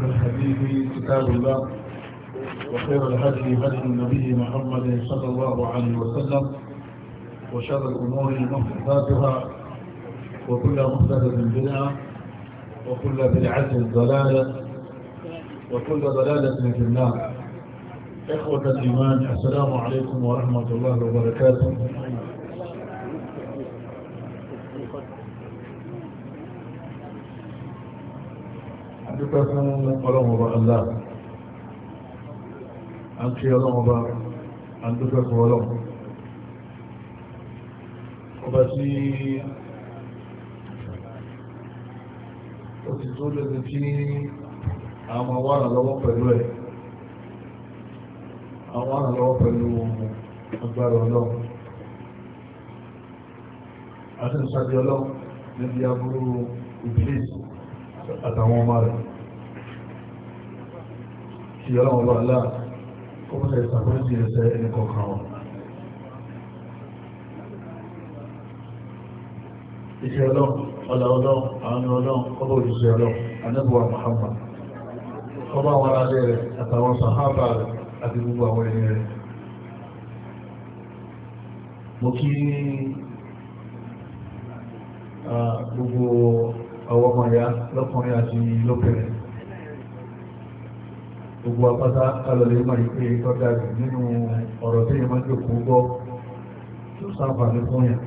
خير الحديث كتاب الله وخير الهدي هدي النبي محمد صلى الله عليه وسلم وشر الأمور محدثاتها وكل محدثة بدعة وكل بدعة ضلالة وكل ضلالة في النار إخوة الإيمان السلام عليكم ورحمة الله وبركاته dúpẹ́ fún ọlọ́mọba Allah a ń kí ọlọ́mọba a ń dúpẹ́ fún ọlọ́mọ ọba tí ó ti tó lẹ́sẹ̀ tí àwọn wà lọ́wọ́ pẹ̀lú ẹ̀ àwọn àlọ́wọ́ pẹ̀lú agbára ọlọ́run àti ìsàdí ọlọ́run níbi aburú ìbílẹ̀ àtàwọn ọmọ rẹ̀ kí ọlọ́wọ́ bá láà kó mọ́ ìsàkóyí ẹsẹ̀ ẹni kọ̀ọ̀kan wọn iṣẹ́ ọlọ́run ọlọ́ ọlọ́run àwọn ọlọ́run ọlọ́ òṣìṣẹ́ ọlọ́run anẹ́bùwà Muhammad ọba àwọn aráàlẹ́ rẹ̀ àtàwọn sàhábà rẹ̀ àti gbogbo àwọn ẹni rẹ̀ mo kí ah, gbogbo ọwọ́ ọmọ ya lọ́kùnrin àti lókèrè gbogbo apáta alọ́lẹ̀ máa yí pé tọ́jà rẹ̀ nínú ọ̀rọ̀ tí yẹn máa ń jòkó gbọ́ tó sáfàní fún yẹn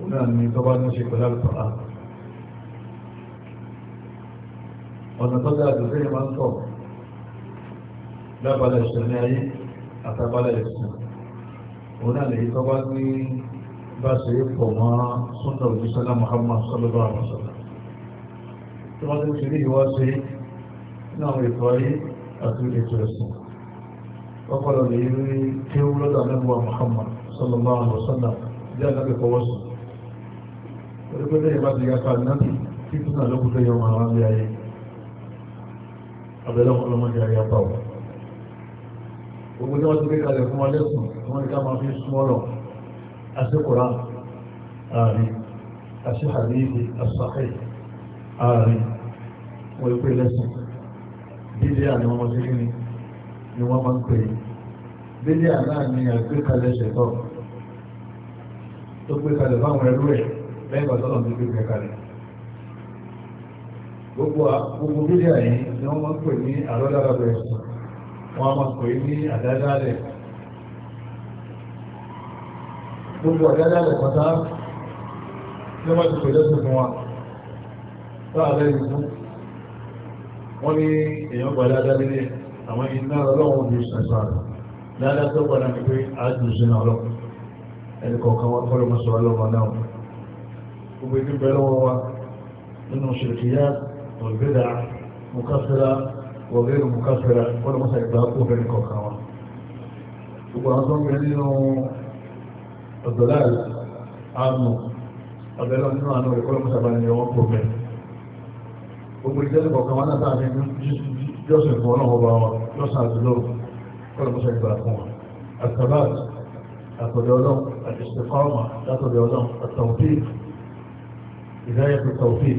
ó náà ní tọ́ba ní ṣe pẹ̀lú àlùfàá ọ̀nà tọ́jà rẹ̀ tí yẹn máa ń tọ̀ lábala ìṣẹ̀lẹ̀ ayé àtàbálẹ̀ ìṣẹ̀lẹ̀ ó náà lè yí tọ́ba ní bá ṣe é pọ̀ mọ́ sọ́dọ̀ òjísọ́lá Muhammad sallallahu alaihi wasallam tó bá tó ṣe ní ìwá ṣe nínú àwọn ètò ayé àti ètò ẹ̀sìn ọpọlọ lè rí kí ó lọ́dọ̀ anábùwà Muhammad sallallahu alaihi wasallam jẹ́ anábì fọwọ́ sí orí pé lẹ́yìn bá ti yá pa nábì kí tún náà lókùn lẹ́yìn ọmọ àwọn ayé abẹ́lẹ́ ọmọ ayé àti Kùránì ààrin àti hadithi as-sahih ààrin wọ́n ìpè lẹ́sìn bíbí àná wọn sí kíni ni wọ́n máa ń pè é bíbí àná ni àgbékalẹ̀ ṣẹ̀tọ́ tó gbé kalẹ̀ fáwọn ẹrú ẹ̀ lẹ́yìn bàtọ́lọ̀ ní gbé kalẹ̀ gbogbo bíbí àyín ni wọ́n máa ń pè ní àlọ́dára bẹ̀rẹ̀ wọ́n máa ń pè ní àdádálẹ̀ gbogbo àdájá rẹ̀ pátá ní wọ́n ti pèjọ́ sí fún wa láàárẹ̀ ìlú wọ́n ní èèyàn gba dáadáa nílé àwọn iná ọlọ́run ní ìṣẹ̀ṣọ́ àrùn dáadáa tó gbọ́dá ní pé ájú sínú ọlọ́run ẹni kọ̀ọ̀kan wọ́n tọ́lọ́ mọ́sọ̀ ọlọ́run náà gbogbo ìdí bẹ́ẹ̀ lọ́wọ́ wa nínú ṣèkìyà ọ̀gbẹ́dà mukafira wọ̀gẹ́rù mukafira wọ́n lọ́mọ́sà ìgbà kó fẹ́ ọ̀dọ̀ láàrin àmọ̀ ọ̀dọ̀ lọ́nà nínú àwọn ẹ̀kọ́ lọ́mọ sábà ní ọwọ́ pọ̀ bẹ́ẹ̀ gbogbo ìjẹ́lẹ̀ kọ̀ọ̀kan wọn náà ní jọ́sìn fún ọlọ́wọ́ bá wọn lọ́sàn àti lọ́wọ́ kọ́lọ́mọsọ ìgbà fún wọn àtàbàt àtọ̀dọ̀ ọlọ́run àti ìsìnkọ́ọ̀mà látọ̀dọ̀ ọlọ́run àtọ̀fíì ìdáyẹ̀ tó tọ̀fíì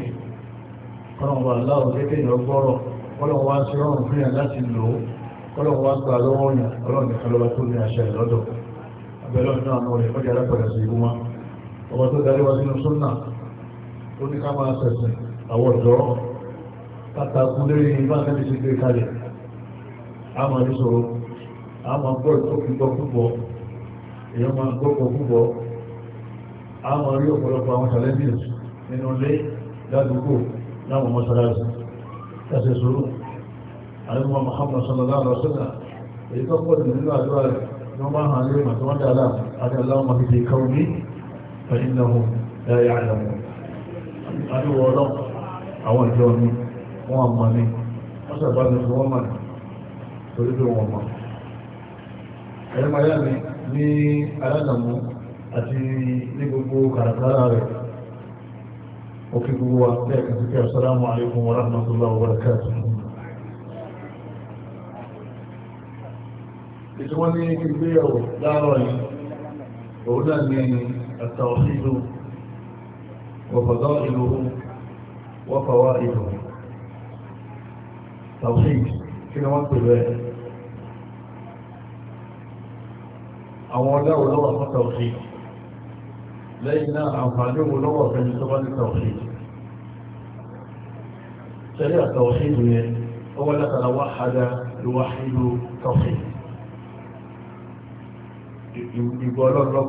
kọ́lọ́mọba aláwọ̀ gẹ́gẹ́ ìyọ̀ gbọ́rọ̀ kọ́lọ́mọba ń ṣe rọrùn fún yàn láti lò ó kọ́lọ́mọba ń gbà lọ́wọ́ yàn ọlọ́run nìkan lọ́ba tó ní àṣẹ ìlọ́dọ̀ bẹ̀rẹ̀ nínú àwọn ọ̀rẹ́ mọ́jà alápẹ̀rẹ̀ sí ìlú wọn ọba tó darí wa sínú súnà ó ní ká máa sẹ̀sìn àwọn ọ̀dọ́ kátàkù lérí ìbá nẹ́bí sí gbé kalẹ̀ a máa ní sọ̀rọ̀ a máa gbọ́ ìtọ́kùgbọ́ púpọ̀ èèyàn máa gbọ́pọ̀ púpọ̀ a máa rí ọ̀pọ̀lọpọ̀ àwọn challenges nínú ilé ládùúgbò láwọn mọ́ṣáláṣí ẹsẹ̀ sọ̀rọ̀ àyẹ̀wò Muhammad sallallahu alaihi wa sallam èyí tó pọ̀ jù nínú àdúrà rẹ̀ وما عليهم أتمنى لا أن اللهم به كوني فإنهم لا يعلمون أدو ولو أو جوني وأمني أسأل بعد وأمني تريد وأمني ẹ̀rẹ́mà yá mi ní aládàmú àti ní gbogbo kàràkàrà rẹ̀ òkè gbogbo wa lẹ́ẹ̀kan sí kí assalamu alaikum wa rahmatullahi التوحيد وفضائله وفوائده توحيد كنا وقت الباقي أو وداء لوا فالتوحيد لأن أنفعله لوا كان يتبان التوحيد شريع التوحيد هو الذي توحد يوحد توحيد ìwọ ọlọ́run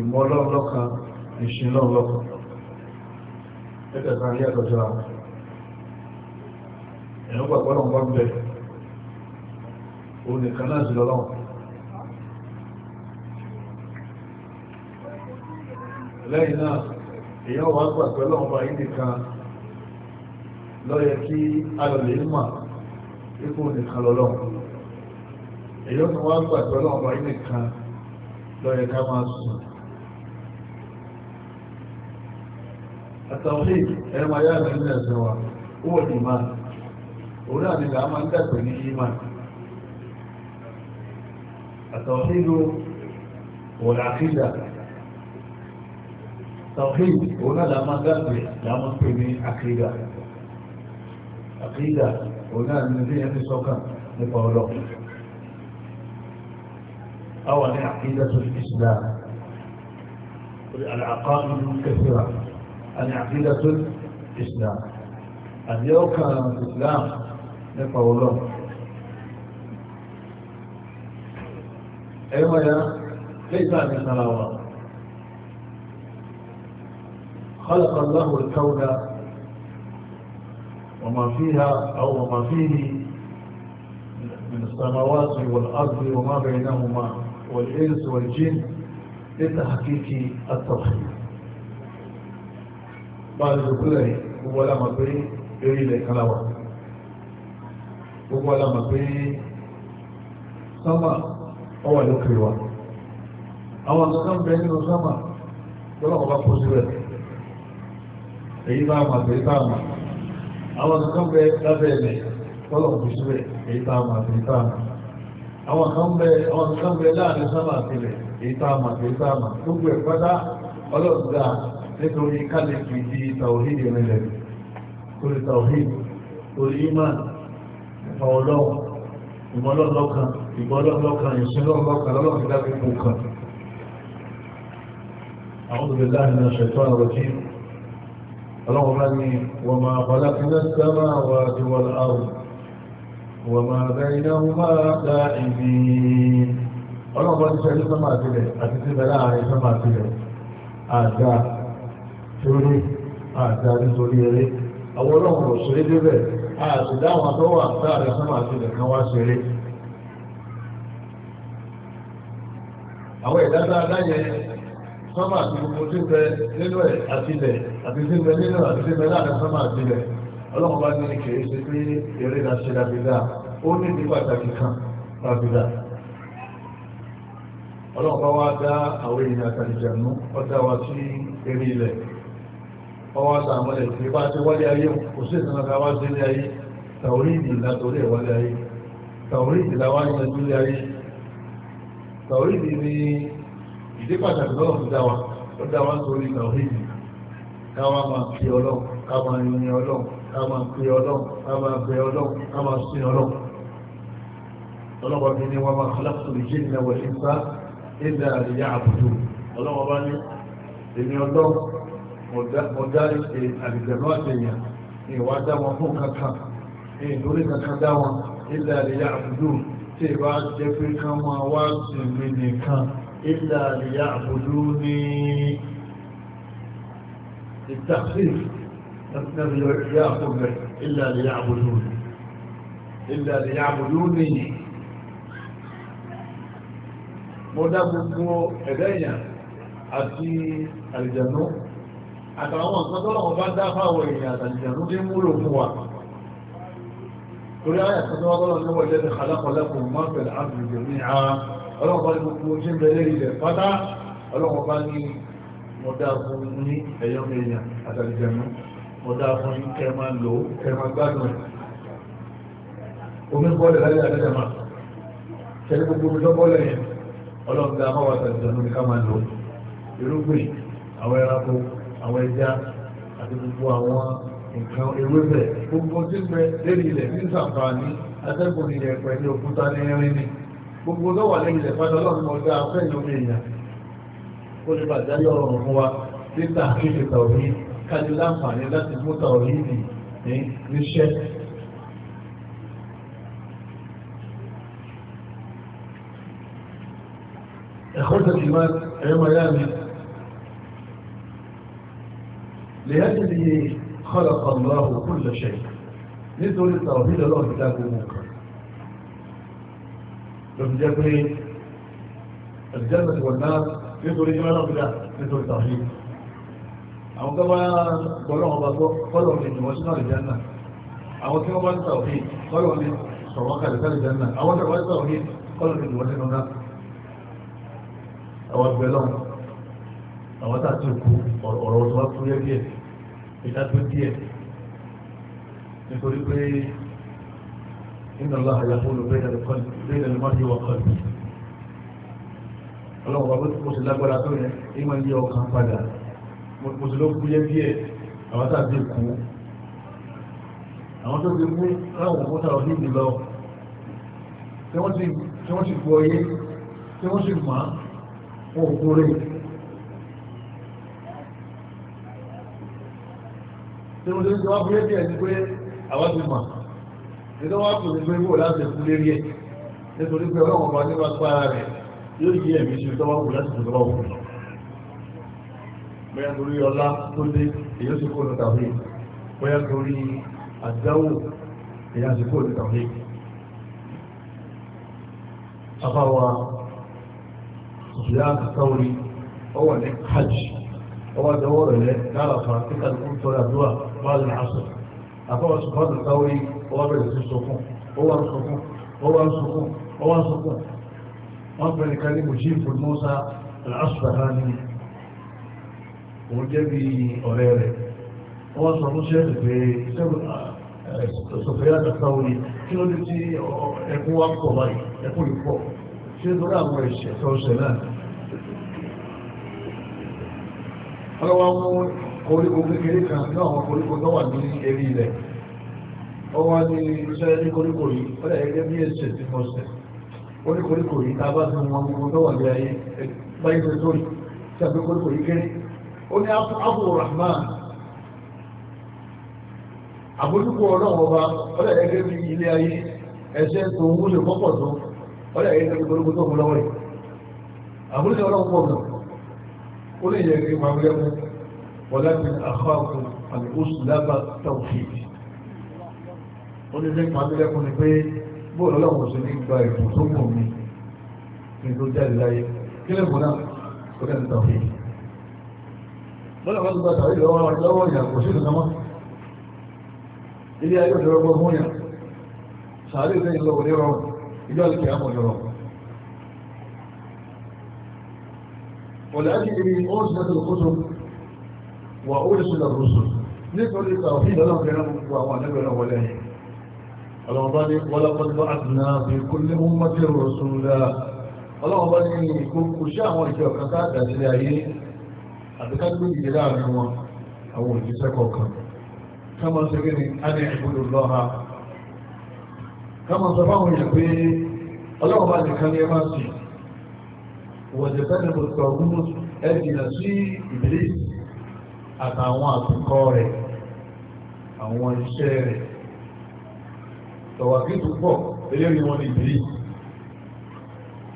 ìmọ̀ ọlọ́run lọ́kan ìṣin ọlọ́run lọ́kan àtọ́jọ́ àwọn ẹ̀yọ́ pàpọ̀ ọlọ́run náà sí lọ́lọ́run lẹ́yìn náà èyàn wà gbà lọ́yẹ ká máa sùn. àtàwọn ẹ̀rọ máa yára nínú ẹ̀sẹ̀ wa owó ni máa òun náà ni làá máa ń dàgbẹ̀ ní yíma àtàwọn ìlú wọ̀lá àkídà tawhid òun náà làá máa ń dàgbẹ̀ làá máa pè ní àkídà àkídà òun náà ni ní ẹni sọ́kàn nípa ọlọ́pàá أو العقيدة الإسلام العقائد كثيرة العقيدة الإسلام اليوم كان الإسلام نقوله أيما أيوة يا كيف من الله خلق الله الكون وما فيها أو وما فيه من السماوات والأرض وما بينهما والإنس والجن لتحقيق التوحيد بعد ذكره هو لما بي يريد الكلام هو لما بي سما هو يكروا àwọn kankan bẹ nínú sámà lọ́wọ́ bá kó síbẹ̀ èyí bá máa tẹ̀lé tá a mọ̀ àwọn kankan bẹ lábẹ́ ẹ̀mẹ̀ lọ́wọ́ kó síbẹ̀ èyí bá máa tẹ̀lé tá a mọ̀ àwọn kan bẹ àwọn kan bẹ láàrin sábà tilẹ̀ ìta àmàtì ìta àmà gbogbo ẹ̀ pátá ọlọ́ọ̀dá nítorí kálífì di tàwíì ìrìnlẹ̀ torí tàwíì torí imán ẹ̀fà ọlọ́ọ̀ ìmọ̀lọ́lọ́kan ìgbọ́lọ́lọ́kan ìṣẹ́lọ́lọ́kan lọ́lọ́kan lágbègbè kan. àwọn òbí láàrin náà ṣètò àrò tí ọlọ́run bá ní wọ́n máa bọ́lá fi náà sábà wà á ti wọ́n وما بينهما دائمين ọlọ́run bọ́ ti ṣe ẹni sọ́mà sílẹ̀ àti ti bẹ̀rẹ̀ àárín sọ́mà sílẹ̀ àdá torí àdá nítorí eré àwọn ọlọ́run kò ṣeré débẹ̀ àti dáwọn tó wà láàrin sọ́mà sílẹ̀ kan wá ṣeré àwọn ìdájọ́ aláyẹ sọ́mà àti gbogbo tí ń bẹ nínú ẹ̀ àti ilẹ̀ àti tí nínú àti tí láàrin sọ́mà sílẹ̀ ọlọ́run bá ní kìí ṣe pé eré la ṣe dábìdá ó ní ní pàtàkì kan dábìdá ọlọ́run bá wá dá àwọn èèyàn àtàlìjànú ọdá wa sí eré ilẹ̀ ọwọ́ sàmọ́lẹ̀ tí bá ti wálé ayé kò sí ìsinmi wá sí ilé ayé tàwọn ìdí látòrí ìwálé ayé tàwọn ìdí láwọn ìyẹn ilé ayé tàwọn ìdí ni ìdí pàtàkì lọ́nà fi dá wa ó dá wa nítorí tàwọn ìdí káwa máa fi ọlọ́run ká máa pe ọlọ́run ká máa bẹ ọlọ́run ká máa sin ọlọ́run ọlọ́run bí ní wọ́n máa kọ́láṣọ lè jẹ́ ìlànà wọ̀nyí sá ẹ̀dá àríyá àbùdó ọlọ́run bá ní èmi ọlọ́run mo dárí àlìjẹ̀lú àtẹ̀yàn ní ìwà dá wọn fún kankan ní ìdórí kankan dá wọn ẹ̀dá àríyá àbùdó tí ìbá jẹ́ pé ká máa wá sìn nìkan ẹ̀dá àríyá àbùdó ní التخفيف تستغل يأخذ به إلا ليعبدوني إلا ليعبدوني mo dá gbogbo ẹ̀dá èèyàn àti àlìjànú àtàwọn nǹkan tó lọ́wọ́ bá dá fáwọn èèyàn àtàlìjànú ní múlò fún wa torí àwọn ẹ̀sán tó wá tọ́lọ́ ní wọ́n lẹ́nu alákọ̀ọ́lẹ́kùn máa fẹ̀lẹ̀ àbùjọ ní a ọlọ́wọ́ bá ní gbogbo tí ń bẹ lérí ilẹ̀ pátá ọlọ́wọ́ bá ní mo dá fún ní ẹ̀yọ́ èèyàn àtàlìjànú mọ̀dá fún kẹma lò kẹma gbádùn omi bọ́ọ̀lẹ̀ láyé àdẹ́dẹ̀mà tẹ́lẹ̀ gbogbo omi lọ́bọ́ọ̀lẹ̀ yẹn ọlọ́gbà máwà tàbí ní ká máa lò irúgbìn àwọn ẹranko àwọn ẹja àti gbogbo àwọn nǹkan ewébẹ̀ gbogbo tí ń bẹ lérí ilẹ̀ ní sàǹfààní atẹ́gùn ilẹ̀ pẹ̀lú òkúta ní ẹrin ni gbogbo lọ́wọ́ lẹ́yìn ilẹ̀ padà ọlọ́run ọjà afẹ́yìn omi èèyàn ó lè bàjẹ́ yọ̀rọ̀ fún wa títà àti كان يدافع عن الناس المتوهيدي للشرك أخذ الإيمان عيوم أيامه لأجله خلق الله كل شيء نزل التوحيد له كتاب المنكر ففي جبريل الجنة والنار نزل إيمان رب الله نزل التوحيد àwọn tó bá gbọ́lọ́wọ́ bá gbọ́ kọ́lọ̀ lè jùmọ́ sínú àlìjánà àwọn tí wọ́n bá ń ta òfin kọ́lọ̀ lè sọ̀rọ̀ kalẹ̀ sí àlìjánà àwọn tó bá ń ta òfin kọ́lọ̀ lè jùmọ́ sínú náà àwọn gbẹ̀lọ́ àwọn tá a ti kú ọ̀rọ̀ tó bá fúyẹ́ díẹ̀ ìdá tó díẹ̀ nítorí pé Allah yaqulu bayna al-mar'i wa qalbi ọlọ́run bá bó ti lágbára mo ló kú yẹ díẹ̀ àwọn tá ti kú àwọn tó ti mú láwọn kó táwọn níbi lọ tí wọ́n sì gbọ́ yé tí wọ́n sì mọ̀ wọn ò kúrè. tí mo ti sọ wá fúyẹ́ díẹ̀ ni pé àwọn ti mọ̀ nígbà wọn kò ní pé wò láti kú lérí ẹ̀ nítorí pé ọlọ́wọ́n bá nípa pa ara rẹ̀ yóò yí ẹ̀mí sí tọ́wọ́ wò láti tọ́wọ́ wò lọ bóyá torí ọlá tó dé èyí sì kóònù tàwí bóyá torí àdáwò èyí sì kóònù tàwí afáwa ìyá àtàwórí ọwọ́ ní hajj ọwọ́ àdáwọ̀ rẹ̀ lẹ́ lára fún àtìkà tó ń tọ́ra àdúrà máa lè àṣọ afáwa sùpàdù táwórí ọwọ́ bẹ̀rẹ̀ sí sọkún ọwọ́ sọkún ọwọ́ sọkún ọwọ́ sọkún wọ́n pẹ̀lú kan ní mùsíìfù mọ́sá àṣùpàdánì òun jẹ́ bí ọ̀rẹ́ rẹ̀ wọ́n sọ fún sẹ́ẹ̀sì pé sọ̀fẹ́yà tàbí ní kí ló dé tí eh, ẹkún wá pọ̀ báyìí ẹkún yìí pọ̀ ṣé lórí àwọn ẹ̀ṣẹ̀ tó ṣẹ̀ náà ọlọ́wọ́ mú koríko kékeré kan ní àwọn koríko tó wà ní eré ilẹ̀ ọwọ́ ní iṣẹ́ ní koríko yìí ó lè gẹ́gẹ́ bí ẹ̀ṣẹ̀ tí mo ṣẹ̀ ó ní koríko yìí tá a bá ti mọ gbogbo tó wà ní ayé báyìí tó tó yìí ó ní Abu Rahman àbójúkú ọlọ́run ọba ọlọ́run ẹgbẹ́ bí ilé ayé ẹ̀ṣẹ́ tó ń wúlò pọ́pọ̀ tó ọlọ́run ẹgbẹ́ bí gbogbo tó ń lọ́wọ́ rẹ̀ àbójúkú ọlọ́run pọ̀ mọ́ ó lè yẹ kí máa wíyá mú wọlé ní àkọ́kù àti oṣù lábà tàwùfíìdì ó lè ní máa wíyá ni pé bóòlù ọlọ́run sì ní gba ìbùsùn mi ní tó jáde láyé kí lè mú náà ó dẹ́nu tàwùfíìdì lọ́nà wọ́n ti gba tàbí lọ́wọ́ wọn lọ́wọ́ ìyà kò sí ìdùnnà ilé ayé òṣèré ọgbọ́n fún yà sàárè ìfẹ́ ìlọ òní rọrùn ìlú àlùkè àmọ̀ ní rọrùn ọ̀lẹ́kì ni ó sì lẹ́tọ̀ lókóso wà ó lè sọ̀rọ̀ rọ̀sù nítorí ìgbà òfin ìlọ́nà fẹ́ náà gbogbo àwọn àdẹ́gbẹ̀ náà wọlé ẹ̀yìn ọlọ́wọ́n bá ní wọ́lápọ̀ ní bá àtúnà fi kó lé mú mọ́tì rọ̀sù rẹ̀ ọlọ́wọ́n bá ní kò sí àwọn ìjọ kan ká àbíká tó dìde láàrin wọn àwọn òjíṣẹ́ kọ̀ọ̀kan kama ṣe rí ni a ní ìgbódò lọ́ha kama sọ fáwọn èèyàn pé ọlọ́wọ́ bá nìkan ní ẹ máa sì wọ̀jẹ̀ fẹ́ nìkan sọ ọdún ẹ sí ìbílẹ̀ àtàwọn àtúkọ rẹ̀ àwọn iṣẹ́ rẹ̀ tọ̀wàkí tó pọ̀ eléyìí wọn ní ìbílẹ̀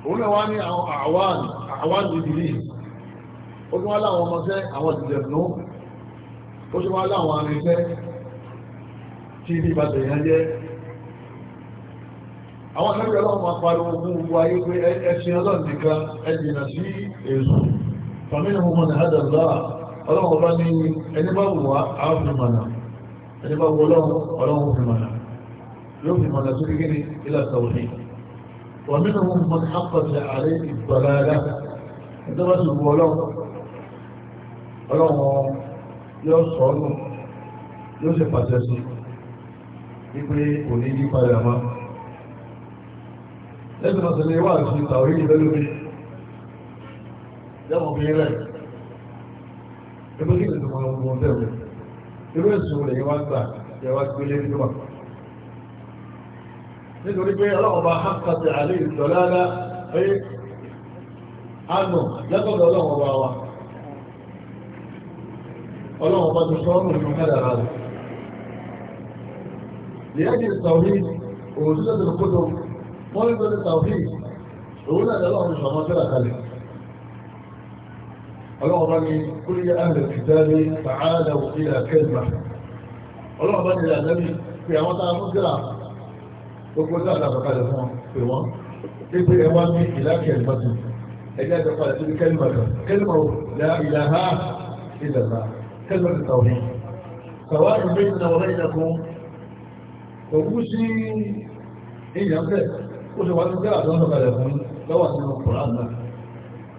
òun náà wá ní àwọn àwọn àwáàdì ìbílẹ̀ ó tún wá láwọn ọmọṣẹ́ àwọn ìjẹ̀bùnú ó tún wá láwọn arinṣẹ́ tí ibi ìbàdàn yẹn jẹ́ àwọn akẹ́kọ̀ọ́ ọlọ́run máa pariwo fún gbogbo ayé pé ẹṣin ọlọ́run nìkan ẹ̀jìnà sí èṣù fàmílì ọmọ ní àdàlá ọlọ́run ọba ní ẹni bá wù wá àáfin mọ̀nà ẹni bá wù ọlọ́run ọlọ́run fi mọ̀nà yóò fi mọ̀nà sí kíkí ilẹ̀ sàwọ̀dì wàmílì ọmọ ní àpàtẹ àlẹ́ ìgbàlára ẹni bá wù ọlọ́run ọlọ́wọ́ yóò sọ ọ́nù yóò ṣe pàṣẹ sí wípé kò ní yí padà máa lẹ́sìn náà sọlẹ̀ wà sí tàwí ìbẹ́lómi jẹ́mọ̀ bí rẹ̀ ẹgbẹ́ kí lè tó máa wọ́n wọ́n bẹ̀rẹ̀ irú ẹ̀sùn rẹ̀ wá gbà yẹ wá gbé lé nínú wa nítorí pé ọlọ́wọ́ bá hákàtì àlè ìtọ́lára pé àánú lẹ́kọ̀ọ́ ọlọ́wọ́ bá wa ọlọ́run bá ti sọ́ọ́nù ní kádàrá rẹ̀. Ìyáàjì Tàwíd, òṣìṣẹ́ tó kótó, wọ́n ń gbé ní Tàwíd, òun náà lọ́wọ́ fi sọ̀mọ́ tẹ́lá kalẹ̀. Ọlọ́run bá ní kúrìyà àhìlẹ̀ kìtàlẹ̀ tààlà òfin àkẹ́lìmà. Ọlọ́run bá ní ìyàlẹ́bí pé àwọn tá a mú síra gbogbo tí a dàgbà kalẹ̀ fún pé wọ́n. Ibi ẹ wá ní ìlàkẹ́ ìbátan, ẹ̀jẹ̀ àjọpọ̀ àti kẹ́lìmà kan, kẹ́lìmà ò lá ìlàhà ìlàlá. كلمة التوحيد سواء بيننا وبينكم وبوسي إيه يمسك وش وقت جاء الله قال لكم لو أسمع القرآن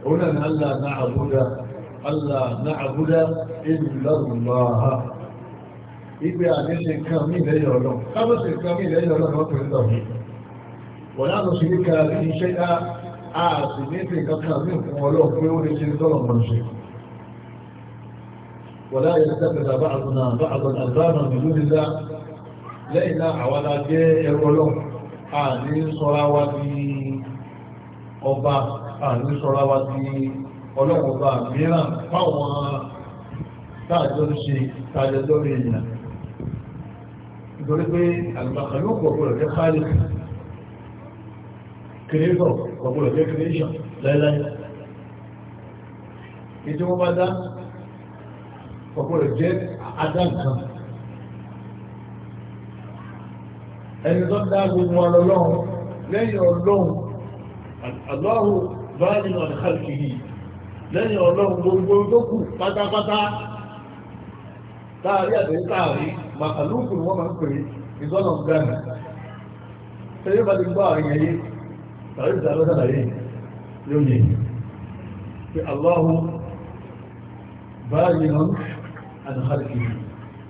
هنا أن ألا نعبد ألا نعبد إلا الله إذا أجلنا كامل لا يعلم خمس كامل لا يعلم وقت التوحيد ولا نشرك به شيئا أعصي كامل ولو في وجه الله من شيء ولا يتخذ بعضنا بعضا أربابا من دون الله لئن أولا جاء الولوم àní sọ́ra wa di ọba àní sọ́ra wa di ọlọ́wọ́ba mìíràn fáwọn táàjọ́ ń ṣe táàjọ́ lórí èèyàn nítorí pé àlùbàkàlù gbọ̀gbọ̀rọ̀ jẹ́ fáìlì kìrìtọ̀ gbọ̀gbọ̀rọ̀ jẹ́ kìrìtọ̀ láíláí ìdí wọ́n bá dá kọ̀kọ́rọ̀ jẹ́ adáǹkan ẹni tó dá gbogbo ọlọ́run lẹ́yìn ọlọ́run aláhù báyìí lọ kàlùkì yìí lẹ́yìn ọlọ́run gbogbo tó kù pátápátá táàrí àti táàrí màkàlùkù ni wọ́n máa ń pè ìtọ́nà gánà tẹ́lẹ̀ bá ti gbọ́ àrùn yẹn tàbí ìtàlọ́sà láyé yóò yẹ pé aláhù báyìí lọ àdàkàlìkì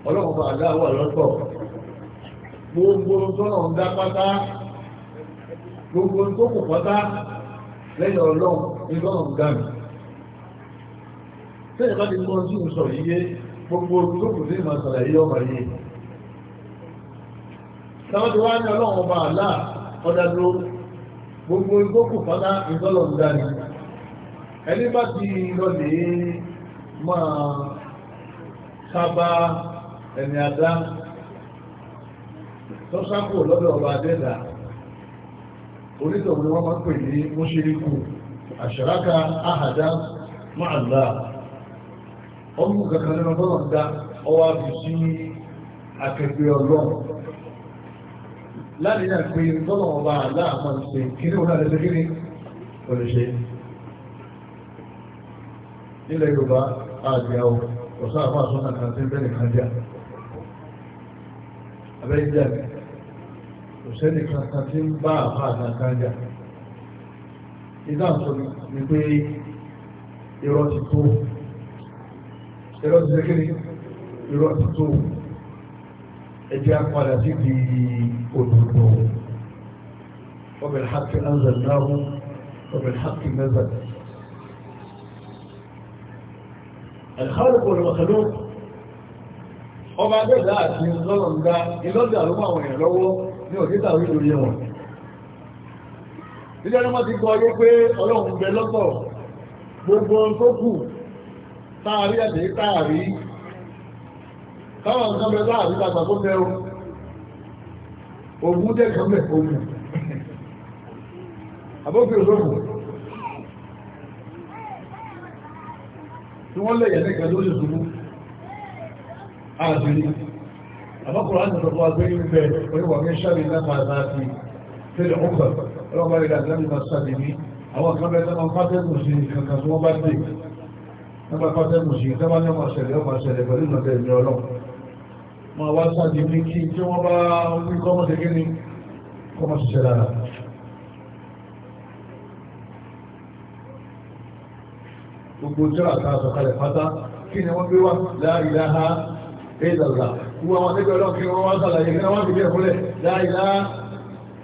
ọlọ́run bá aláwọ̀ lọ́tọ̀ gbogbo tọ́nà ń dá pátá gbogbo tó kù pátá lẹ́yìn ọlọ́run ní tọ́nà ń dá mi tẹ́yìn bá ti gbọ́n tí ń sọ yíyé gbogbo tó kù sí ìmọ̀ sàlàyé ọmọ yìí sáwọn ti wá ní ọlọ́run ọba àlá ọ̀dà dúró gbogbo igbó kù fọ́nà ìtọ́lọ̀ ń dá ni ẹni bá ti lọ lè máa sábà ẹni àdá tó sápò lọ́dọ̀ ọba adẹ́dà onítọ̀wé wọn máa pè ní mọ́ṣíríkù àṣàrákà àhàdá máàlá ọmọ kankan nínú ọlọ́run dá ọwọ́ àbí sí akẹgbẹ́ ọlọ́run láti náà pé tọ́lọ̀ ọba àlá àmọ́ ìṣe kíní òun àlẹ́sẹ̀ kíní òlùṣe nílẹ̀ yorùbá àdìyàwó ọ̀sán àpá àsọ́nà kan tí ń bẹ́ẹ̀ nìkan jà abẹ́rẹ́ jà ní ọ̀sẹ́ nìkan kan tí ń bá àpá àtàkàn jà ìdáhùn sọ ni pé irọ́ ti tó irọ́ ti sẹ́kẹ́rì irọ́ ti tó ẹjẹ́ apádà sí di òdòdó ọbẹ̀ hàkì anzal náà ọbẹ̀ hàkì mẹ́zàdì. الخالق والمخلوق ọba agbẹ́gbẹ́ àti lọ́rọ̀ ń dá ilọ́dà ló máa wọ̀nyàn lọ́wọ́ ní òkúta orí lórí ẹ̀wọ̀n nígbà ní wọ́n ti gbọ́ yé pé ọlọ́run bẹ lọ́pọ̀ gbogbo tó kù táàrí àti táàrí táwọn kan bẹ láàrí tàbà tó fẹ́ ogun dẹ́ ogun àbófin olóògùn tí wọ́n lẹ̀yẹ̀ lẹ́kẹ̀ lórí ìṣubú ààbìrí àbákùnrin àti ọ̀tọ̀ wa gbé ní bẹ̀ oníwà ní sáré lápá àti tẹ́lẹ̀ ọkọ̀ ọlọ́mọ rẹ̀ láti láti máa sáré ní àwọn akẹ́bẹ̀ẹ́ tó máa fátẹ́mù sí kankan tí wọ́n bá dé nígbà fátẹ́mù sí tẹ́bá ní ọmọ ṣẹlẹ̀ ọmọ ṣẹlẹ̀ pẹ̀lú ìmọ̀tẹ̀ ìmì ọlọ́run máa wá sáré ní kí tí wọ́n bá wí kọ́mọ́ṣe kí ni kọ́mọ́ṣe ṣẹlẹ̀ gbogbo jọ́rà ta sọ̀kalẹ̀ pátá kí ni wọ́n gbé wà la ilaha illallah wọ́n àwọn ẹgbẹ́ ọlọ́run kí wọ́n wá sàlàyé kí wọ́n fìdí ẹ̀kúnlẹ̀ la ilaha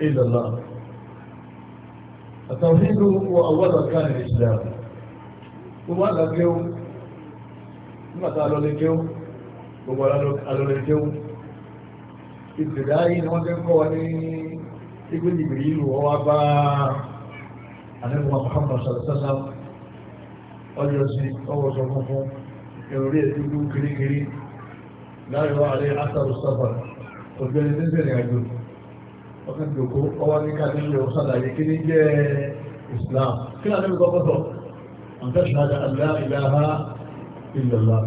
illallah àtàwílù wọ àwọn ọ̀gá ní Islam wọ́n wá lágbéwó nígbàtà alọ́lẹ́gbéwó ni wọ́n jẹ́ ń kọ́ wa ní ìgbèdìgbè ìlú ọwá bá anẹ́gbọ́n Muhammad sallallahu alaihi wasallam ọjọ́ sí ọwọ́sọ funfun ìròrí ẹ̀dúgbù kirikiri láríwá àrẹ asàrù sáfà ọ̀gbẹ́ni nígbẹ̀rẹ̀ àjò ọkàn jòkó ọwá ní káàkiri ọ̀sán àlàyé kí ní jẹ́ Islam kí náà níbi kọ́kọ́ sọ àǹtẹ́ṣàdà aláìláha ìlọ́lá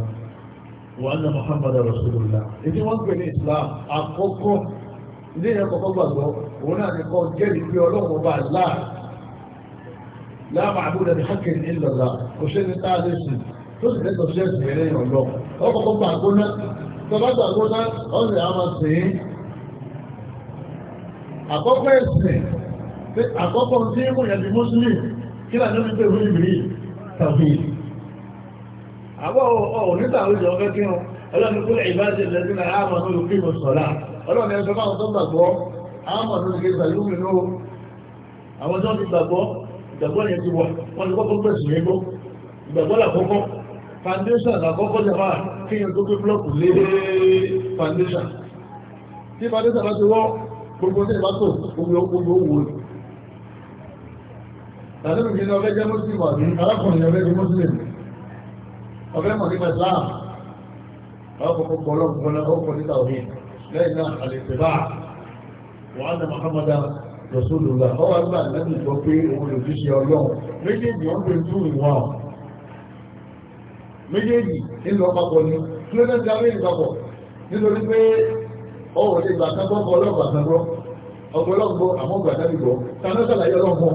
wà ní Muhammad rasulullah èdè wọ́n pè ní Islam àkọ́kọ́ ilé ẹ̀kọ́kọ́ gbàgbọ́ òun náà ní kọ́ jẹ́rìí pé ọlọ́run ọba aláà láàmà àbúrò ní hakin ìlọ́lá kò ṣe ní táàdé sí tó sì lẹ́tọ̀ sí ẹ̀sìn eré ọ̀lọ́ ọkọ̀ tó gbàgbóná tó bá gbàgbóná ọ̀sẹ̀ àmà sí i àkọ́kọ́ ẹ̀sìn àkọ́kọ́ tí kò yẹ di muslim kí lànà fi pé wíì mìíràn tàbí àbọ̀ ọ̀ níta àwùjọ ọ̀fẹ́ kí wọn ọlọ́run kúrò ìbáṣe lẹ́sìn náà àmà tó lù kí mo sọ̀lá ọlọ́run ẹ̀sọ́ máa tó gbàgbọ́ àmà tó lù kí sàlùmí náà àwọn tó ti gbàgbọ́ ìgbàgbọ́ yẹn ti wà wọ́n ti kọ́kọ́ pẹ̀sùn yẹn gbọ́ ìgbàgbọ́ làkọ́kọ́ foundation àkọ́kọ́ jàmá kí yẹn tó gbé blọ́ọ̀kù lé foundation tí foundation bá ti wọ́ gbogbo ní ìbátò gbogbo gbogbo wò ní tàbí ìgbìyànjú ọfẹ́ jẹ́ muslim àbí arákùnrin ọfẹ́ jẹ́ muslim ọfẹ́ mọ̀ nípa islam ọkọ̀kọ̀ pọ̀lọ́pọ̀lọ́ ọkọ̀ nípa òhìn lẹ́yìn náà àlè Rasulullah ọwọ́ àgbà lẹ́bí sọ pé òun lè fi ṣe ọlọ́run méjèèjì wọ́n pè tún ìwọ̀n àwọn méjèèjì nínú ọpapọ̀ ni tí ó lẹ́sí àwọn èèyàn papọ̀ nítorí pé ọwọ́ lè gbà kan gbọ́ ọlọ́gbà kan gbọ́ ọgbọ́lọ́gbọ́ àmọ́ gbà dábì gbọ́ tàná sàlàyé ọlọ́gbọ́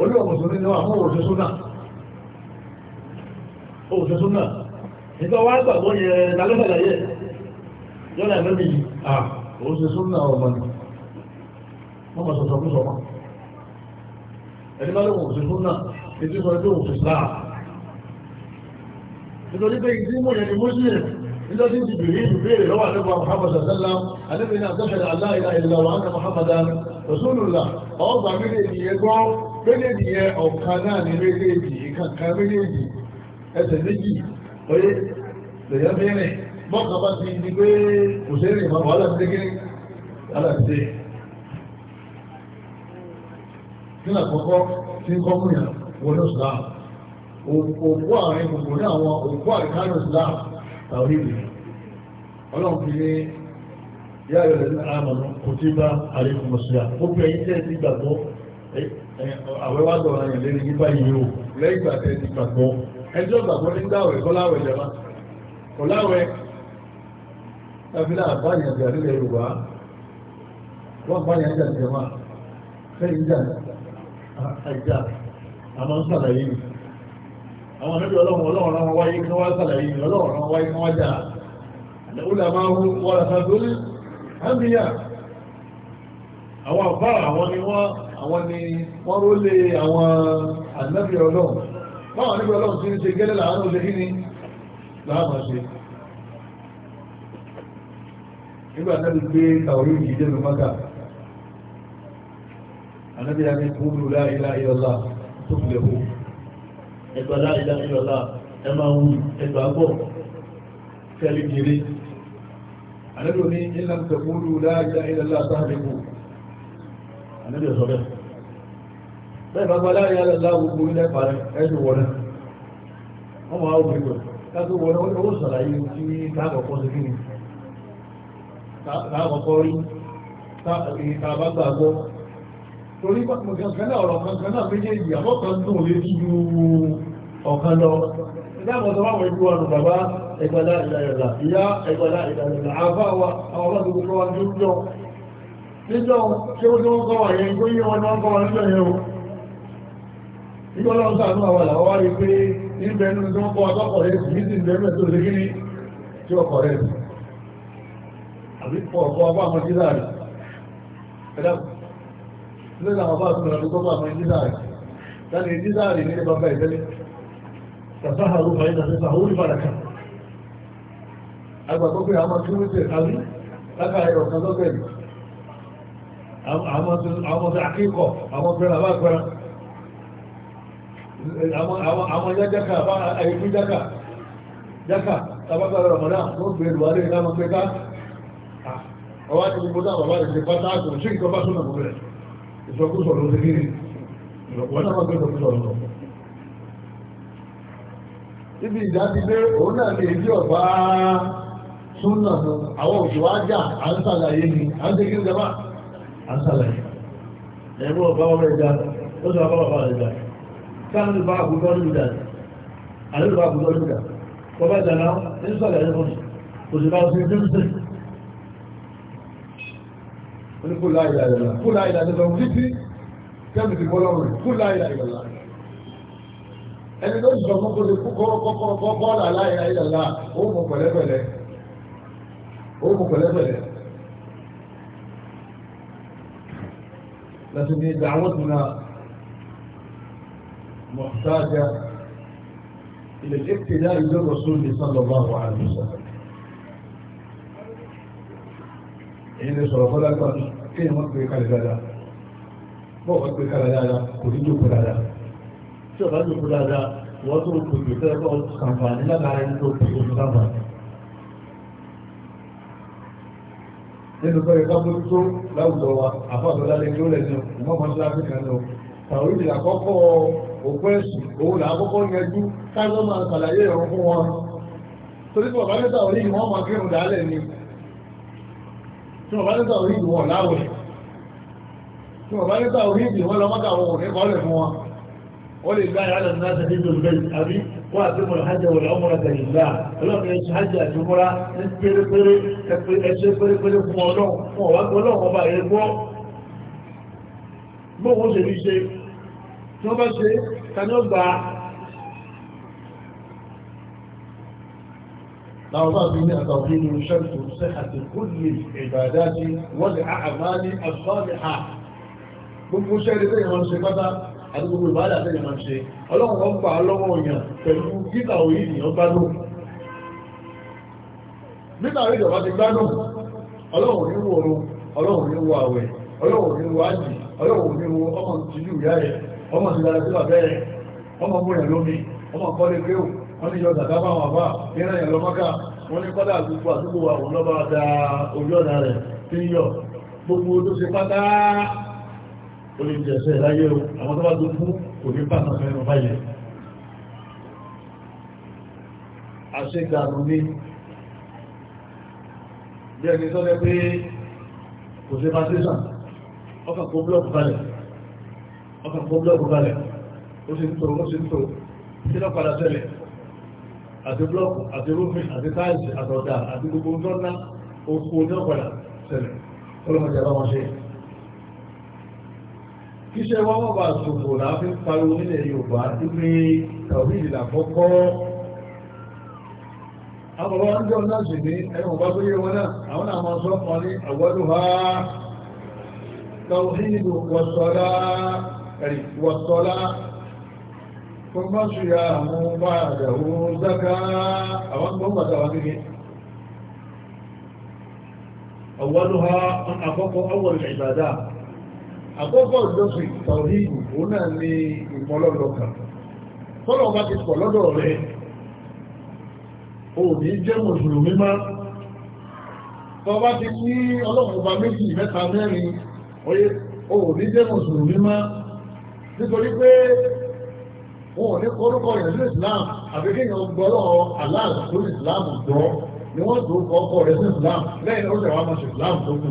olú ọmọsùn nínú àmọ́ òṣèṣúnà òṣèṣúnà nígbà wá gbàgbọ́ yẹ tàná sàlàyé yọ́nà ẹ̀mẹ́bì wọ́n mọ̀ sọ̀sọ̀ kú sọ̀mọ́ ẹni bá lóun òsì fún náà ètò ìsọ̀rọ̀ tó òsì láà nítorí pé ìdí mú ẹni muslim nítorí ti bèrè ìbéèrè lọ́wọ́ àdébà muhammad sallá àdébà náà sẹ́fẹ̀ẹ́ aláìlá ìlà wa anna muhammad rasulullah ọgbà méjèèjì yẹn gbọ́ méjèèjì yẹn ọ̀kan náà ní méjèèjì ìkàkà méjèèjì ẹsẹ̀ méjì oyé lèyàn fẹ́rẹ̀ mọ́kà ti di pé kò ìmọ̀ wàhálà ti dé kiri wàhálà nílà kọ́kọ́ tí ń kọ́kún yà wọlé islam òkú àárín gbogbo ní àwọn òkú àríkánú islam tàwíìdì ọlọ́run fi ní yá rẹ̀ ní àmàlú kò tí bá àríkùn mọ̀síà ó bẹ̀ yí tẹ́ ti gbàgbọ́ àwẹ́wádọ̀ ọ̀ràn lẹ́ni nípa yìí o lẹ́yìn ìgbà tẹ́ ti gbàgbọ́ ẹjọ́ gbàgbọ́ nígbà rẹ̀ kọ́láwẹ̀ jẹba kọ́láwẹ̀ tàbílà àbáyàn jà nílẹ̀ yorùbá wọ́n àbáyàn jà jẹba fẹ́ ìjà àjà àmọ́ ń sàlàyé ni àwọn ọ̀nàbí ọlọ́run ọlọ́run ọ̀rọ̀ wáyé kí wọ́n sàlàyé ni ọlọ́run ọ̀rọ̀ wáyé kí wọ́n jà àlẹ́wùlà máa ń wọ́n rà sàdúrí ábíyà àwọn àbá àwọn ni wọ́n àwọn ni wọ́n ró lé àwọn ànábì ọlọ́run báwọn ọ̀nàbí ọlọ́run ti ń ṣe gẹ́lẹ́ làwọn ọ̀nà òṣèlú ni láàmà ṣe nígbà náà gbé kàwé yìí dẹ́nu ànábì àmì kúrú láìlá ìrọ̀lá tó fi lè hù ẹgbà láìlá ìrọ̀lá ẹ máa wù ẹgbà bọ̀ kẹlí kiri ànábì òní ìlànà tó kúrú láìlá ìrọ̀lá tó fi lè hù ànábì ọ̀sọ̀ bẹ́ẹ̀ bẹ́ẹ̀ bá gbọ́lá ìyá lọ́lá gbogbo ilẹ̀ parẹ́ ẹ̀sùn wọlé wọ́n máa wọ́n gbogbo káàkó wọlé torí gbọ́gbọ́gbọ́gbọ́n náà ọ̀rọ̀ gbọ́gbọ́n náà méjèèjì àmọ́kan dùn lé ju ọ̀kan lọ ìdáàbọ̀ tó wáwọ̀ ìlú ọ̀nà bàbá ẹgbàlá ìlàyàlà ìyá ẹgbàlá ìlàyàlà o ìgbọ́lọ́ ń sàánú àwọn àlàwọ́ rí pé níbẹ̀ nínú tó ń kọ́ ọkọ̀ rẹ̀ sí sí ìbẹ̀rẹ̀ tó lé kíní tí ọkọ̀ rẹ̀ àbí pọ̀ ọkọ̀ ọkọ̀ nígbà àwọn bá tún ọdún gọ́gbà mọ́ ìdíláàrí láti ìdíláàrí ní bàbá ìdẹ́lẹ̀ tàbáhàrú fàyí na fífà ó rí bàdàkà agbàgbọ́ pé àwọn tí wọ́n tẹ̀ kàrí lákà ẹ̀rọ kan lọ́gbẹ̀rẹ̀ àwọn tí akíkọ̀ àwọn pẹ̀rẹ̀ àbá pẹ̀rẹ̀ àwọn yájáka àbá àìkú jáka jáka tàbákàrẹ̀ rọ̀mọ̀dá tó gbèrú wà lè lámọ́ pẹ́ká ọwá ti gbogbo náà bàbá rẹ̀ ti pátá àgbọ̀n sí ìkọ́ bá súnmọ̀ gbogbo rẹ̀ ìsọkúsọ ló ti kiri ìrọ̀pọ̀ náà wọ́n ìsọkúsọ lọ. ibi ìdádìdé òun náà lè di ọ̀bá súnà mu àwọn òṣùwà ájà à ń sàlàyé ni à ń ṣe kí n jẹba à ń sàlàyé. ẹ̀rọ ọ̀bá wọn rẹ̀ já ó sọ bá bàbá rẹ̀ já bá àbújọ́ ní ìdá àlejò bá àbújọ́ ní ìdá bọ́bá ìdáná ń sàlàyé fún mi kò sì bá ń sin ní kó láìlà ìlàlá kó láìlà ìlàlá títí kẹ́mìtì bọ́lọ́rùn kó láìlà ìlàlá ẹni tó sọ fún kóde kó kọ́kọ́ bọ́ọ̀lù láìlà ìlàlá ó mú pẹ̀lẹ́pẹ̀lẹ́ ó mú pẹ̀lẹ́pẹ̀lẹ́ لكن دعوتنا محتاجة إلى الابتداء بالرسول صلى الله عليه وسلم إن صلى الله kí ni pè é kalẹ̀ dáadáa bọ́ọ̀ bá pè é kalẹ̀ dáadáa kò ní jòkó dáadáa tí ọ̀bá jòkó dáadáa wọ́n tó kò jù fẹ́ kọ́ sàǹfààní lágbára ẹni tó kò jù sàǹfààní. nínú bẹ́ẹ̀ ká bójú tó láwùjọ wa àfọ̀dọ́lá lè tó lẹ̀ ní ìmọ̀mọ́ síláàfin kan lọ tàwọn ìdílé àkọ́kọ́ òkú ẹ̀sùn òun là àkọ́kọ́ yẹjú kájọ́ máa ṣàlàyé ẹ̀rọ fún wọn torí bọ̀ bá mẹ́ta òní ìmọ̀ ọmọ akérò dálẹ̀ ni tí wọ́n bá ní tàwọn orílẹ̀ wọn láwẹ̀ tí wọ́n bá ní tàwọn orílẹ̀ wọn lọ mọ́ta àwọn òní kọ́lẹ̀ fún wọn ó lè gbá ìyá lọ́nà láti ní ìjọba àbí wọ́n àti mọ̀ hajjá wọ̀lẹ̀ ọmọrà tẹ̀lé gbà ọlọ́run ẹ̀ṣẹ̀ hajjá àti múra ní pérépéré ẹ̀ṣẹ̀ pérépéré fún ọlọ́run ṣe ta ni ó gbà نعوذ التوحيد شرط صحة كل العبادات والأعمال الصالحة gbogbo sẹ́rí tẹ́yìn máa ń ṣe pátá àti gbogbo ìbádà tẹ́yìn máa ń ṣe ọlọ́run kan pa lọ́wọ́ èèyàn pẹ̀lú títà òyìn ènìyàn gbádùn nígbà orí ìjọba ti gbádùn ọlọ́run ní wo oorun ọlọ́run ní wo àwẹ̀ ọlọ́run ní wo ájì ọlọ́run ní wo ọmọ tìlú ìyá rẹ̀ ọmọ tìlára sí bàbẹ́ rẹ̀ ọmọ múyàn lómi ọmọ kọ́lé kéwù wọ́n ní yọ zàká bá wọn bá ìrìn àyàn lọ mọ́ká wọ́n ní kọ́dà gbogbo àdúgbò wa òun lọ́ba da ojú ọ̀nà rẹ̀ tí ń yọ gbogbo tó ṣe pátá ó lè jẹ ẹsẹ̀ láyé o àwọn tó bá tó kú kò ní pàtàkì mẹ́rin báyìí àṣẹ́gbàmù ní bí ẹni sọ́lẹ̀ pé kò ṣe pàtíṣàn ọkàn kó blọ́ọ̀kù kalẹ̀ ọkàn kó blọ́ọ̀kù kalẹ̀ ó sì ń tó ó sì ń tó kí lọ́pàá àti blọ́ọ̀kù àti rúfin àti táìsì àtọ̀dá àti gbogbo ńlọ́nà oṣù ọjọ́ padà sẹlẹ̀ ọlọ́mọdé àbáwọn ṣe kíṣẹ́ wọ́n wọ́n bá ṣòfò láàfin pariwo nílẹ̀ Yorùbá tí pé tàbílì làkọ́kọ́ àbọ̀wọ́ ń jọ náà sì ní ẹ̀wọ̀n bá tó yé wọn náà àwọn àmọ́ sọ wọn ní àwọ́dù ha tàbílì wọ̀sọ̀lá fún bá ṣe ya àwọn ọmọ àdàwó zaka àwọn tó bàtà wà nílé awwaluha àkọ́kọ́ awwal ìbàdà àkọ́kọ́ ìjọsìn tàwíìgù ó náà ní ìpọlọ́lọ́kà tọ́lọ̀ bá ti pọ̀ lọ́dọ̀ rẹ̀ ò ní jẹ́ mùsùlùmí má tọ́bá ti ní ọlọ́pùpá méjì mẹ́ta mẹ́rin ò ní jẹ́ mùsùlùmí má nítorí pé wọn ò ní kọ́rọ́kọ́ rẹ̀ nínú islam àbí kí èèyàn gbọ́rọ̀ aláàlú tó ní islam gbọ́ ni wọ́n tó kọ́ ọkọ̀ rẹ̀ sí islam lẹ́yìn ó tẹ̀wá máa ṣe islam tó kù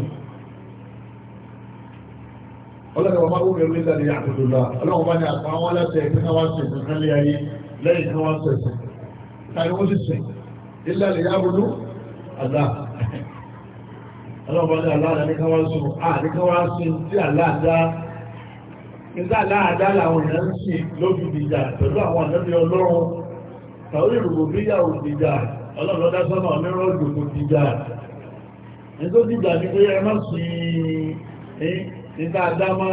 ọlọ́run ọba ó rẹ̀ nígbà ní àtúndùlá ọlọ́run ọba ní àpá wọn láti ẹ̀kí náà wá sí ìpínlẹ̀ ilé ayé lẹ́yìn náà wá sí ẹ̀sìn wọ́n sì sìn ilé àlè yábùlú àlá ọlọ́run ọba ní àlá àdíkáwá sí àdíkáwá nígbà láàdá làwọn èèyàn ń ṣe lójú ìdìjà pẹ̀lú àwọn ànábì ọlọ́run tàwọn ìrùgbò bíyàwó ìdìjà ọlọ́lọ́dá sọ́nà onírọ̀ ìgbòkò ìdìjà ní tó dìjà ní pé ẹ má sí nígbà dámá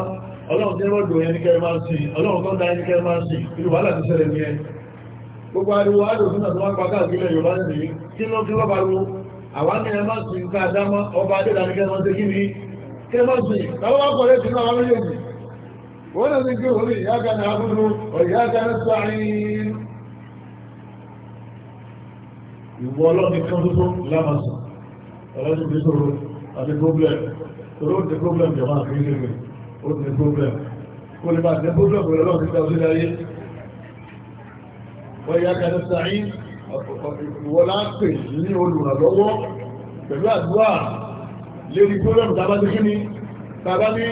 ọlọ́run tí rọ́dù ẹni kẹ́ máa sí ọlọ́run tó dá ẹni kẹ́ máa sí ìlú wàhálà ti ṣẹlẹ̀ ní ẹ gbogbo ariwo adòsínà tó wọ́n pàkà ìgbìlẹ̀ Yorùbá sí kí ló kí lọ́bàá ru àwọn ní ẹ ní kẹ́ ونذكره إياك نعبد وإياك نستعين ìwọ ọlọ́dún kan tó lámàsà ọlọ́dún tó sọ̀rọ̀ àti problem tọ́rọ ti problem jọba àti ilé ó ti problem kó lè bá ti problem rẹ̀ lọ́wọ́ títà sí láyé wọ́n yá kan sáyín ìwọ láńpẹ̀ ní olùrànlọ́wọ́ pẹ̀lú àdúrà lérí problem tàbá ti kí ni tàbá ní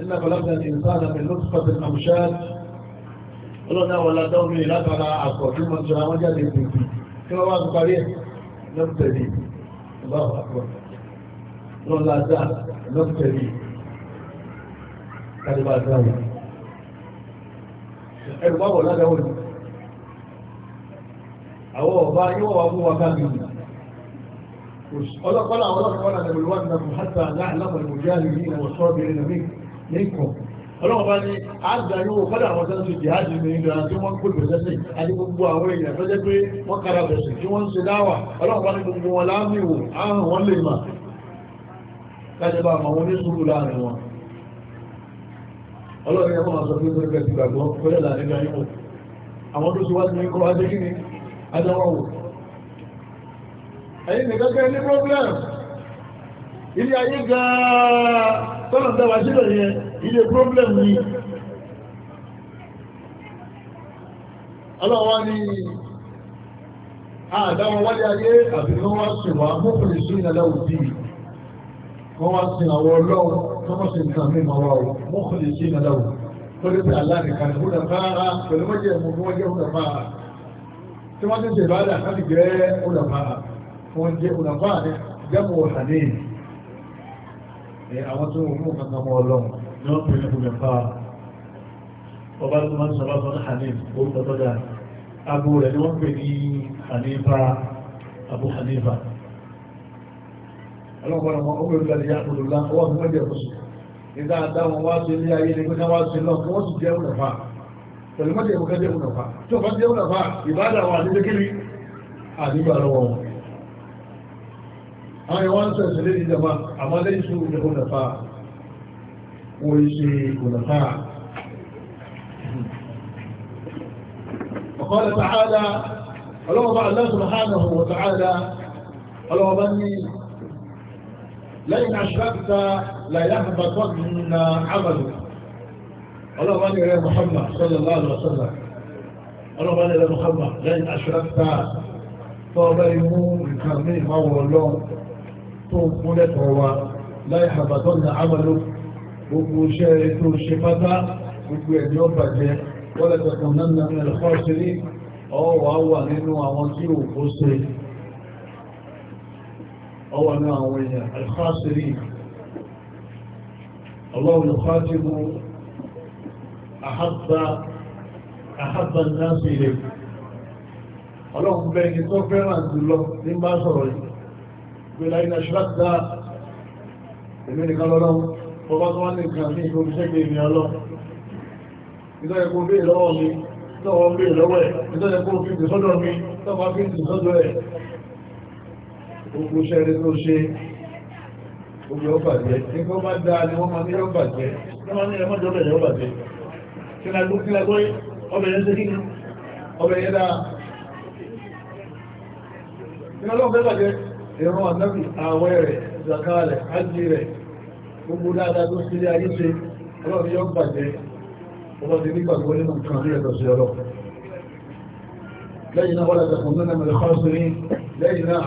إلا بلغنا الإنسان من نطفة الأمشاد قلنا ولا دومي لا على عصر ثم الجرامة جاءت كما بعد قريب نبتدي الله أكبر قلنا لا زال نبتدي كلمة زال ẹ̀rùbá wọ̀ ládàwọ̀ ní àwọn ọba yíò wà mú wa káàkiri ọlọ́pọ̀lá ọlọ́pọ̀lá ẹ̀rùwá ní ọdún hátà láàrín lọ́pọ̀ ìmòjáàrí ní ìwọ̀sọ́bìnrin náà nìkan ọlọ́run bá ní àgbàyò kọ́dà àwọn sẹ́ńsì jihadi ní ìlera tí wọ́n kó lè sẹ́sì àti gbogbo àwọn èèyàn tó jẹ́ pé wọ́n kára bẹ̀sì tí wọ́n ń ṣe dáwà ọlọ́run bá ní gbogbo wọn láàmì wò áhùn wọn lè mà kájọba àmọ́ wọn ní sùúrù láàrin wọn ọlọ́run yẹn máa sọ pé pé pẹ̀lú ìgbàgbọ́ pẹ̀lú láàrin gbà yín wò àwọn tó ti wá sí tọ́nà dáwà problem ni ọlọ́wọ́ ni àdáwọn wáyé ayé àbí wọ́n wá sí wá mọ́kùnrin sí ìrìnàlẹ́ òbí wọ́n wá sí àwọn ọlọ́run tọ́mọ́ sí nǹkan mí ma wá o mọ́kùnrin sí ìrìnàlẹ́ òbí tó lè fẹ́ aláàrẹ̀ká ní húdà fáárá pẹ̀lú mọ́jẹ́ tí wọ́n ti ṣe láti jẹ́ húdà wọ́n jẹ́ húdà fáárá jẹ́mù ọ̀hánẹ́yìn àwọn tó mú kankan mọ́ ọlọ́run ni wọ́n pè ní gbogbo ẹ̀fà ọba tó máa ń sọ lọ́sọ̀ hanif orúkọ tó Abu, agbo rẹ̀ ni wọ́n pè ní hanifa abu hanifa ọlọ́pàá ọmọ ọmọ ìgbàlẹ̀ yà kúrò lá ọwọ́ mi wọ́n jẹ́ ọ̀sùn nígbà àdáwọn wá sí ilé ayé ni pé ká wá sí lọ kí wọ́n sì jẹ́ ọ̀nàfà pẹ̀lú mọ́jẹ̀ ìmọ̀kẹ́ jẹ́ ọ̀nàfà tí ọ̀fà àwọn ẹ̀wọ́n sọ ìṣẹ̀lẹ̀ ìjọba àwọn aléṣù ìjọba wọ́n ṣe ìgbòlọ̀fà ọ̀kọ́lẹ̀ tààdà ọlọ́wọ́bá aláṣùmọ̀hánà wọ̀ tààdà ọlọ́wọ́bá ní lẹ́yìn aṣíkàtà láyáhùbàtọ́ na àmàlù ọlọ́wọ́bá ní rẹ̀ Muhammad sallallahu alaihi wasallam ọlọ́wọ́bá ní rẹ̀ Muhammad lẹ́yìn aṣíkàtà tọ́ọ̀bẹ̀rẹ̀ mú ìkàmí ìmáwọ̀ ọlọ́wọ́ tó kún lẹ́tọ̀ọ́ wa láì àbàtọ́ ní àmàlò gbogbo iṣẹ́ tó ṣe pátá gbogbo ẹ̀mí ọba jẹ wọ́n lẹ́tọ̀ kan náà nínú ẹ̀kọ́ ṣeré ọwọ́ wà nínú àwọn tí ò kó ṣe ọwọ́ nínú àwọn èèyàn ẹ̀kọ́ ṣeré ọlọ́run ẹ̀kọ́ ti mú àhábà náà sí ilé ọlọ́run bẹ́ẹ̀ ni tó fẹ́ràn jùlọ ní bá sọ̀rọ̀ yìí gbẹ̀lá iná ṣíláṣílá èmi nìkan lọ́lọ́run bọ́bá tó wá ní nǹkan ní ìgbò ìṣẹ́gbẹ̀ èmi ọlọ́ ìtọ́jẹ́ kó bí ìlọ́wọ́ mi tọ́wọ́ bí ìlọ́wọ́ ẹ̀ ìtọ́jẹ́ kó fi ìtìsọ́dọ̀ mi tọ́wọ́ fi ìtìsọ́dọ̀ ẹ̀ gbogbo iṣẹ́ rẹ̀ tó ṣe gbogbo ọba jẹ́ nígbà bá dáa ni wọ́n máa ní ọba jẹ́ wọ́n máa ní ẹmọ́jọ́ bẹ̀rẹ̀ ọba jẹ́ kí la gbó kí la gbó ọbẹ̀ yẹn ṣe kí ọbẹ̀ yẹn dáa kí la ìran ànábì àwẹ̀ rẹ̀ zakalẹ̀ ájì rẹ̀ gbogbo dáadáa tó sílé ayé ṣe ọlọ́run yóò gbàjẹ́ ọlọ́run nígbàgbọ́ nínú nǹkan rí ẹ̀tọ́ sí ọlọ́run lẹ́yìn náà wọ́n lẹ́tẹ̀kùn nínú ẹ̀mẹ̀lẹ̀ kọ́ọ̀sù ní lẹ́yìn náà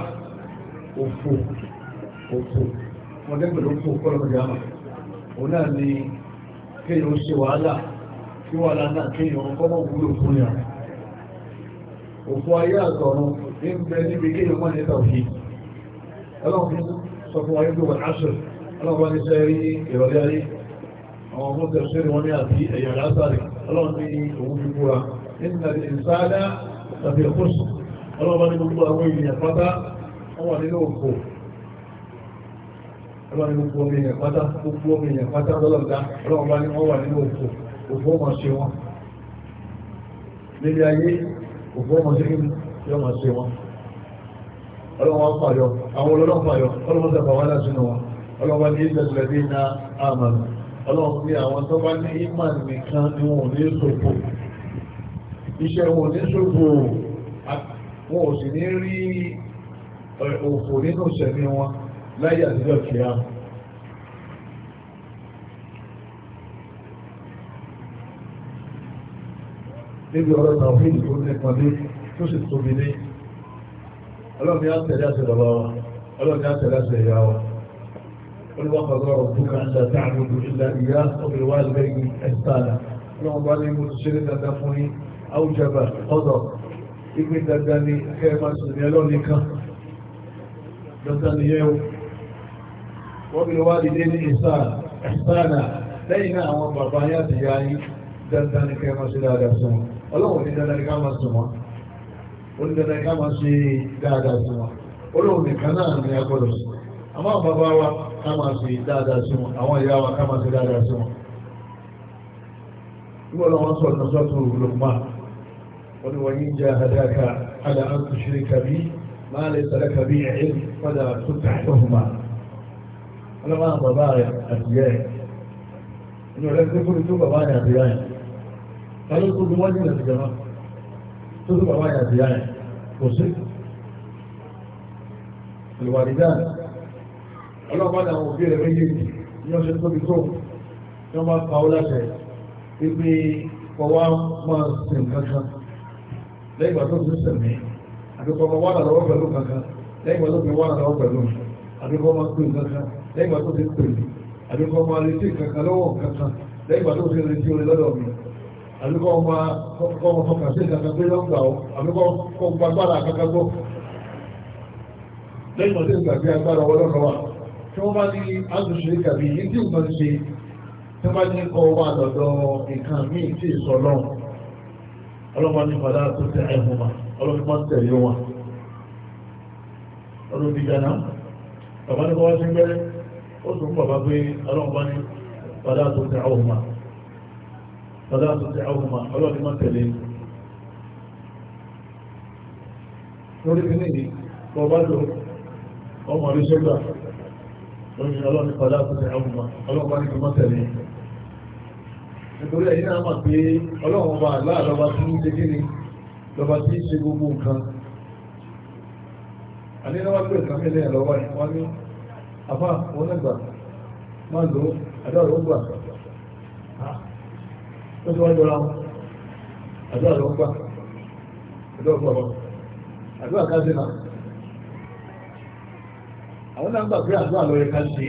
òfò òfò wọ́n lẹ́gbẹ̀lẹ̀ òfò kọ́lọ̀mọ̀dé àmà òun náà ni kéèyàn ayé àtọ̀run ń bẹ níbi kéèyàn mọ́ nípa òfin ọlọ́run sọ fún ayé gbogbo àṣẹ ọlọ́run bá ní sẹ́rí ìrọ̀lẹ́ ayé àwọn ọmọ tẹ̀sẹ̀ ni wọ́n ní àti ẹ̀yà látàrí ọlọ́run ní òun fi búra nínú ìsáadá tàbí ẹ̀kọ́sù ọlọ́run bá ní gbogbo àwọn ènìyàn pátá wọ́n wà nínú òkò ọlọ́run ní gbogbo ènìyàn pátá gbogbo ènìyàn pátá lọ́lọ́dá ọlọ́run bá ní wọ́n wà nínú òkò òkò ọmọ ṣe wọn nílé ayé òkò ọmọ ṣe wọn ọlọ́wọ́n pààyọ àwọn olóòrùn pààyọ ọlọ́wọ́n tẹ̀fà wá lásìnà wọn ọlọ́wọ́n ní ìdẹ̀lẹ̀dẹ̀ na àmàlù ọlọ́wọ́n ní àwọn tó bá ní ìmàn nìkan ni wọn ní ṣòfò iṣẹ́ wọn ní ṣòfò wọn ò sì ní rí òfò nínú ìṣẹ̀mí níbi ọ̀rọ̀ tàwọn fíìsì tó ní ẹ̀kan ní tó sì tóbi ní ọlọ́run ni a tẹ̀lé àṣẹ bàbá wa ọlọ́run ni a tẹ̀lé àṣẹ ìyá wa olùwàkọ̀ ọlọ́run tó kà ń ṣe àtàwọn ọdún ilẹ̀ ìyá obìnrin wa lẹ́yìn ẹ̀sítàlá ọlọ́run bá ní mo ti ṣeré dandan fún yín àwùjọba ọ̀dọ̀ ìpín dandan ni kẹ́ ẹ máa sùn ní ẹlọ́ nìkan dandan ni yẹ́ ká máa sùn onídẹ̀ẹ́dẹ́ ká máa ṣe dáadáa sí wọn olóhùn nìkan náà ni a gbọ́dọ̀ sí àmọ́ àwọn bàbá wa ká máa ṣe dáadáa sí wọn àwọn ìyá wa ká máa ṣe dáadáa sí wọn. nígbà wọn sọ ọ̀nà sọ́tù lùmọ́ wọn ni wọ́n yí ń jẹ́ àdáka àdá an tushrika bi ma laysa laka bihi ilm fala tuti'huma ọlọ́mọ bàbá rẹ̀ àtìyẹ́ inú rẹ̀ tó kúrò tó bàbá rẹ̀ àtìyẹ́ tó tó bàbá rẹ̀ àtìyẹ́ kò sí ìwàdìdá ọlọ́pàá àwọn òbí rẹ̀ méjì ní ọ̀sẹ̀ tóbi tó ní wọ́n máa pa ó láṣẹ wípé ọwá máa sìn kankan lẹ́yìn ìgbà tó ti sẹ̀mí àdúgbò ọmọ wà lọ́wọ́ pẹ̀lú kankan lẹ́yìn ìgbà tó ti wà lọ́wọ́ pẹ̀lú àdúgbò ọmọ pè kankan lẹ́yìn ìgbà tó ti pè àdúgbò ọmọ àbíkọ́ ọmọ fọkàn sí ìkàkà pé lọ́gbà ọ àbíkọ́ gbàgbára àkàkà gbọ́ lẹ́yìn ọdún ìgbàgbé agbára ọlọ́rọ̀ wa tí wọ́n bá ní àtúnṣe ìkàbí yìí tí ìgbà ń ṣe tí wọ́n bá ní kọ́ wà lọ́dọ̀ nǹkan míì tí ìsọ lọ́n ọlọ́mọ ní padà tó tẹ ẹ̀hún wa ọlọ́mọ tẹ̀lé wa ọdún ti gana bàbá ní kọ́ wá sí gbẹ́rẹ́ ó tún bàbá pé ọlọ́mọ ní padà tó tẹ ẹ̀hún wa tọ́lá tó ti àwọn ọmọ ọlọ́ọ̀ni máa tẹ̀lé lórí kí nìyí tó bá lò ọmọ rí ṣẹ́gbà lórí ọlọ́ọ̀ni tọ́lá tó ti àwọn ọmọ ọlọ́ọ̀ni máa tẹ̀lé nítorí ẹ̀yìn náà mà pé ọlọ́run bá aláàlọ́ba tí ń ṣe kíni lọ́ba tí ń ṣe gbogbo nǹkan ànínáwá pé ìtàn mílẹ̀ lọ́wọ́ ẹ̀ wọ́n ní àbá òun náà máa lò àdáwọ̀ ó gbà tó ti wá jọra wọn àdúrà ló ń gbà àdúrà gbọ̀rọ̀ àdúrà ká sí náà àwọn náà gbà pé àdúrà lọ yẹ ká sí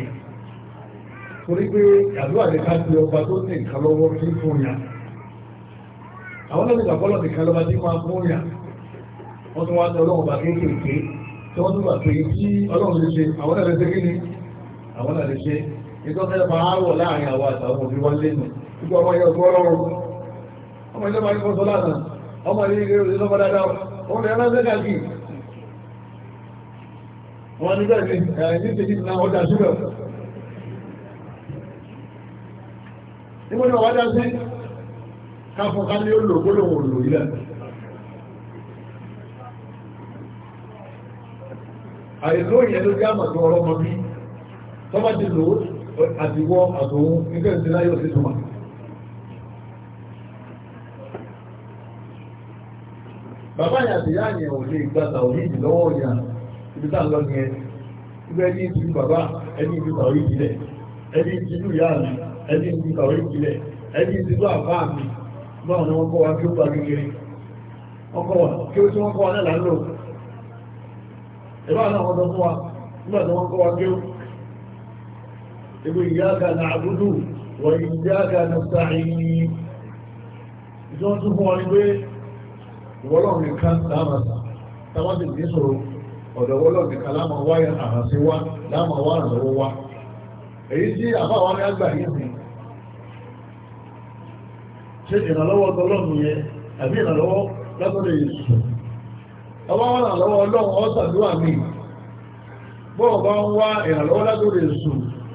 torí pé àdúrà lè ká sí ọba tó ní nǹkan lọ́wọ́ tí ń fún yàn àwọn náà nígbà bọ́lọ̀ nìkan lọ́ba tí máa fún yàn wọ́n tún wá ní ọlọ́run bá kéékèèké tí wọ́n tún gbà pé kí ọlọ́run lè ṣe àwọn náà lè ṣe kí ni àwọn náà lè ṣe ìtọ́fẹ́ bá áwọ̀ láàrin àwọn àtàwọn òfin wọ́n lé nù nígbà ọmọ yóò gbọ́ lọ́rùn ọmọ ilé máa ń kọ́ sọ́lá náà ọmọ ilé ìgbé òṣèlú ọmọ dáadáa ọmọ ilé ránṣẹ́ kàkì wọn ní na ọjà síbẹ̀ nígbà ní ọwọ́ dásí káfọ́ ká ní ó lò kó lòun lò ilẹ̀ àìlóyìn ẹlógí àmọ̀ tó ọ̀rọ̀ mọ́ bí tọ́bá ti lò ó àtiwọ́ àtòun nígbà tí láyọ̀ bàbá yà ti yáà lè gbàtà òyìnbí lọ́wọ́ yà ibi tá lọ yẹn ní ti bàbá ẹni ti tàwí ìjìlẹ̀ ẹni ti lù yà ẹni ti tàwí ìjìlẹ̀ ẹni àbá mi báwọn ni wọ́n kọ́ wa kí ó wa kí ó tí wọ́n kọ́ wa náà ìbáwọn náà wọ́n fún wa nígbà tí إياك نعبد وإياك نستعين ìjọ́ tún fún wọn pé wọ́lọ́rùn nìkan lámàsà tàbátì ní sọ̀rọ̀ ọ̀dọ̀ wọ́lọ́rùn nìkan lámà wáyà àhàsí wá lámà wá àrànlọ́wọ́ wá èyí tí àbáwá ní àgbà yìí sí ṣe ìrànlọ́wọ́ tọ́lọ́rùn yẹn àbí ìrànlọ́wọ́ látọ̀dọ̀ yìí ọba wọn àrànlọ́wọ́ ọlọ́run ọ́sàdúrà mi bọ́ọ̀ bá ń wá ìrànlọ́wọ́ látọ̀dọ̀ yìí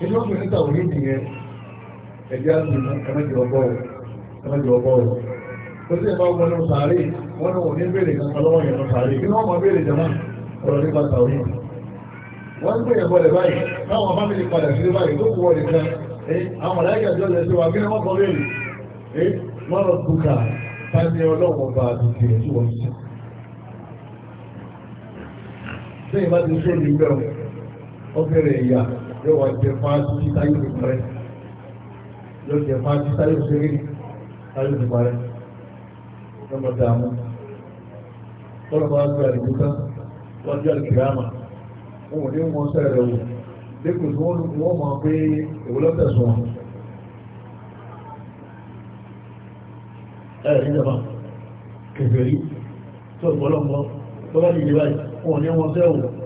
èyí ó gbé níta òní nìyẹn ẹ̀dí àgbìmọ̀ ẹ̀mẹ́jì ọgbọ́ ẹ̀mẹ́jì ọgbọ́ tó sì bá wọn ní sàárè wọn ní òní béèrè kankan lọ́wọ́ yẹn ní sàárè kí wọ́n máa béèrè jẹ̀mọ́ ọ̀rọ̀ nípa sàárè wọ́n ń gbìyànjú ọ̀lẹ̀ báyìí táwọn fámìlì padà sí báyìí tó kù wọ́n nìkan àwọn aláìkà jọ lẹ́sí wa kí ni wọ́n kọ́ béèrè wọ́n lọ dùkà tani ọlọ́wọ́n bá àdùkè tí wọ́n sí. sẹ́yìn bá ti sóòlù ìgbẹ́ ọ̀fẹ́rẹ̀ ìyá yóò wá jẹ fún àti táyé òfin rẹ̀ yóò jẹ fún àti táyé òfin rẹ̀ táyé òfin rẹ̀ lọ́mọ dààmú tọ́lọ́ bá gbé àdìgbò tán lọ́jọ́ àdìgbàmà wọn ò ní mọ sẹ́rẹ̀ rẹ̀ wò lẹ́kùn tí wọ́n wọ́n mọ̀ pé èwo lọ́tẹ̀sùn wọn. ẹ̀rẹ̀ níjọba kẹfẹ́ tó ìgbọ́lọ́mọ tó bá yìí báyìí wọn ò ní mọ sẹ́rẹ̀ wò.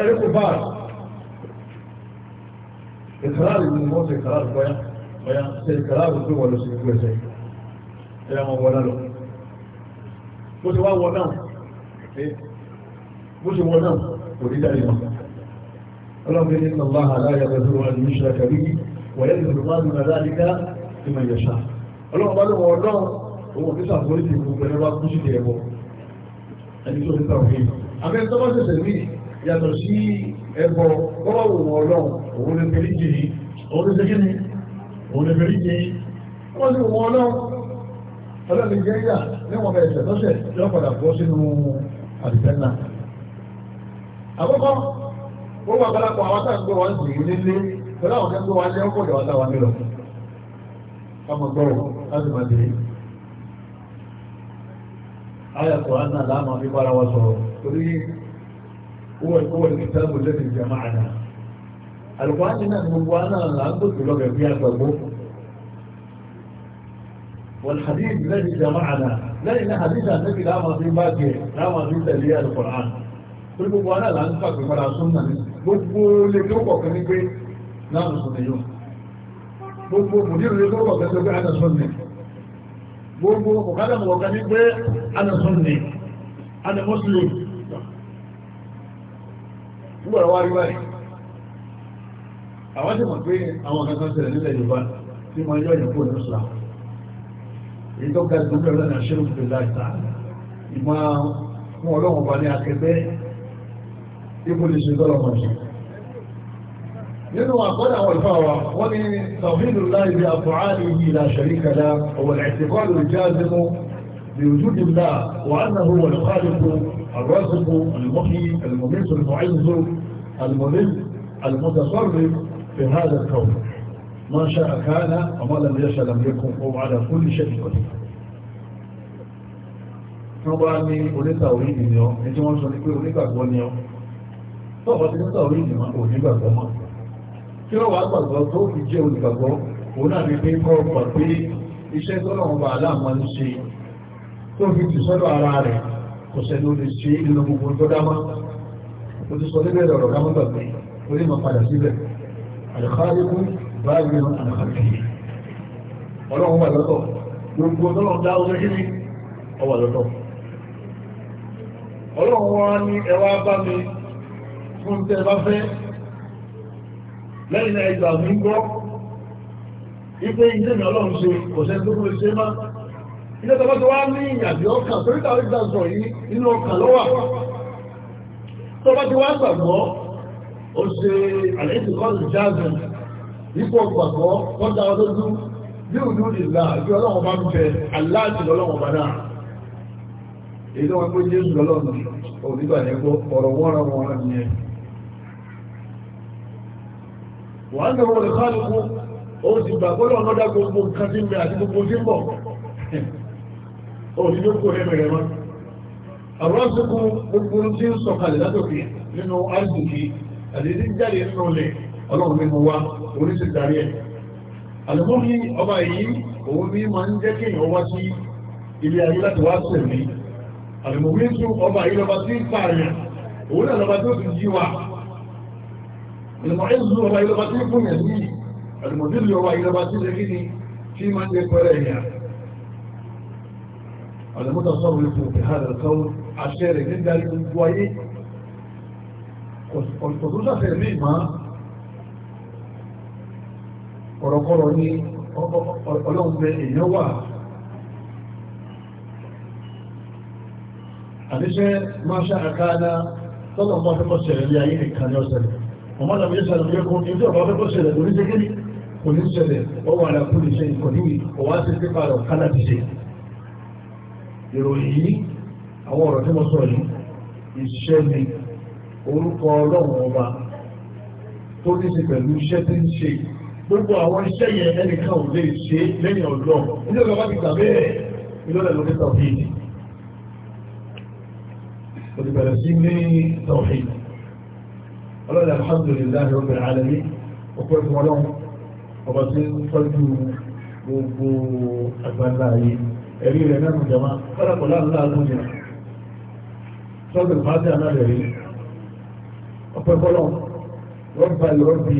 ẹ̀rí kò bá ìkàràrù ni wọ́n ti ìkàràrù bọ́yá bọ́yá ṣe ìkàràrù tó wọ́n lọ sí gbogbo ẹ̀sẹ̀ ẹ̀yà wọn wọ́n lọ bó ti wá wọ́n náà bó ti wọ́n náà kò ní dáre wọn ọlọ́run ní sọ̀lá àláyà pẹ̀lú àdìmíṣẹ́ kàrí wọ̀yẹ́ ìdùnnú máa dáríká tí mo yẹ̀ṣà ọlọ́run bá lọ́wọ́ ọlọ́run òun ní sàfórí ti gbogbo ẹ̀rọ bá kú sí ẹ̀bọ ẹni tó ní sàfórí àbẹ́ tọ́wọ́ sẹ̀sẹ̀ míì yàtọ̀ sí ẹbọ tọ́wọ́ wọn ọlọ́run òun lè fẹ́rí jì yìí òun lè fẹ́rí jì òun lè fẹ́rí jì wọ́n sì wọn ọlọ́run ọlọ́run jẹ́ yà níwọ̀n bẹ̀rẹ̀ ṣẹ̀ lọ́sẹ̀ yọ padà bọ́ sínú àdìfẹ́nà àkọ́kọ́ gbogbo àgbàlagbà àwọn tá à ń gbé wọn sì nílé pẹ̀lú àwọn tó ń gbé wọn jẹ́ ọkọ̀ ìjọba táwọn nílò ọmọ gbọ́rọ̀ láti máa dèrè ayàtọ̀ àná làá máa fi bára wa sọ̀rọ̀ torí هو هو الكتاب الذي جمعنا القرآن هنا نبوانا لأنه في لغة فيها تبوك والحديث الذي جمعنا لأن حديث النبي لا ماضي باقي لا ماضي تليه القرآن كل مبوانا لأنه فاك بمرا سنة gbogbo lè tó kọ̀ọ̀kan ní pé مدير sọ̀nà yóò gbogbo mùdírù lè tó kọ̀ọ̀kan أنا pé أنا مسلم nígbàrá wá rí báyìí àwọn tí mọ̀ pé àwọn kankan ṣẹlẹ̀ nílẹ̀ Yorùbá tí wọ́n yọ ìyẹ̀kú ní Islam èyí tó ga ìgbóhùn ẹ̀rọ náà ṣẹ́rù fún ìlà ìta ìmọ̀ fún ọlọ́run ọba ní akẹgbẹ́ ipò lè ṣe tọ́lọ̀ mọ̀ sí nínú àkọ́dà àwọn ìfà wa wọ́n ní tàbílù láì bí àfọ̀hánì yìí la ṣàríkà lá ọ̀wọ̀n ẹ̀sìnkọ́ lórí jáde mú bí ojú ìlà wà á náà wọ̀n الرازق المحيي المميت المعز المذل المتصرف في هذا الكون ما شاء كان وما لم يشاء لم يكن هو على كل شيء قدير wọ́n bá ní oníta orí ìdìní ọ́ ẹjí wọ́n sọ ní pé onígbàgbọ́ ni ọ́ tọ́ọ̀bọ̀ tí níta orí ìdìní ọ́ onígbàgbọ́ mọ́ tí ó wà gbàgbọ́ tó fi jẹ́ onígbàgbọ́ òun náà ní pé kọ́ ọ̀pọ̀ pé iṣẹ́ tọ́lọ̀ wọn bá aláàmọ́ ń ṣe tó fi ti sọ́dọ̀ ara rẹ̀ kò sẹ́ni ó lè ṣe nínú gbogbo tó dá máa ó ti sọ níbẹ̀ ọ̀rọ̀ ká mọ́gbà pé ó lè máa padà síbẹ̀ àlùkáríkú báyìí náà àlùkáríkú ọlọ́run wà lọ́tọ̀ gbogbo ọlọ́run dá orí kí ni ọ wà lọ́tọ̀ ọlọ́run wá ní ẹwà bá mi fún tẹ́ bá fẹ́ lẹ́yìn ẹgbàá mi gbọ́ ipe ilé mi ọlọ́run ṣe kò sẹ́ni tó kúrò ṣe máa ilé tọ́lọ́ tó wá ní ìyàbí ọkàn torí tàbí ìdájọ́ yìí inú ọkàn lọ́wà tó bá ti wá gbàgbọ́ ó ṣe àlẹ́sì kọ́lù jáàzùn ipò gbàgbọ́ kọ́dá ọlọ́dún bí òdú ìlà bí ọlọ́wọ̀n bá ń bẹ aláàtì lọ́lọ́wọ̀n bá náà èyí tó wọ́n pé jésù lọ́lọ́run òdígbà ní gbọ́ ọ̀rọ̀ wọ́nra wọn ni ẹ wọ́n á gbẹ̀wọ̀n lè kọ́ àdúgbò ó ti gbàgbọ́ lọ́nà dá gbogbo nǹkan tí ń àti gbogbo tí òní ló kó lẹ́nu rẹ̀ mọ́. àrọ́sùkú gbogbo tí ń sọ̀kalẹ̀ látòkè nínú àìsùnkì àdédé jáde nínú ilẹ̀ ọlọ́run nínú wa òní sì darí ẹ̀. àlùmọ́ni ọba yìí òun ní máa ń jẹ́ kéèyàn wá sí ilé ayé láti wá sẹ̀mí. àlùmọ́ni tún ọba yìí lọ́ba tí ń pààyàn òun náà lọ́ba tó ti yí wa. àlùmọ́ni tún ọba yìí lọ́ba tí ń fún yẹn ní àlùmọ́ni tún yìí lọ́ba tí ń المتصرف في هذا القول الشارع جدا للجوائي والفضوشة في الميمة ọ̀rọ̀kọ́rọ̀ ní ọlọ́ọ̀gbẹ́ èèyàn wà àdíṣẹ́ máa ṣe àkáàdá tọ́lọ̀ mọ́ fẹ́kọ́ ṣẹlẹ̀ ní ayé nìkan ní ọ̀sẹ̀lẹ̀ ọmọdé mẹ́jẹ́ ṣẹlẹ̀ ní ẹkùn ní ìjọba fẹ́kọ́ ṣẹlẹ̀ lórí jẹ́gẹ́rì kò ní ṣẹlẹ̀ ọwọ́ àlàkùn ìṣẹ́ ìkọ̀níwì ọwá sí pípa rọ̀ kálà ti ṣe ìròyìn yìí àwọn ọ̀rọ̀ tí mo sọ yìí iṣẹ́ ni orúkọ ọlọ́run ọba tó ní ṣe pẹ̀lú iṣẹ́ tí ń ṣe gbogbo àwọn iṣẹ́ yẹn ẹnìkan ò lè ṣe lẹ́yìn ọ̀dọ́ ilé ọ̀gá ti gbà bẹ́ẹ̀ ilé ọ̀dọ́ ní tọ̀fíìdì kò ti bẹ̀rẹ̀ sí ní tọ̀fíìdì ọlọ́dà alhamdulillahi rabbil alamin ọ̀pọ̀ ìfọ̀lọ́run ọba tí ń tọ́jú gbogbo àgbàlá yìí ẹ̀rí rẹ̀ náà jọmá kọ́lápọ̀lá ńlá agúnjẹ sọ́bẹ̀ fàájì aláàrẹ̀ rí ọpẹ́ bọ́lọ̀ rọ́bà ìrọ́bì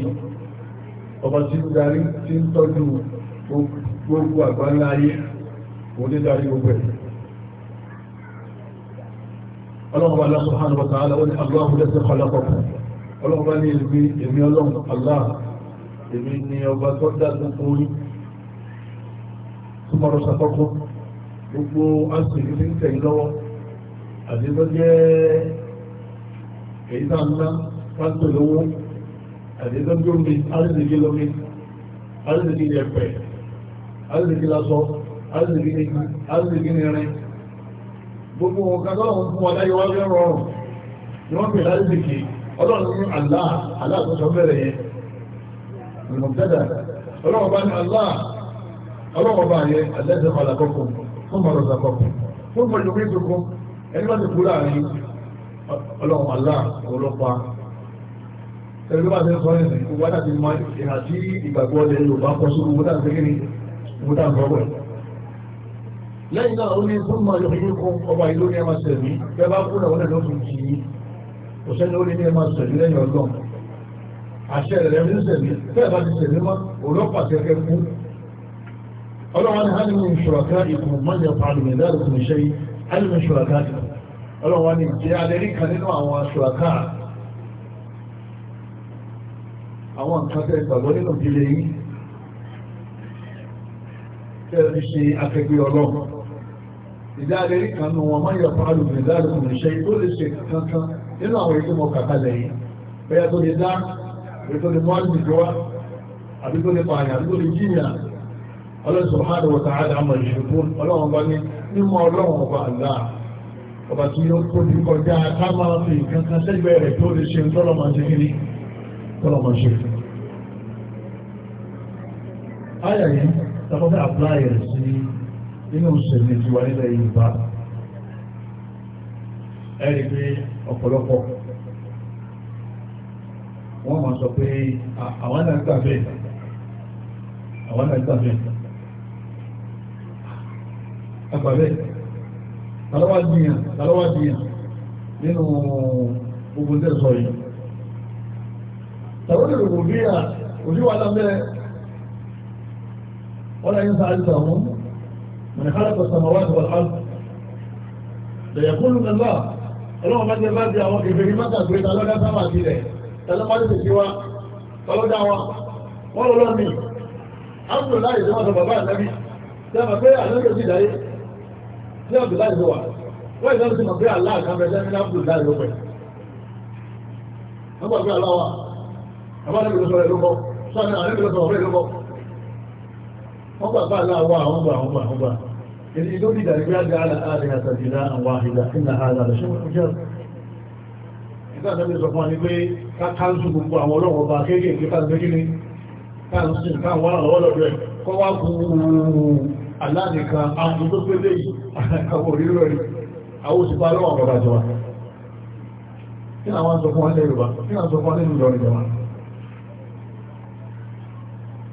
ọba tí ń darí tí ń tọ́jú gbogbo àgbáńlá ayé òní darí gbogbo ẹ̀ ọlọ́run bá lọ́sọ̀ hàn wọ́ta aláwọ̀ ní aláwọ̀ lẹ́sẹ̀ kọ́lápọ̀pọ̀ ọlọ́run bá ní èmi ọlọ́run Allah èmi ni ọba tó dá gbogbo orí tó gbogbo aṣọ ìlú ń tẹ̀yìn lọ́wọ́ àti tó jẹ́ èyí tá ńlá pásítọ̀ lówó àti tó jẹ́ omi alẹ́sìnkí lómi alẹ́sìnkí ní ẹ̀pẹ̀ alẹ́sìnkí lásọ alẹ́sìnkí ní igi alẹ́sìnkí ní irin gbogbo wọn kan lọ́wọ́ fún wọn láyé wá fẹ́ rọrùn ni wọ́n pè alẹ́sìnkí ọlọ́run ní àlá àlá tó sọ bẹ̀rẹ̀ yẹn ìmọ̀tẹ́dà ọlọ́run bá ní àlá ọlọ́run bá yẹ alẹ́sìnkí fún mọ̀rọ̀ sàkọ̀ fún mọ̀rọ̀ ìjọba ìjọba ẹni bá ti kú láàrin ọlọ́run àlá ọlọ́pàá ẹni bá ti sọ ẹni gbogbo àti ma ìhà sí ìgbàgbọ́ ọdẹ Yorùbá kọ sí gbogbo àti kékeré gbogbo àti ọgbẹ́ lẹ́yìn náà ó ní fún mọ̀ ìjọba ìjọba ọba ìlú ní ẹmà sẹ̀mí bẹ́ẹ̀ bá kú làwọn ẹ̀dọ́ fún jì í òṣèlú ó ní ní ẹmà sẹ̀mí lẹ́yìn ọlọ́run ọlọ́wọ́n hàn ní ṣùràká ìkùn mọ́ yẹ pàdé ní láti kùn ṣe alìmọ̀ ṣùràká ìkùn ọlọ́wọ́n ni jẹ́ adẹ́rí kan nínú àwọn ṣùràká àwọn nǹkan tẹ́ gbàgbọ́ nínú ìdílé yìí tẹ́ fi ṣe akẹgbẹ́ ọlọ́run ìdá adẹ́rí kan nínú wọn mọ́ yẹ pàdé ní láti kùn ṣe tó lè ṣe kankan nínú àwọn ìdí mọ̀ kàkálẹ̀ yìí bẹ́ẹ̀ tó lè dá ètò lè mọ́ àdìgbò wa àdìgbò lè pààyàn àdìgbò lè jíyàn ọlọ́run subhanahu wa ta'ala àmà ìṣòro ọlọ́run bá ní mímọ́ ọlọ́run ọba àlá ọba tí ó tóbi kọjá ká máa fi nǹkan kan sẹ́gbẹ̀ẹ́ rẹ̀ tó lè ṣe tọ́lọ́mọ ṣe kiri tọ́lọ́mọ ṣe. Ayà yìí tàbí àpláyà rẹ̀ sí inú ìṣẹ̀lẹ̀ ìjìwà nílẹ̀ Yorùbá. Ẹ̀rí pé ọ̀pọ̀lọpọ̀ wọ́n máa sọ pé àwọn náà gbà bẹ́ẹ̀ àwọn náà gbà bẹ́ẹ̀ àgbàbẹ́ tàlọ́wàdìyàn tàlọ́wàdìyàn nínú gbogbo tẹ́ sọ yìí tàwọn èrò bí i òṣìwà lábẹ́ ọ̀nà yìí sáájú àwọn mẹ́rin kálàkọ̀ samawati wal ard lẹ̀yẹ̀kúnlù mẹ́lá ọlọ́wọ́n mẹ́jẹ bá di àwọn ìbèrè mẹ́ta pé tàlọ́dá sáwà sílẹ̀ tàlọ́mọ́dé ti tiwa tàlọ́dá wa wọ́n lọ́ọ́ mi abdullahi tí wọ́n sọ bàbá àlẹ́bí tẹ́ ní ọ̀dọ̀ láì lọ́wà wọ́n ìlànà sí mọ̀ pé aláà kan bẹ̀rẹ̀ ní láàpù láì lọ́pẹ̀ wọ́n gbàgbé aláwà àwọn àrẹ́bì ló sọ̀rọ̀ lókọ́ sọ́ni àrẹ́bì ló sọ̀rọ̀ lókọ́ wọ́n gbàgbé aláwà àwọn gbà àwọn gbà àwọn gbà èdè tó dìgbà ní gbáàgbé aláàrẹ àtàjìlá àwọn àhìlá ìlà àlà lọ́sẹ̀ wọ́n jẹ́ ìgbà àrẹ́bì sọ fún wa ní pé ká káńsù gbogbo àwọn ọlọ́wọ́ bá kéékèèké ká gbé kíní káńsù káwọn wà lọ́wọ́ lọ́dọ̀ ẹ̀ kọ́ wá fún aláàrẹ kan àwọn tó gbé léyìí àwọn òrírò rí àwọn òṣìpá lọ́wọ́ bàbá jọba kí ni àwọn sọ fún wọn lé Yorùbá kí ni àwọn sọ fún wọn lé Yorùbá ní jọba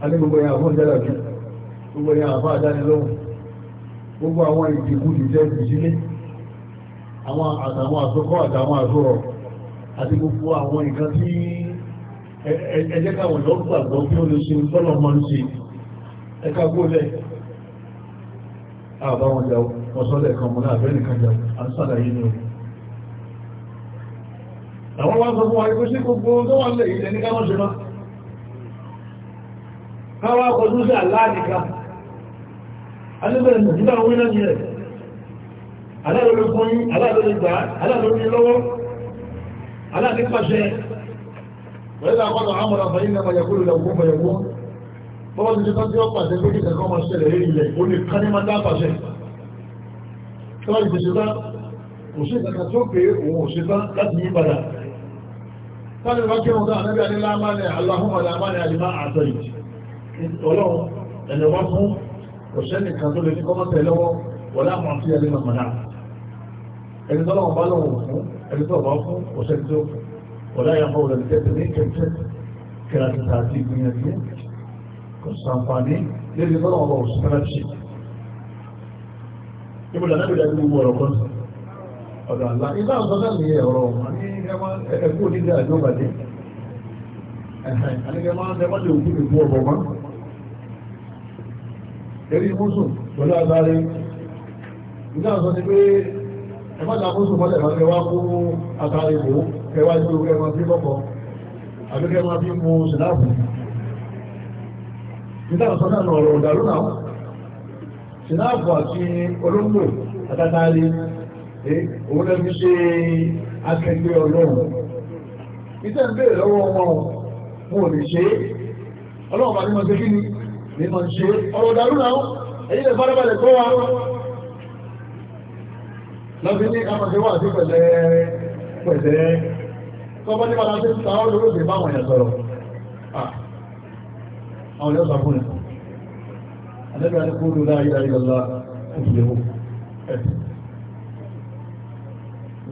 alẹ́ gbogbo yẹn àfọ́n jẹ́lá bí gbogbo yẹn àfọ́ àdánilóhùn gbogbo àwọn ìdìbò ìjẹ́ ìdílé àwọn àtàwọn àsọkọ́ àtàwọn àsọ̀rọ̀ àti gbogbo àwọn nǹkan tí ẹjẹ́ káwọn lọ́gbàgbọ́ bí ó lè ṣe tọ́lọ̀ mọ́ ń ṣe ẹ̀ka gbólẹ̀ àbáwọn jáwọ́ ọ̀sọ́lẹ̀ kan mọ́lá àbẹ́rẹ́ nìkan jẹ́ àṣàlàyé ni o àwọn wá sọ fún wa ikú sí gbogbo tó wà lè ilẹ̀ ní káwọn ṣe máa káwà kọjú sí àláàdìká alẹ́bẹ̀rẹ̀ nígbà wí náà yẹ aláàrẹ̀ fún yí aláàrẹ̀ gbà aláàrẹ̀ lọ́wọ́ aláàrẹ̀ pàṣẹ wẹ́lá àkọ́tọ̀ tọ́lá ìgbèsèta kò sí ìkàkà tó pé òun òṣèta láti yí padà tọ́lá ìbá kí wọn dáa níbi àdílá mánẹ̀ aláhùnmọ̀lá mánẹ̀ àdímá àtọ́ ìjì ọlọ́run ẹ̀nà wá fún òṣèlú kan tó lè ní kọ́mọ́tẹ̀ lọ́wọ́ wọ́n láàmú àti àdímá mọ̀nà ẹni tọ́lá wọn bá lọ́wọ́ fún ẹni tọ́lá wọn fún òṣèlú tó wọ́n láyà fún tẹ́tẹ́ ní kẹ́kẹ́ kẹ́ra ti tààtì ìgbìyànjú kò sàǹfààní lé níbo lọ́nà bí lẹ́nu wọ ọ̀rọ̀ kan sọ ọ̀dọ̀ àlá ilá ọ̀sán náà ní ọ̀rọ̀ ẹ̀kú onídé àjọ bàjẹ́ àníkẹ́ máa ń tẹ́mọ́ lè òkú ìbú ọ̀bọ̀ mọ́ eré mùsùn pẹ̀lú agbárí ilá ọ̀sán ni pé ẹ má ta mùsùn mọ́lẹ̀ lọ kẹwàá kú agbárí ìbò kẹwàá ju ẹwà bí lọ́kọ̀ àbíkẹ́ máa bí mu sìláàbù ilá ọ̀sán náà ọ̀rọ̀ ọ̀dàlú náà sinapu àti olóńgbò àtàtàrí eh, òun lẹ́bí ṣe akẹgbẹ́ ọlọ́run ìtẹ́ ń bèèrè lọ́wọ́ wọn wọn ò lè ṣe é ọlọ́run àti mọ̀ṣẹ́ kí ni ní mọ̀ ṣe ọ̀rọ̀ dàrú náà èyí lè farabalẹ̀ kọ́ wa lọ́bí ní amọ̀ṣẹ́ wà sí pẹ̀lẹ́ pẹ̀lẹ́ tọ́bọ́ ní bàtà sí ta ọ́ lórí òṣèlú àwọn èèyàn sọ̀rọ̀ ah, àwọn èèyàn sọ fún ẹ̀ àtẹ́bí alẹ́kúrò láàyè ayélujára ìfìyẹ̀wò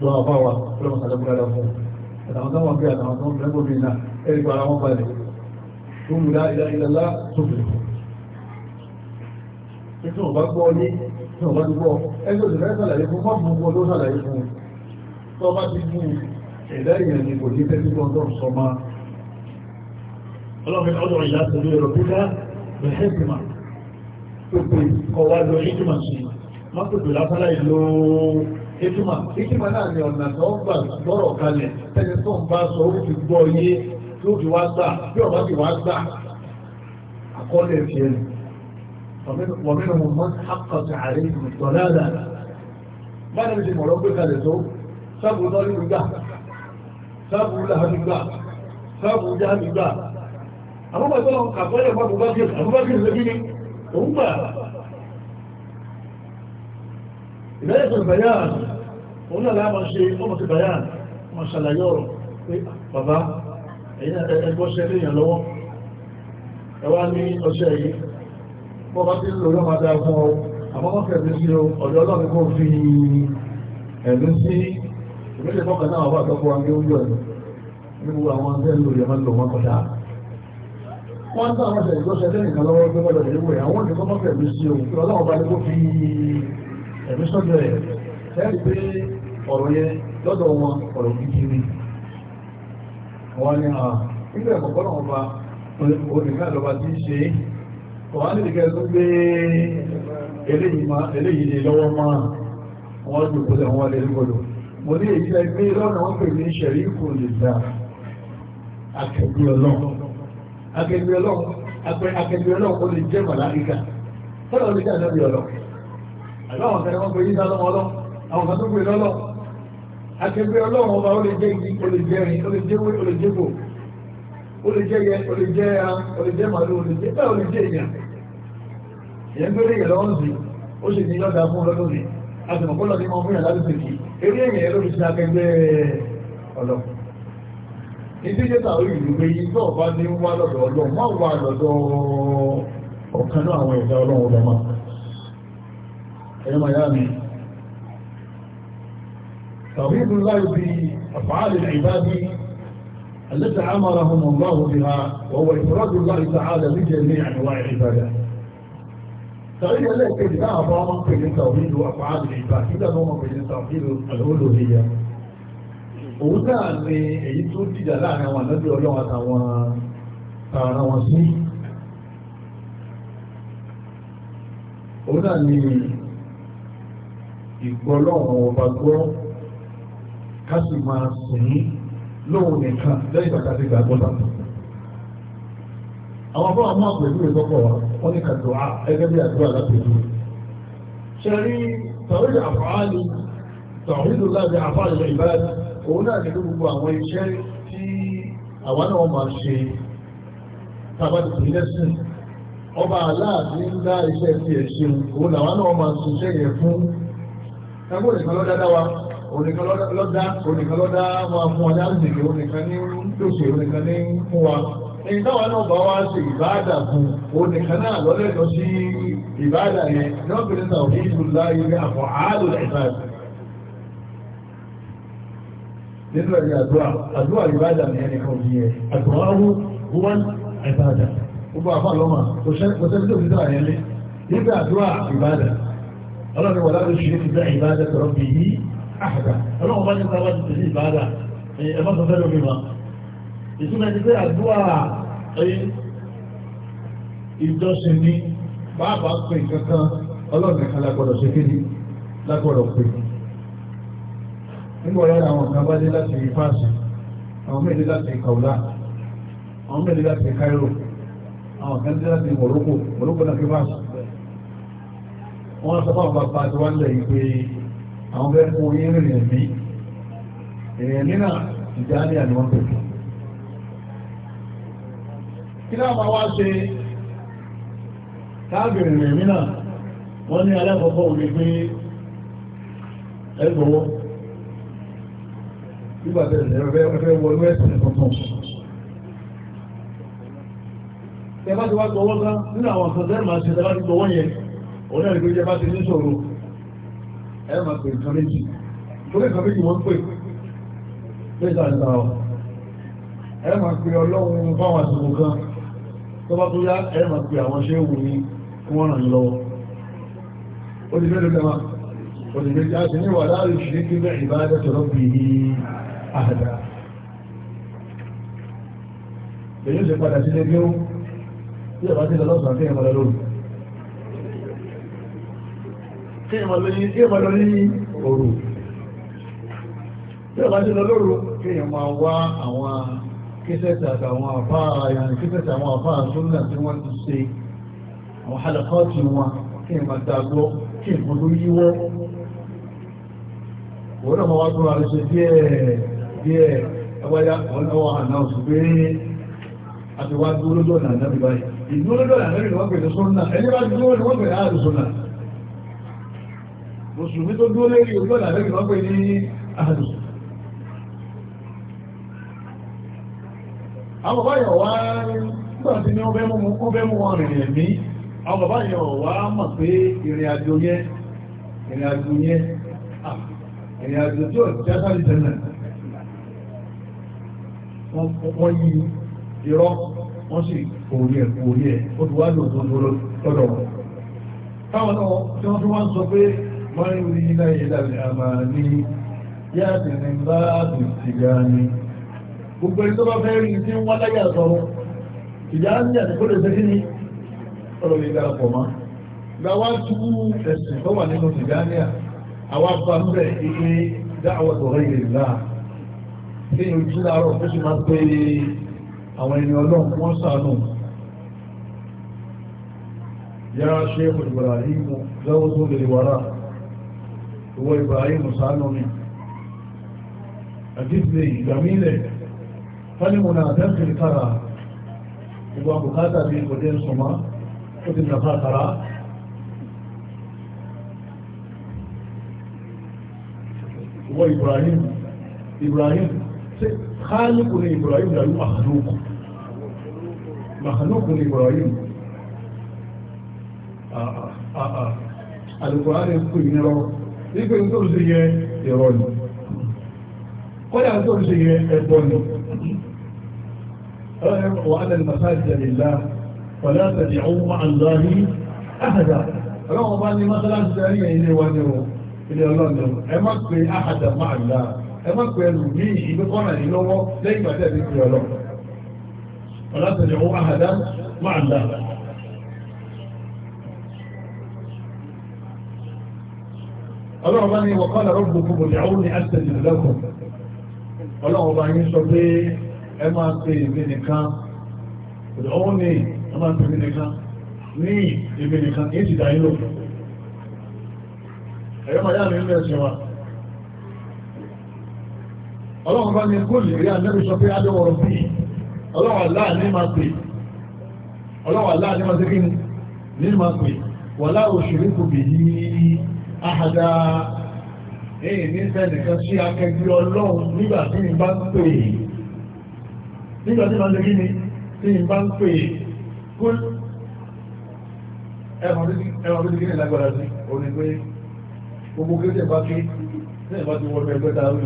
lọ́wọ́ àbáwà lọ́wọ́ sàlẹ́kúrò fún àtàwọn táwọn bí àtàwọn tó ń bẹ̀rẹ̀ gbòmìn náà ẹ̀rí pa ara wọn balẹ̀ kúrò láàyè ayélujára tó fi ètò ọba gbọ́ ní ètò ọba gbọ́ ẹgbẹ́ òṣèlú ṣàlàyé fún mọ́ fún ọdún ṣàlàyé fún tó bá ti mú ẹ̀dá ìyẹn ni kò ní tẹ́sí gbọ́ndọ̀ sọ máa ọlọ́pẹ́ ọdún ìyá tẹ̀lé pèpè kọwa lọ ìjùmọ̀ sí wọ́n pèpè lásánà ìlò ìjùmọ̀ ìjùmọ̀ náà ni ọ̀nà tó gbà gbọ́rọ̀ kalẹ̀ tẹ́lẹ̀ tó ń bá sọ ó ti gbọ́ yé tó fi wá gbà bí ọ̀bá ti wá gbà àkọọ́lẹ̀ fi ẹnu wọ̀mínú mọ̀ mọ́ àkọsẹ̀ àrẹ ìgbìmọ̀ dáadáa bá ní ti mọ̀rọ̀ gbé kalẹ̀ tó sábù lọ́rí gbà sábù láàrín gbà sábù jáàmì gbà àbúgbàtọ́ àkọọ́lẹ̀ mọ́ òun gbà ìdájọ́ ìpínlẹ̀ bayan òun náà láàmà ṣe ọmọ ti bayan ọmọ ṣàlàyé ọ̀rọ̀ pé bàbá ẹ̀yìn ẹgbọ́ṣẹ́ léèyàn lọ́wọ́ ẹwà ní ọṣẹ́ yìí bọ́ bá ti lò lọ́ máa dáa fún ọ àmọ́ wọ́n fẹ̀mí sí ọ̀dọ̀ ọlọ́run kò fi ẹ̀mí sí ìpínlẹ̀ fọ́kàn lò wọ́n kọjá wọ́n ń tàwọn ọ̀sẹ̀ ìgbọ́sẹ̀ tẹ́lẹ̀ nìkan lọ́wọ́ tó gbọ́dọ̀ lè wẹ̀ àwọn ìdíkọ́ mọ́ fẹ̀mí sí ohun tí ọlọ́run bá ní kó fi ẹ̀mí sọ́jọ́ ẹ̀ sẹ́rì pé ọ̀rọ̀ yẹn lọ́dọ̀ wọn ọ̀rọ̀ gidi ni wọ́n ní à ah, nígbà ìkọ̀kọ́ náà ọba onìkan lọ́ba tí ń ṣe wọ́n á nílùú kẹ́ẹ̀ẹ́ tó gbé eléyìí lè lọ́wọ́ máa wọ́n dùn kó lẹ́wọ́n lè gbọ́dọ̀ mo ní èyí lẹ́gbẹ́ lọ́nà wọ́n pè ní ṣẹ̀rí akẹgbẹ́ ọlọ́run akẹgbẹ́ ọlọ́run ó lè jẹ́ màláríkà tọ́lọ̀ ó lè jẹ́ ànábì ọlọ́run àwọn kan wọ́n pe yíṣà lọ́wọ́ ọlọ́run àwọn kan tó pe lọ́lọ́ akẹgbẹ́ ọlọ́run ọba ó lè jẹ́ igi ó lè jẹ́ rin ó lè jẹ́ wé ó lè jẹ́ bò ó lè jẹ́ yẹ ó lè jẹ́ ya ó lè jẹ́ màlúù ó lè jẹ́ bẹ́ẹ̀ ó lè jẹ́ èèyàn ìyẹn ń gbélé ìyẹ̀lọ́ ń ó sì ní yọ̀dà fún ọlọ́dún ni àtìmọ̀kọ́lọ́ ni mo fún yàrá lóṣèlú eré èèyàn ló fi ṣe akẹgbẹ́ ọlọ́run ìdíjẹ́ta orí ìlú pé yí tó bá ní wá lọ́dọ̀ ọlọ́run má wà lọ́dọ̀ ọ̀kan náà àwọn ẹ̀dá ọlọ́run ọlọ́mà ẹ̀yọ́mà yá mi tàwíìdù láì bí àfààlì ìbábí التي عمرهم الله بها وهو إفراد الله تعالى بجميع أنواع العبادة. تغير لك إذا أبغى من توحيد أفعال العباد إذا أبغى من توحيد الألوهية òun ni èyí tó dìjà láàrin àwọn ànábì ọlọ́run àtàwọn tààrà wọn sí òun ni ìgbọ́lọ́run ọba gbọ́ ká sì máa sìn lóhun nìkan lẹ́yìn ìgbàgbà tí gbàgbọ́ tàbí àwọn afọ́ àmọ́ àpèjú ìtọ́pọ̀ wa wọ́n ní kàdùá ẹgbẹ́ bí àdúrà lápèjú ṣe rí tàwílì àfáàlì tàwílì láti àfáàlì ìbáradì òun náà nínú gbogbo àwọn iṣẹ́ tí àwọn náà máa ṣe tàbátì lẹ́sìn ọba aláàbí ńlá iṣẹ́ tí ẹ̀ ṣe òun làwọn náà máa ṣiṣẹ́ yẹn fún ẹgbẹ́ ònìkan lọ́dá dá wa ònìkan lọ́dá ònìkan lọ́dá máa fún ọjà ń dìde ònìkan ní lóṣè ònìkan ní fún wa èyí táwọn náà bá wá ṣe ìbáàdà fún ònìkan náà lọ́lẹ́dọ̀ sí ìbáàdà yẹn náà fi ní sàwọn ìlú láyé àwọn àádọ́ ìbáàdà nínú ẹ̀rí àdúrà àdúrà ìbádà ní ẹni kan yìí ẹ̀ àdúrà áwú wọ́n ìbádà gbogbo àfà lọ́mà kò sẹ́ni tó fi dára yẹn lé nígbà àdúrà ìbádà ọlọ́run wọlá ló ṣe ti dá ìbádà tọrọ bì í àhàdà ọlọ́run bá ní sábà ti tẹ̀lé ìbádà ẹ má sọ fẹ́ lómi ma ìtumọ̀ ti pé nígbà yára àwọn kan bá dé láti ìfáàsì àwọn mẹ́lẹ̀ láti kàùlá àwọn mẹ́lẹ̀ láti Cairo àwọn kan dé láti Morocco Morocco náà fífáàsì wọ́n sọ fún àbàbà àti wọ́n lẹ̀ yìí pé àwọn bẹ́ẹ̀ fún yín rìn ẹ̀mí èèyàn nínà ìjà ní àníwọ̀n tó fi kí náà máa wá ṣe káàbìrì rìn ẹ̀mí náà wọ́n ní alákọ̀ọ́kọ́ òní pé ẹgbọ́wọ́ nígbà tẹ̀lé ẹ̀fẹ́ wọlé ẹ̀sìn tuntun. Ẹ bá ti wá gbọ́wọ́ sá nínú àwọn kan tẹ́lẹ̀ máa ṣe tẹ́lá ti gbọ́wọ́ yẹn, òun náà ní pé jẹ́ bá ti ní sọ̀rọ̀ ẹ máa pè nǹkan méjì. Torí nǹkan méjì wọ́n ń pè lẹ́sà ń ta ọ. Ẹ máa pè ọlọ́run fáwọn àsìkò kan tó bá tó yá ẹ máa pè àwọn ṣé wù ní kí wọ́n ràn yín lọ́wọ́. Ó ti fẹ́ lókè máa. Ó ti fẹ́ àdá èyí ó sì padà sílé bí ó tí ìyàbá sílẹ̀ lọ́sàn-án kí ìyàmọ̀ lọ́rùn kí ìyàmọ̀ lọ ní òru tí ìyàbá sílẹ̀ lọ́rùn kí ìyàmọ̀ wá àwọn kíṣẹ́tì àtàwọn àfáà yàrin kíṣẹ́tì àwọn àfáà súnà tí wọ́n ti ṣe àwọn halakọ́ọ̀tì wọn kí ìyàmọ̀ dàgbọ́ kí ìgbòdó yíwọ́ wọ́n náà wá tó àrẹ́ṣẹ́ díẹ̀ díẹ̀ ẹwáyá ọlọ́wọ́ àná oṣù pé àti wá dúró lójú ọ̀nà àdábì báyìí ìdúró lójú ọ̀nà àdábì wọ́n pẹ̀lú sọ́nà ẹni bá dúró ni wọ́n pẹ̀lú ààrù sọ́nà mùsùlùmí tó dúró lérí ojú ọ̀nà àdábì wọ́n pẹ̀lú ààrù sọ́nà àwọn bàbá yọ̀ wá nígbà tí ní ọbẹ̀ mú wọn rìnrìn ẹ̀mí àwọn bàbá yọ̀ wá mọ̀ pé ìrìn àjò yẹn ìrìn àjò yẹn ìrìn àjò tí ó jásáré tẹ́lẹ̀ wọ́n yí irọ́ wọ́n sì orí ẹ̀ orí ẹ̀ ó ti wá lò tó lọ́dọ̀ wọn. táwọn náà tí wọ́n fi wá ń sọ pé wọ́n ń rí ilá ìlà àmà ní yáàdì ní bá àbì ìyá ni gbogbo ẹni tó bá fẹ́ rí tí wọ́n láyé àsọ̀rọ̀ ìyá ń yà kó lè ṣe kí ni ọ̀rọ̀ lè dà pọ̀ mọ́. ìgbà wá tú ẹ̀sìn tó wà nínú ìyá à àwa bá ń bẹ̀ ìpín dáhùn ọ̀rọ̀ ìlà tí yóò jí láàárọ̀ tó sì máa pé àwọn ẹni ọlọ́run wọ́n sànù yá ṣe Ibrahim lọ́wọ́ tó lè wàrà owó Ibrahim sànù mi àdíṣe ìgbàmílẹ̀ fọ́nìmọ̀nà àtẹ́sìrì kára gbogbo àbùkátà bí kò dé sọmá ó ti nàfà kára owó Ibrahim Ibrahim خالق لإبراهيم لا مخلوق مخلوق لإبراهيم القرآن يقول من الله يقول انتو سيئة يروني قل انتو سيئة يروني وأن المساجد لله فلا تدعوا مع الله أحدا رغم أني مثلا سيئة إلي وانيرو إلي الله ẹ má pe àhàdà máa láà ẹ má lù ní ìlú kọ́nà yìí lọ́wọ́ lẹ́yìn ìgbà tẹ̀lé ti ọlọ́ ọlọ́tẹ̀lẹ̀ ó àhàdá máa ń dà ọlọ́run bá ní wọ̀kọ́ lọ́rọ́ gbogbo bòdì àwọn ní àtẹ̀lẹ̀ lẹ́kọ̀ọ́ ọlọ́run bá yín sọ pé ẹ máa nìkan bòdì ọlọ́run bá ní góòlì rí àdẹ́bí sọ pé adọ́wọ̀rọ̀ bí ọlọ́wà láàrin máa pè ọlọ́wà láàrin máa tẹ́kí ní máa pè wà láàrù òṣèré kò bè ní àhàdá èyí ní sẹ́nìkan sí akẹgbẹ́ ọlọ́run nígbà tí n bá ń pè nígbà tí máa tẹ́kí ni tí sí òní pé gbogbo kí ó tẹ̀ bá ké tẹ̀ bá ti wọ́n ẹgbẹ́ dáa rí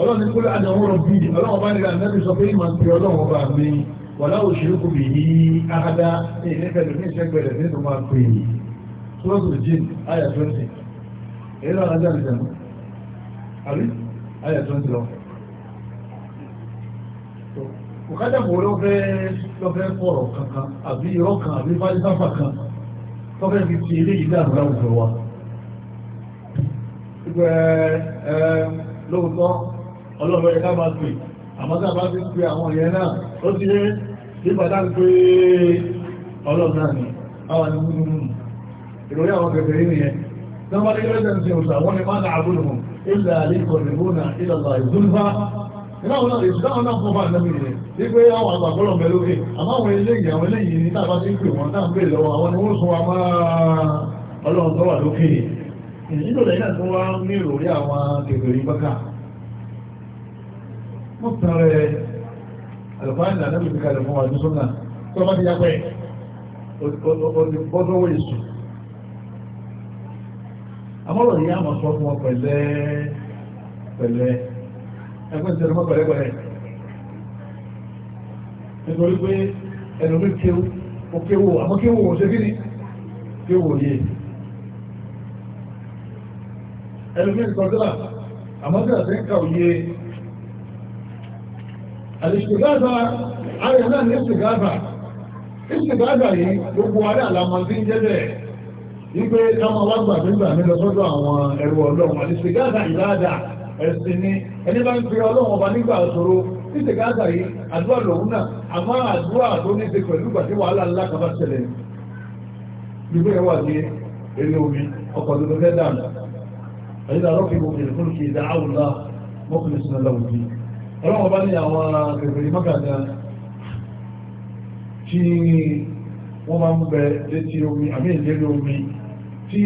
ọlọ́run ní kúrò àdánwò bí ọlọ́run bá nílẹ̀ àmẹ́bí sọ pé ìmọ̀ pé ọlọ́run bá mi wà láwò ṣe kò bí ní àádá ní ìlẹ́fẹ̀lẹ̀ ní ìṣẹ́gbẹ̀rẹ̀ nínú máa pè é sọ́ọ̀tù jìn àyà 20 èyí lọ́nà ajá lè jẹun àrí àyà 20 lọ. òkájà kò lọ́fẹ́ lọ́fẹ́ fọ̀rọ̀ kankan àbí irọ́ kan àbí fájísáfà kan tọ́fẹ́ fi ti eléyìí dànù láwùjọ wa. lóòótọ́ ọlọ́run ẹ̀ká máa pè àmọ́tà bá fi ń pe àwọn ìyẹn náà ó ti yé nígbà tá ń pe ọlọ́run náà ni àwọn ni múnú múnú ìròyìn àwọn kẹfẹ́ rí nìyẹn tó bá dé lẹ́sẹ̀ ń ṣe òṣà wọ́n ni máa ń àbúrò mọ̀ ilẹ̀ àlíkọ̀ nìbúnà ìlọ̀lọ̀ ìzúlfà ìdáwọn náà ìdáwọn náà fún bá ìlẹ́mì rẹ̀ wípé àwọn àgbàgbọ́lọ̀ mẹ́lókè àmáwọn ilé ìyàwó eléyìí ní tàbá tí ń pè wọ́n náà ń pè lọ́wọ́ àwọn ni wọ́n sún wa máa ọlọ́run tó wà lókè ìdílò lẹ́yìn tó wá ní ìròrí àwọn kèfèrí bákà mú tán rẹ̀ àlùfáà ní àdábì fi kalẹ̀ fún wa ní sọ́nà tó bá ti yá pẹ́ ọdún owó èso àmọ́rọ̀ yìí àmọ̀ sọ fún wọn pẹ̀lẹ́ pẹ̀lẹ́ ẹgbẹ́ ìṣẹ́lẹ̀ mọ́ pẹ̀lẹ́pẹ̀lẹ́ nítorí pé ẹlòmí kéwú ó kéwú àmọ́ kéwú ò ṣe kí ni kéwú yé ẹlòmí ìkọ̀dọ́là àmọ́ sí àti ń kà òye àlìṣìgáàbà ààrẹ náà ní ìṣìgáàbà ìṣìgáàbà yìí gbogbo ará àlàmọ́sí ń jẹ́bẹ̀ wípé káwọn wá gbà nígbà mi lọ sọ́dọ̀ àwọn ẹrù ọlọ́run àlìṣìgáàbà ìlàdà ẹ̀sìn ni ẹni bá ń pe ọlọ́run ọba nígbà ìṣòro ìṣìgáàbà yìí àdúrà lòun náà àmọ́ àdúrà tó ní ti pẹ̀lú gbàdé wàhálà ńlá kan bá ṣẹlẹ̀ gbígbé ẹwà ní eré omi ọkọ̀ ọlọ́wọ́ bá ní àwọn kèfèrè mọ́kànlá tí wọ́n máa ń bẹ létí omi àmì ìlérí omi tí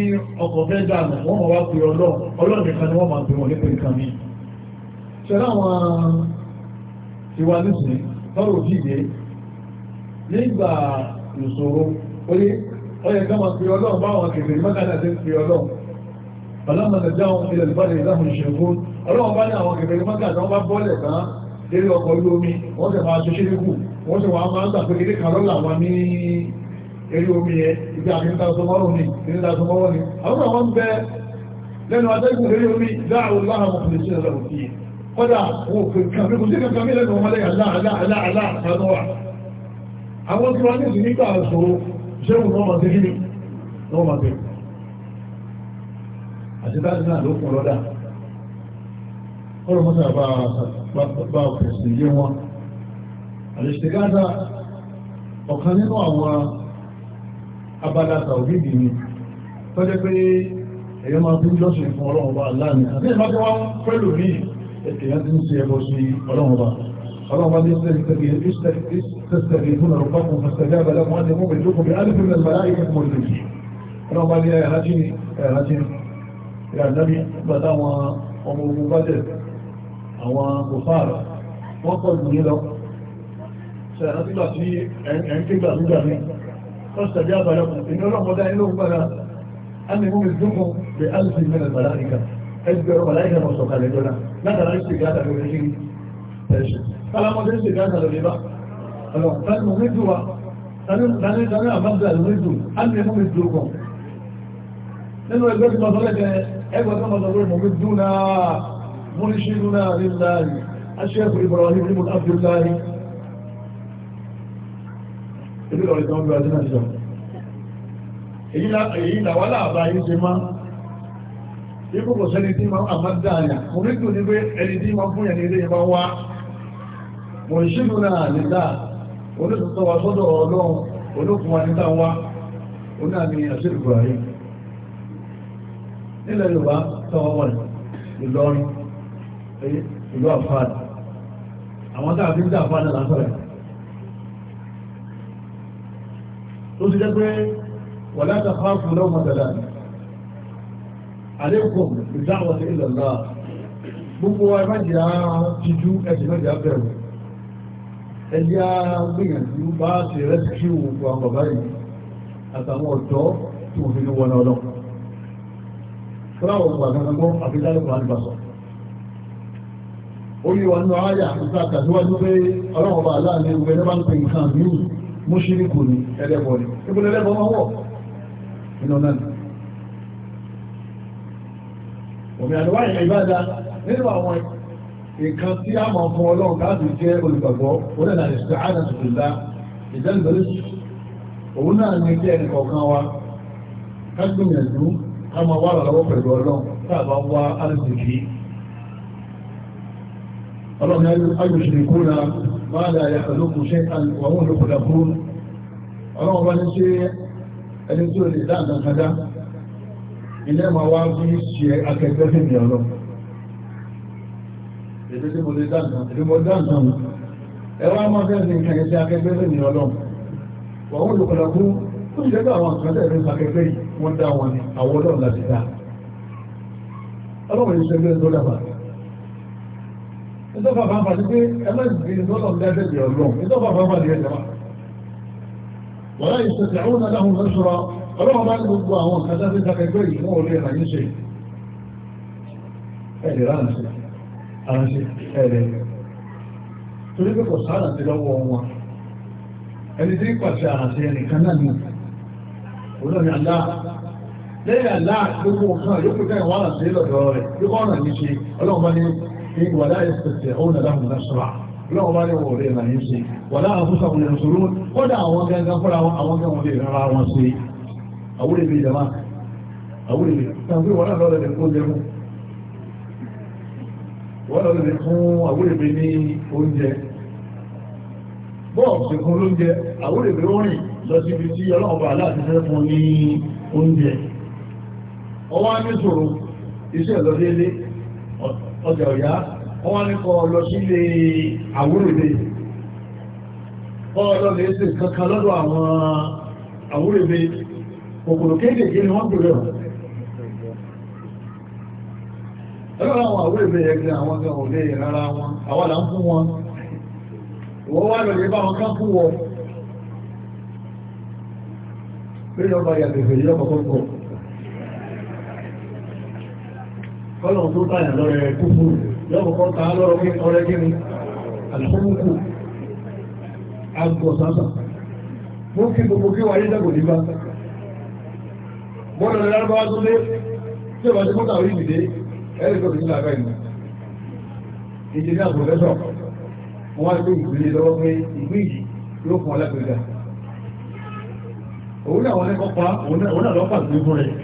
ọkọ̀ fẹ́ dànù wọ́n máa wá pè ọlọ́run ọlọ́run nìkan ni wọ́n máa pè wọ́n lépè nǹkan mi ṣẹlẹ̀ àwọn ìwà nísìnyí tọrọ òjìye nígbà ìṣòro orí ọyẹ ká máa pè ọlọ́run báwọn kèfèrè mọ́kànlá ti ń pè ọlọ́run ọlọ́wọ́n bá ní àwọn kẹfẹ́ mọ́kà tó bá bọ́ọ̀lẹ̀ tán lérí ọkọ̀ ojú omi wọ́n sì máa ṣe ṣíríkù wọ́n sì wọ́n máa ń gbàgbé kékeré kan lọ́la wọn ní eré omi yẹ ibi àmì ń tasọ mọ́rọ̀ ni ní tasọ mọ́rọ̀ ni àwọn àwọn bẹ lẹ́nu atẹ́gùn eré omi dáàrú láhà mọ̀ fún ìṣẹ́ ọ̀rọ̀ sí i kọ́dà wọn ò pè kàmí kò sí kàmí lẹ́nu ọmọdé aláàláàláà sanúwà náà ló kún lọ́dà kọ́rọ̀ mọ́ta bá pèsè yé wọn àlèṣègáta ọ̀kan nínú àwọn abala tàwídì ni tọ́jẹ́ pé èyí máa fi lọ́sùn fún ọlọ́run bá láàrin àti ìbájẹ́ wá pẹ̀lú ní èyí ti ń ṣe ẹbọ sí ọlọ́run bá ọlọ́run bá ní ìsẹ̀sẹ̀rẹ̀ fún ọ̀rọ̀pá fún fẹsẹ̀lẹ́ abẹ́lẹ́ fún ọdún mọ́bẹ̀ lókùn bí alìfún mẹ́lẹ́mẹ́lá ìyẹn mọ́ ìlú ọlọ́run bá ní ẹ̀rájí ẹ̀rájí ìrànlẹ́bí bàtà àwọn ọmọ ogun bá jẹ́ àwọn kòfààrọ̀ wọ́n pọ̀ jù ní lọ ṣàrántìgbà tí ẹ̀ńkégbà nígbà ní ọ̀sẹ̀dẹ́ àbálẹ́kùn inú ọlọ́pọ̀dá inú gbára ánìmú ìdúnkùn bẹ̀ alìsìn mẹ́rin màláìkà ẹgbẹ̀rún màláìkà mọ̀ sọ̀kalẹ̀ jọna látara ìsìnkátà lórí kí ẹ̀ṣù kálámọ́dé ìsìnkátà lórí bá ọlọ́pàá tánimú méjì wa tánimú àbájá lórí ánìmú ìdúnkùn nínú ẹgbẹ́ مرشدنا لله الشيخ إبراهيم بن عبد الله ìlú ọ̀rẹ́ tó ń gbọ́ èyí làwọ́ láàbá ṣe máa ikú sẹ́ni tí máa àmá dáàyà mo rí tò ní pé ẹni tí máa fún ẹni ilé ìbá wá mo ṣínú náà nígbà olóòtútọ́ wa sọ́dọ̀ ọlọ́run olókun nígbà wá oní àṣírí ìlú àfáàdì àwọn tá a fi ń dá àfáàdì lásọ̀rọ̀ tó ti jẹ́ pé wà láti fáàfù lọ́wọ́ mọ̀tàlá àlékún ìdáwọ̀ sí ìlọ̀lá gbogbo wa ìmájì á tijú ẹ̀sìn méjì á bẹ̀rù ẹ̀yí á gbìyànjú bá ti rẹ́síkì òkú àwọn bàbá yìí àtàwọn ọ̀dọ́ orí wa nínú ayà ìta àtàdíwájú pé ọlọ́run bá aláàrin ewu ẹni bá ń pè nǹkan míì mú ṣírí kù ní ẹlẹ́bọ̀ ni ìbúlẹ̀ ẹlẹ́bọ̀ máa wọ̀ inú náà ni òmì àdúrà ìbáda nínú àwọn nǹkan tí a máa fún ọlọ́run láti jẹ́ olùgbàgbọ́ orí náà ìṣẹ́ àdá tuntun dá ìdẹ́nbẹ̀rẹ̀ òun náà ní ilé ẹnì kọ̀ọ̀kan wa ká gbìyànjú ká máa wà lọ́wọ́ pẹ̀lú ọlọ́run tá a bá wá alùpùpù ọlọ́run ayòṣìrìkún náà máa dà yàtọ̀lókun ṣe àwọn olùkùnlẹ̀kún ọlọ́run bá ní ṣe ẹni tí ó lè dá àdánkadá ilé ma wá bí ṣe akẹgbẹ́ fèmí ọlọ́ èdè tí mo lè dá àdán ẹwà máa fẹ́ sí ìkànnì sí akẹgbẹ́ fèmí ọlọ́ àwọn olùkùnlẹ̀kún ó ṣe bá àwọn àkàndẹ̀ rẹ̀ sàkẹgbẹ́ yìí wọ́n dá wọn ni àwọn ọlọ́run láti dá ọlọ́run ìṣẹ́gbẹ́ tó dábàá ìtọ́fà bá ń fà ní pé ẹlẹ́gbẹ̀ẹ́ ìtọ́lọ̀ lẹ́gbẹ̀ẹ́ ọlọ́ ìtọ́fà bá ń fà ní ẹjọ́ wọ́n láì ṣẹ̀ṣẹ̀ àwọn aláhùn lọ́ṣọ́rọ̀ ọlọ́wọ́ bá ní gbogbo àwọn kàdá sí takẹgbẹ́ ìwọ̀n olè ìràyìn ṣe ẹ̀rẹ̀ ránṣẹ́ ránṣẹ́ ẹ̀rẹ̀ torí pé kò sára sí lọ́wọ́ wọn ẹni tí pàṣẹ àràṣẹ ẹnìkan náà ní olóòní àlá lẹ́yìn àlá gbogbo nǹkan yóò pẹ̀lú àwọn àràṣẹ lọ́dọ̀ rẹ̀ yóò wàlá ìsẹ̀sẹ̀ òun aláhùn lásìrà lọ́wọ́ bá lè wọ̀rẹ́ ìlànà yìí sí wàlá àfúsà òun ẹ̀rọ sọ̀rọ̀ kódà àwọn gangan fúnra wọn àwọn gangan lè rárá wọn sí àwúrẹ̀ mi jama àwúrẹ̀ mi tàbí wàlá lọ́rẹ̀ mi kó jẹun wàlá lọ́rẹ̀ mi fún àwúrẹ̀ mi ní oúnjẹ bọ́ọ̀ sì fún lóúnjẹ àwúrẹ̀ mi rìn lọ síbi tí ọlọ́wọ́ bá aláàtí fẹ́ fún ní oúnjẹ ọwọ́ á ní sọ̀rọ̀ iṣẹ́ lọ délé ọjà ọ̀yá wọ́n wá ní kọ́ lọ sílé àwúrèdè ọlọ́ lè ṣe kankan lọ́dọ̀ àwọn àwúrèdè kòkòrò kéèkèé ni wọ́n gbèrè ọ̀rọ̀ àwọn àwúrèdè ẹgbẹ́ àwọn gan ò lè rárá wọn àwọn là ń fún wọn wọ́n wá lọ lè bá wọn kán fún wọn pé lọ́ba yàtọ̀ ìfẹ̀yẹ́ ọkọ̀ tó ń bọ̀ kọ́lọ̀ tó tàyà lọ́rẹ̀ kúkú lọ́kọ̀ọ́ ta lọ́rọ̀ pé ọrẹ́ gíní àlùkùnkù agbọ̀sánsà mú kí gbogbo kí wà ní dàgbò nígbà bọ́ọ̀lù lárúbáwá tó lé tí ó bá ti mọ́ta orí ìdílé ẹ̀rí ti lága ìmọ̀ ìdílé náà pòfẹ́sọ̀ wọ́n wá sí ìgbìlẹ̀ lọ́wọ́ pé ìgbì yìí yóò fún ọlágbèga òun náà wọ́n kọ́pa òun náà lọ́pàá sí fún rẹ̀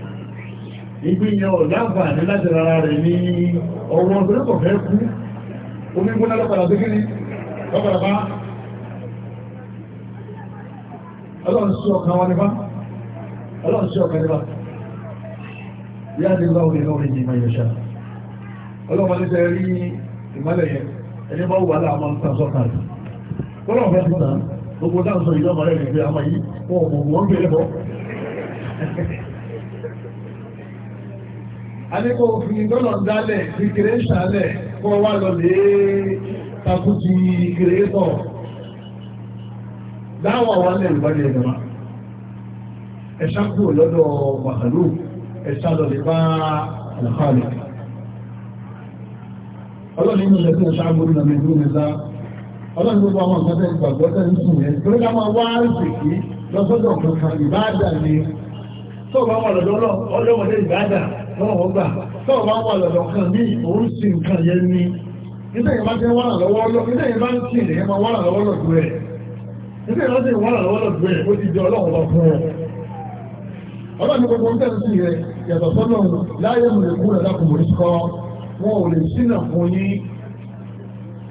ìgbìyàn ọ̀láàbà ní láti rárá rẹ̀ ní ọwọ́ ọ̀sọ̀lẹ́kọ̀ fẹ́ kú omi gbóná lọ́pàá tó kiri lọ́pàá bá ọlọ́ọ̀sọ́ ọ̀kan wá nípa ọlọ́ọ̀sọ́ ọ̀kan nípa yá ní lọ́wọ́ ní lọ́wọ́ ní ìmọ̀yọ̀ṣà ọlọ́ọ̀mọ́ ní sẹ́ rí ìmọ̀lẹ̀ yẹn ẹni bá wà láàmú ta sọ́kà rẹ̀ ọlọ́ọ̀fẹ́ àníkò òfin dọ́nà dálẹ̀ kékeré ṣàlẹ̀ kọ́ wá lọ lè takú ti kéré tọ̀ dáwọ̀ wà lẹ̀ lọ́dẹ̀ ìjọba ẹ̀ṣá kúrò lọ́dọ̀ màkàlù ẹ̀ṣá lọ lè bá àlùfáàlì ọlọ́ni inú ilẹ̀ tí ẹ̀ṣá gbórí nà mẹ́gbó mẹ́ta ọlọ́ni gbogbo àwọn nǹkan tẹ́ ìgbàgbọ́ tẹ́ ń sùn yẹn torí ká máa wá ìsìnkí lọ́sọ́dọ̀ kankan ìbáàdà ni tó bá wà lọ́dọ̀ ọlọ́wọ́dé ìbáàdà wọ́n wọ́n gbà tọ́ọ̀ bá wà lọ́dọ̀ kan ní òun sí nǹkan yẹn ní nígbà yẹn bá jẹ́ wọ́n lọ́wọ́ lọ nígbà yẹn bá ń sì lè máa wọ́n lọ́wọ́ lọ́dọ̀ rẹ̀ nígbà yẹn bá jẹ́ wọ́n lọ́wọ́ lọ́dọ̀ rẹ̀ ó ti jẹ́ ọlọ́run lọ fún ọ. ọlọ́run gbogbo ń tẹ̀sí rẹ̀ yàtọ̀ sọ́nà láyé mi lè kú rẹ̀ lákùnrin sọ wọn ò lè sínà fún yín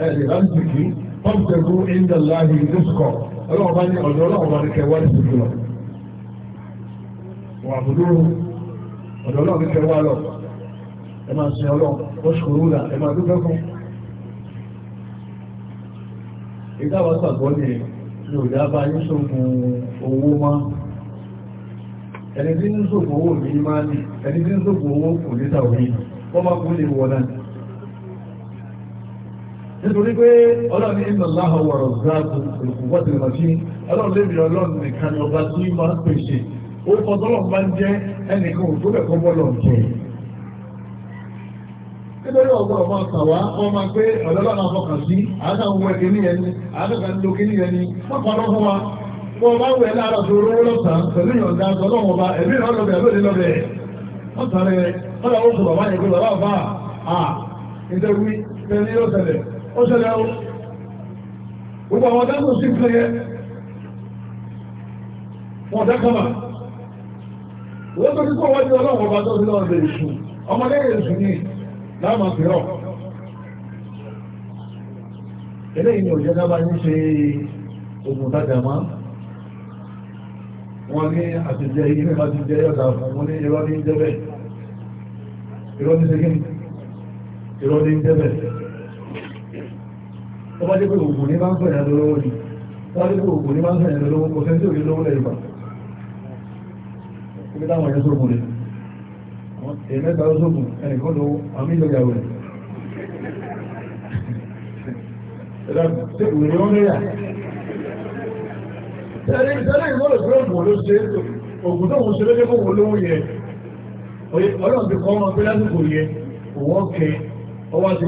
ẹ̀rẹ̀ láńtìkì pọ́ǹtẹ̀gù ìndàláhì ìdúsùkọ̀ ọlọ́run bá ní ọ̀dọ̀ ọlọ́run bá ní kẹwàá ọ̀dọ̀ ọlọ́run ní kẹwàá lọ ẹ máa sin ọlọ́run ó ṣòro là ẹ máa dúpẹ́ fún ìdáwà sàgbọ́ ni ní òjá bá yí sókun owó má ẹni tí ń sókun owó ní má ní ẹni tí ń sókun owó kò ní tàwí wọ́n má kú lè wọ́n náà nítorí pé ọlọ́run inna Allaha wọ̀rọ̀ záàkù ìkùnwọ́tìlẹ̀ orúkọ tọ́lọ̀ bá ń jẹ́ ẹnìkan òtó bẹ̀kọ́ bọ́lọ̀ jẹ́ nítorí ọ̀gbọ́n ọmọ àkàwá wọn máa pé ọ̀dọ́lọ́ náà fọkàn sí àádọ́wọ́ wẹ kìíní ẹni àádọ́kan ló kìíní ẹni wọ́n pa lọ́fọ́ wa wọ́n bá wẹ̀ láàárọ̀ tó rówó lọ́sàn-án pẹ̀lú ìyọ̀ǹda tọ́lọ́wọ́ ba ẹ̀mí ìrọ̀lọ́bẹ̀ lóde lọ́bẹ̀ wọ́n tàn rẹ̀ ọ̀dọ̀ ó sọ bàbá yẹn pé bàbá bá a ìdẹ́wí tẹ́lẹ̀ yóò ṣẹlẹ̀ ó ṣẹlẹ̀ ó gbogbo àwọn dákùn sí fún yẹ wọ́n dákùn máa wọ́n tó kíkọ́ wọ́n ní ọlọ́run ọba tó fi lọ́ọ́ lè sùn ọmọlẹ́yìn èsù ní láàmà fìrọ̀ eléyìí ni òjẹ́ dábàá ní ṣe ogun tájà máa wọ́n ní àtijẹ́ yìí nípa ti jẹ́ yọ̀dà fún wọn ní irọ́ ní jẹ́bẹ̀ irọ́ ní ṣe kí ni irọ́ ní jẹ́bẹ̀ tó bá dé pé ògùn ní máa ń sọ̀yà lọ́wọ́ ni tó bá dé pé ògùn ní máa ń sọ̀yà lọ́wọ́ ibi táwọn ẹ̀yẹ́ sókùn rẹ̀ èyí mẹ́ta ó sókùn ẹnìkan ló àmì ìjọyàwó rẹ̀ ìrìn ó rí à tẹ́lẹ̀ ìtẹ́lẹ̀ ìgbọ́lẹ̀ tó rọ̀mù ló ṣe ògùn tó wọ́n ṣe lẹ́gbẹ́ fún olówó yẹ ọlọ́run ti kọ́ ọmọ pé lásìkò yẹ òwọ́ kẹ ọwá ti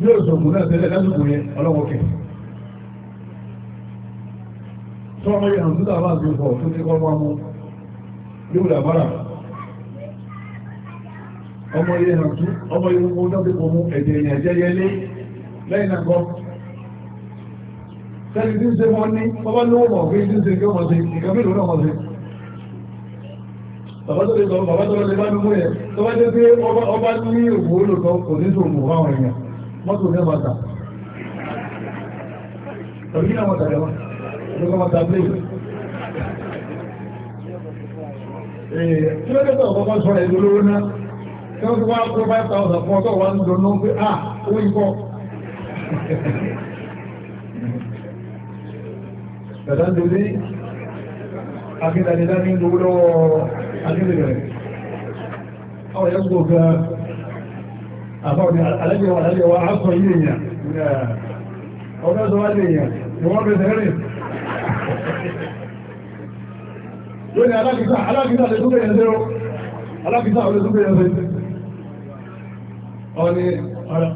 bí òṣògùn náà tẹ́lẹ̀ lásìkò yẹn ọlọ́wọ́kẹ̀ tí wọ́n yẹ̀ ọ̀dún tàbá àti ọ̀pọ̀ tó ní kọ́ mú yóò dàbára ọmọ yẹ hàntú ọmọ yẹ mú ọjọ́ pípọ̀ mú ẹ̀jẹ̀ ìyẹn jẹ́ yẹlé lẹ́yìn náà sẹ́ni tí ń ṣe wọ́n ní bọ́bá lówó mọ̀ pé tí ń ṣe kí ọmọ ṣe ìkà mélòó náà mọ̀ ṣe bàbá tó lè sọ bàbá tó lè bá nínú yẹ tó bá jẹ́ pé ọba ní òwò lòtọ́ kò ní sòmù fáwọn èèyàn mọ́tò ní ọmọta òní ní ọmọta jọba ní ọmọta blake eh, tí ó dẹ́gbẹ̀ ọ̀pọ̀ máa sọ̀rọ̀ ìlú lówó náà tí wọ́n ti wá kó 5,000 fún ọ̀tọ̀ wà ń dọ̀nà pé à ah, owó ikọ́ Dàdá ń dèrè akíndàdé dání gbogbo lọ́wọ́ akíndàdé rẹ̀. Àwọn ẹ̀yẹ́ gbogbo gan-an àbáwọn alẹ́gbẹ̀wà alẹ́gbẹ̀wà aṣọ ilé èèyàn ọgbẹ́ sọ wá lè èèyàn ìwọ́n bẹ̀ tẹ́rẹ̀ lónìí alákìsá alákìsá lè tún bẹ̀yẹ̀ sẹ́rọ alákìsá lè tún bẹ̀yẹ̀ sẹ́rọ ọ̀ni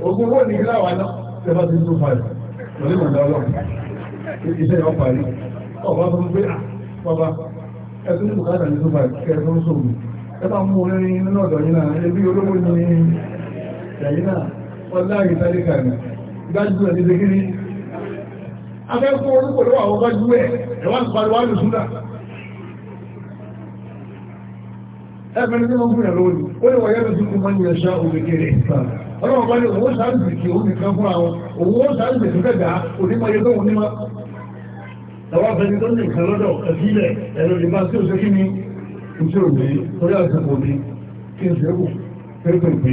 ogun wọ́n ní gíláwà náà tẹ́fà sí tó fàì lórí mọ̀lẹ́wọ̀n iṣẹ́ yọ parí ọba tó ń gbé bàbá ẹ̀sùn bùkátà ní tó fàì kẹ́ẹ̀ẹ́ tó ń sòmù ẹ bá mú orin nínú ọ̀dọ̀ yìí náà ẹbí olówó ní ẹ̀yìn náà wọ́n rẹ̀ gbájú ẹ̀ níbi kiri afẹ́kọ́ orúkọ lọ́wọ́ àwọn gbájú ẹ̀ ẹ̀wọ́n pariwo alùsúlà ẹgbẹ̀rẹ̀ tí wọ́n fún ẹ̀rọ ni ó lè wọ́n yẹ́rọ tí kí òun ní nǹkan lọ́dọ̀ ẹ̀fílẹ̀ ẹ̀rọ lè máa tí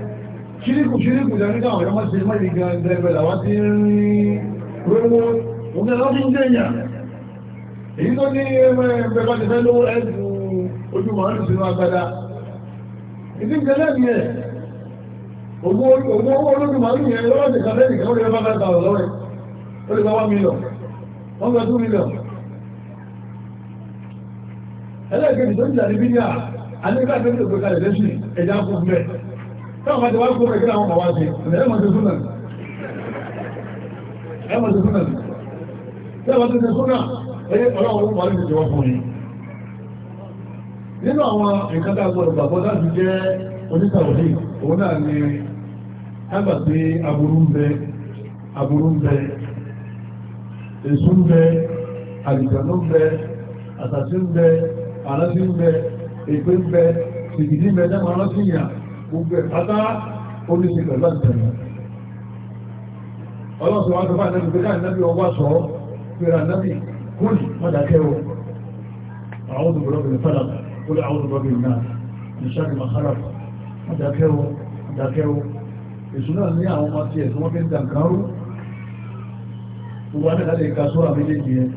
ṣíríkù ṣíríkù jẹ́ nígbà àwọn ọmọ ìṣẹ́lẹ̀ mẹ́rin gan ẹgbẹ̀rẹ̀ àwọn tí ń rí wéwó oúnjẹ lọ́bí ń jẹ́yà èyí tó ní ẹgbẹ̀rẹ̀ lọ́wọ́ ẹ̀sùn ojú màálù sínú agbádá ìdí ń gẹ́lẹ́ ní ẹ̀ owó olójú màálù yẹn lọ́wọ́ ti kàfẹ́ nìkan ó lè bá bá bàbà lọ́wọ́ ó lè bá wá mílọ̀ wọ́n gba tú mílọ̀ káwọn àti wáyé kóbẹ̀ kíra àwọn bàbá ṣe ẹ̀ mọ̀ sí nínú àwọn nǹkan láti jẹ́ òun náà ni aburú ń bẹ aburú ń bẹ ń bẹ ń bẹ ń bẹ ń bẹ ń bẹ gbogbo ẹ̀ pátá oníṣe pẹ̀lú àtẹ̀yìn ọlọ́sọ̀ wa tọ́fà nẹ́bí pẹ́ká nẹ́bí ọwọ́ sọ pẹ̀lú kúrì mọ́dàkẹ́ o àwọn kó lè àwọn náà màkàrà mọ́dàkẹ́ o mọ́dàkẹ́ o náà ní àwọn ọmọ tiẹ̀ tí wọ́n fi ń gbogbo lè ka sóra yẹn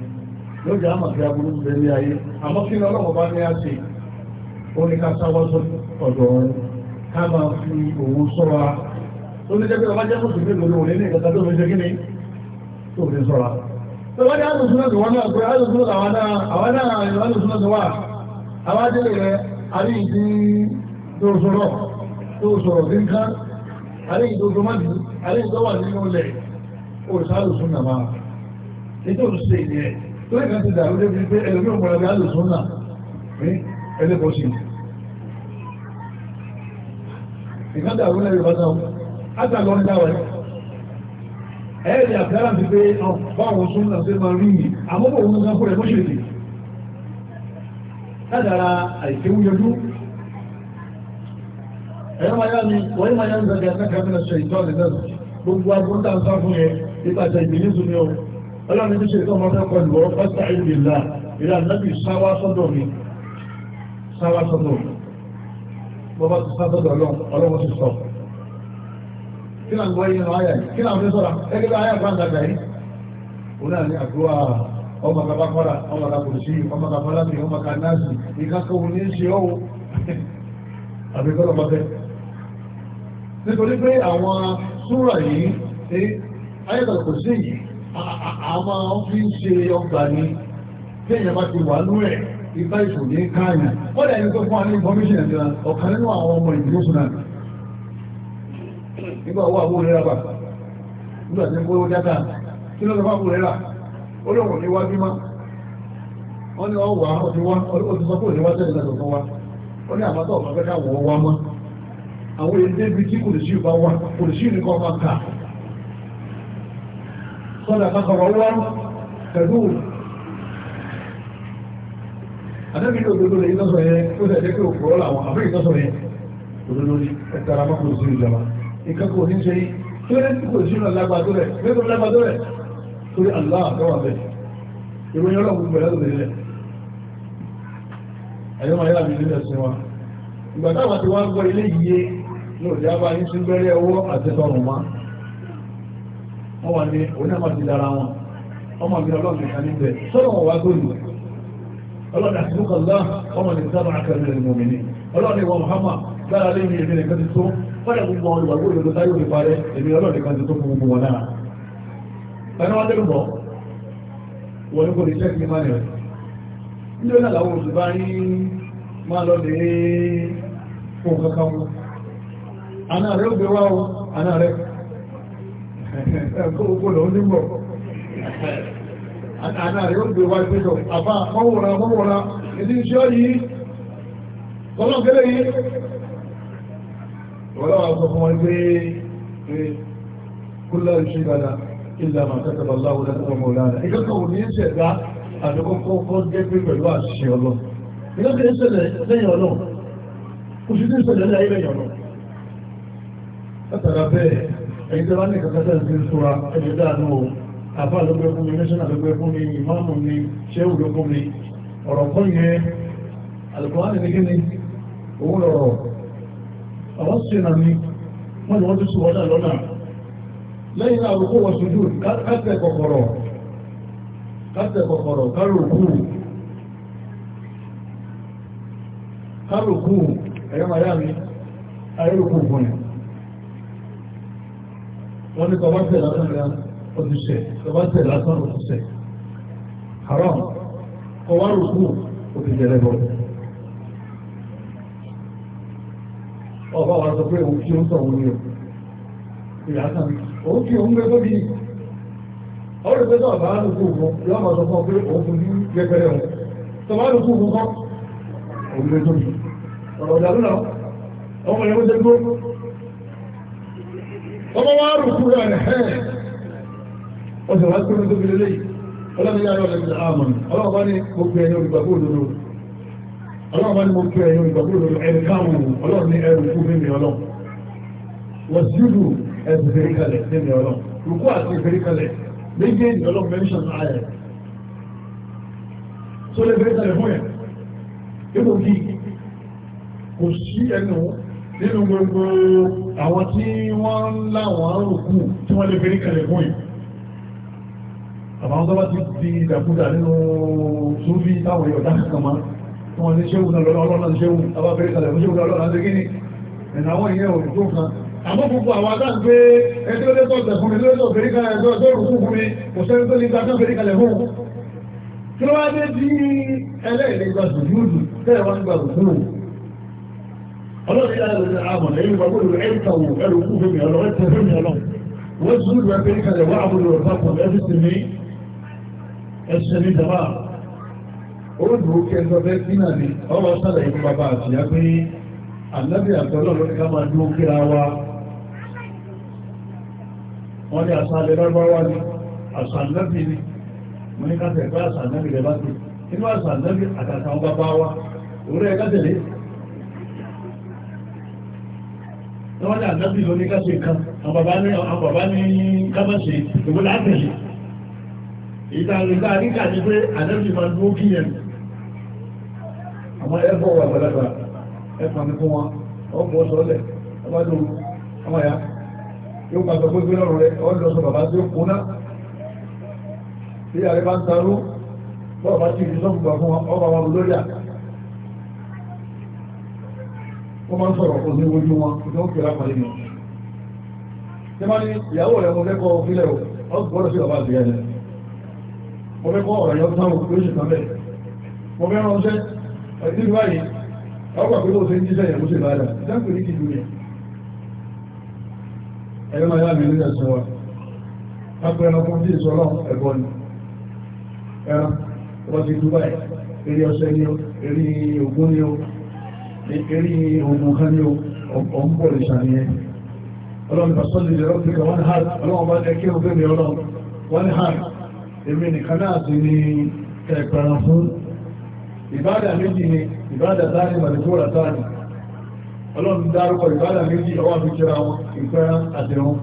yóò jẹ́ ayé àmọ́ kí ni ká máa fi òwò sọ́ra tó ní jẹ́pẹ́ ọbájẹ́ mùsùlùmí lòlò òní ní ìgbàgbà tó fi ṣe kíni tó fi sọ́ra tó bá jẹ́ alùsùnà tó wọ́n náà pé alùsùnà àwọn náà àwọn náà alùsùnà tó wà àwọn adélé rẹ̀ àrí ìdí tó sọ̀rọ̀ tó sọ̀rọ̀ sí nǹkan àrí ìdí tó májì àrí ìdí tó wà nínú ilẹ̀ òrìṣà alùsùnà máa ètò òṣìṣẹ́ ìdí ẹ̀ tó ìgbà ti dàrú débi pé ẹlòmíràn ìkan dàrú lẹ́yìn ìbátan ọ̀hún átà lọ ń dáwọ̀ ẹ̀ ẹ̀rì àfẹ́rà ti pé báwọn sún náà ṣe máa rí yìí àmọ́bọ̀ òun náà fún rẹ̀ mọ́ ṣèlè látara àìkéwú yọjú ẹ̀rọ máa yá ni wọ́n yí máa yá ní sàgbà sáka mi lọ́sọ̀ ìtọ́ àti náà gbogbo agbóhùn tá à ń sá fún yẹn nípasẹ̀ ìgbìlẹ̀ sùn ni ọ ọlọ́run ní ṣe ìtọ́ ọmọ fẹ́ pẹ̀lú ọ pásítà ìgbìlá ìlànà bí sáwá sọ́dọ̀ mi sáwá sọ́dọ̀ mi bọ́bá ti sá sọ́dọ̀ ọlọ́run ti sọ. kí náà ń gbọ́ yíyan ayà yìí kí náà ń fi sọ́ra ẹgbẹ́ bá ayà gbàǹdà gbà yìí. òun náà ní àdúrà ọmọ kaba kọ́ra ọmọ kaba kùrùsí ọmọ kaba lábì ọmọ kaba náàsì ìkákọ́ òun ní í ṣe ọ́wọ́ àbíkọ́ lọ́mọ bẹ́ẹ̀. nítorí pé àwọn súrà yìí ní ayẹ́tọ̀ kò sí àwọn fi ń ṣe ọgbà ní bá ti wà lóyè ìfá ìṣò ní káàyàn wọ́n dẹ̀ ní tó fún àwọn information ẹ̀dá ọ̀kan nínú àwọn ọmọ ìdúró sunan nígbà owó àwọn olèrà bà nígbà tí ó gbówó dáadáa kí lọ́dọ̀ fáwọn olèrà olóòwò ní wájú má wọ́n ní ọwọ́ àwọn wá olóòwò ti sọ pé òníwá tẹ́lẹ̀ lọ́dọ̀ fún wa wọ́n ní àmọ́tọ̀ ọ̀fẹ́ fẹ́ káwọ̀ wá mọ́ àwọn èdè débi tí kò lè sí ìbá wá kò lè sí ìrìnkọ́ ọmọ kà sọ́dà kakọ̀rọ̀ wá pẹ̀lú àdébí ní òdodo lè iná sọ yẹn ó sì ẹ̀jẹ̀ kí òkú ọ̀la àwọn àbí iná sọ yẹn òdodo ní ẹ̀tara mọ́kò sí ìjọba nǹkan kò ní ṣe yí tí ó lè tí kò sí lágbàdo Allah àtọ́wà bẹ́ẹ̀ ìròyìn ọlọ́run gbẹ̀rẹ̀ lè rẹ̀ ẹ̀yọ́ máa yára mi nílẹ̀ sí wa ìgbà táwọn ti wá ń gbọ́ ilé yìí ní òjá bá yín sí gbẹ́rẹ́ ọwọ́ àti tọrùn wá wọ́n wà ní onímọ̀ ti dára ọlọ́ni àtúnkọ̀ lá ọmọ ní sábà àkàrí rẹ̀ mọ̀mí ni ọlọ́ni ìwọ Muhammad lára lé ní èmi nìkan ti tó wọ́n gbogbo ọ̀rọ̀ ìwàgbó ìlú táyé òní parẹ́ èmi ọlọ́ni kan ti tó fún gbogbo wọn náà ẹni wọ́n bọ̀ kò ní máa lọ fún kankan wọn rẹ̀ ó àtàná rẹ̀ ó gbé wá ìpínlẹ̀ àbá mọ́wòrán mọ́wòrán ìdí iṣẹ́ yìí tọ́lọ́gẹ́lẹ́ yìí ọlọ́wà sọ fún wọn pé kúlọ̀ iṣẹ́ dada ilẹ̀ àmà kẹtàbà láwọ́ lẹ́tọ́ mọ̀lára ìkẹ́kọ̀ọ́ ò ní ṣẹ̀dá àdókòkò kọ́ jẹ́ pé pẹ̀lú àṣìṣe ọlọ́ ìkẹ́kọ̀ọ́ ìṣẹ̀lẹ̀ lẹ́yìn ọlọ́ oṣù tí ìṣẹ̀lẹ̀ ní kàkàtà ìṣẹ́ ìṣúra ẹ̀yìn dáa náà àfá ló pẹ́ fún mi mẹ́sánà ló pẹ́ fún mi ìmáàmù ni ṣéwù ló fún mi ọ̀rọ̀ kọ́ yẹn alùpùpù ní kíni òun lọ̀rọ̀ àwọn sínà ni wọ́n ni wọ́n ti sùwọ́dà lọ́nà lẹ́yìn náà àrùkú wọ sùdù kásẹ̀ kọ̀kọ̀rọ̀ kásẹ̀ kọ̀kọ̀rọ̀ kárùkù kárùkù ẹ̀yọ́ màá yá mi ayérùkù fún ẹ̀ wọ́n ní kọ̀ wọ́n tẹ̀lé lọ́nà òṣìṣẹ́ ìwádìí lásán òṣìṣẹ́ haram ọwá rùkú òṣìṣẹ́ bọ́ ọba wa sọ pé òun kí ó ń sọ òun ní o ìyákan òun kí òun gbé tóbi ọ̀rẹ́ pẹ́tọ́ ọ̀bá rùkú fún yọ́ ọmọ sọ fún ọ pé òun fún ní yẹpẹrẹ òun tọ́bá rùkú fún kọ́ òun gbé tóbi ọ̀rọ̀ ìdàrú náà ọmọ ìyẹn ó ṣe gbó ọmọ wa rùkú rẹ̀ ẹ̀ẹ́ ọ̀sẹ̀ wá tó ní tó fi lé ọlọ́run yára ọ̀lẹ́ ìjọ àmọ̀ ọlọ́run bá ní mo pè ẹni olùgbàgbọ́ òdodo ọlọ́run bá ní mo pè ẹni olùgbàgbọ́ òdodo ẹni káwọn ọlọ́run ní ẹrù kò sí ẹnu nínú gbogbo àwọn tí wọ́n láwọn rúkú tí wọ́n lè fẹ́ríkalẹ̀ fún yẹn àwọn tó bá ti di ìdàkúdà nínú sófí táwọn èèyàn dáhùn kan máa wọn ní ṣéhùn náà lọ́lọ́lọ́ ní ṣéhùn abáfẹ́rí kalẹ̀ ní ṣéhùn lọ́lọ́lọ́ ní gíní ẹ̀nà àwọn ìyẹn òun tó kan àmọ́ gbogbo àwọn adáhùn pé ẹjọ́ lẹ́tọ̀ ọ̀sẹ̀ fún mi lóòótọ́ fẹ́rí kalẹ̀ tó rùkú fún mi kò sẹ́ni tó lè gba tán fẹ́rí kalẹ̀ fún kí ló wá dé bí ẹlẹ́ẹ̀lẹ́ gba sùjúùdù tẹ́ẹ̀ wá ń gba sùkúù ọlọ́run yára lórí àmọ̀ lẹ́yìn gbogbo ẹ̀rùkú fẹ́mi ọlọ́run wọ́n sùúrù ẹgbẹ́ kalẹ̀ wá àbúrò ọ̀pá pọ̀ ẹ̀fíṣẹ́ mi ẹ̀ṣẹ̀ ní jọba ó dùn ó kí ẹjọ́ bẹ́ẹ̀ kí náà ni ọwọ́ sálẹ̀ ìlú bàbá àti ìyá pé ànábì àtọ́lọ́ ló ní ká máa dúró kíra wa wọ́n ní àṣà alẹ́ lọ́gbọ́wá ni àṣà ànábì ni mo ní ká tẹ̀ pé àṣà ànábì rẹ̀ bá ti inú àṣà ànábì àtàkà ọba bá wa wọ́n ní ànábì ló ní ká kan àwọn bàbá ní kábàṣe ìwé látẹ̀lé ìtàríkà níkà ní pé àdẹ́bì máa dúró kí yẹn àwọn ẹgbọ́ wà pẹ̀lẹ́gbà ẹ̀fà ní fún wọn ọkọ̀ ọ̀sọ̀ọ́lẹ̀ ọmọdún ọmọ ya yóò pàtàkì pé gbé lọ́rùn rẹ̀ ọlọ́sọ bàbá tí ó kúnná tí ààrẹ bá ń tarú bọ́ọ̀bá mo fẹ́ kọ́ ọ̀rọ̀ yọ táwọn lóṣù kan bẹ̀ mo èmi nìkan náà ti ní ẹ̀pẹ̀ràn fún ìbádà méjì ni ìbádà táàrí màdìkúrà táàrí ọlọ́run dárúkọ ìbádà méjì ọwọ́ fi kíra wọn ìpẹ̀ràn àtẹ̀wọn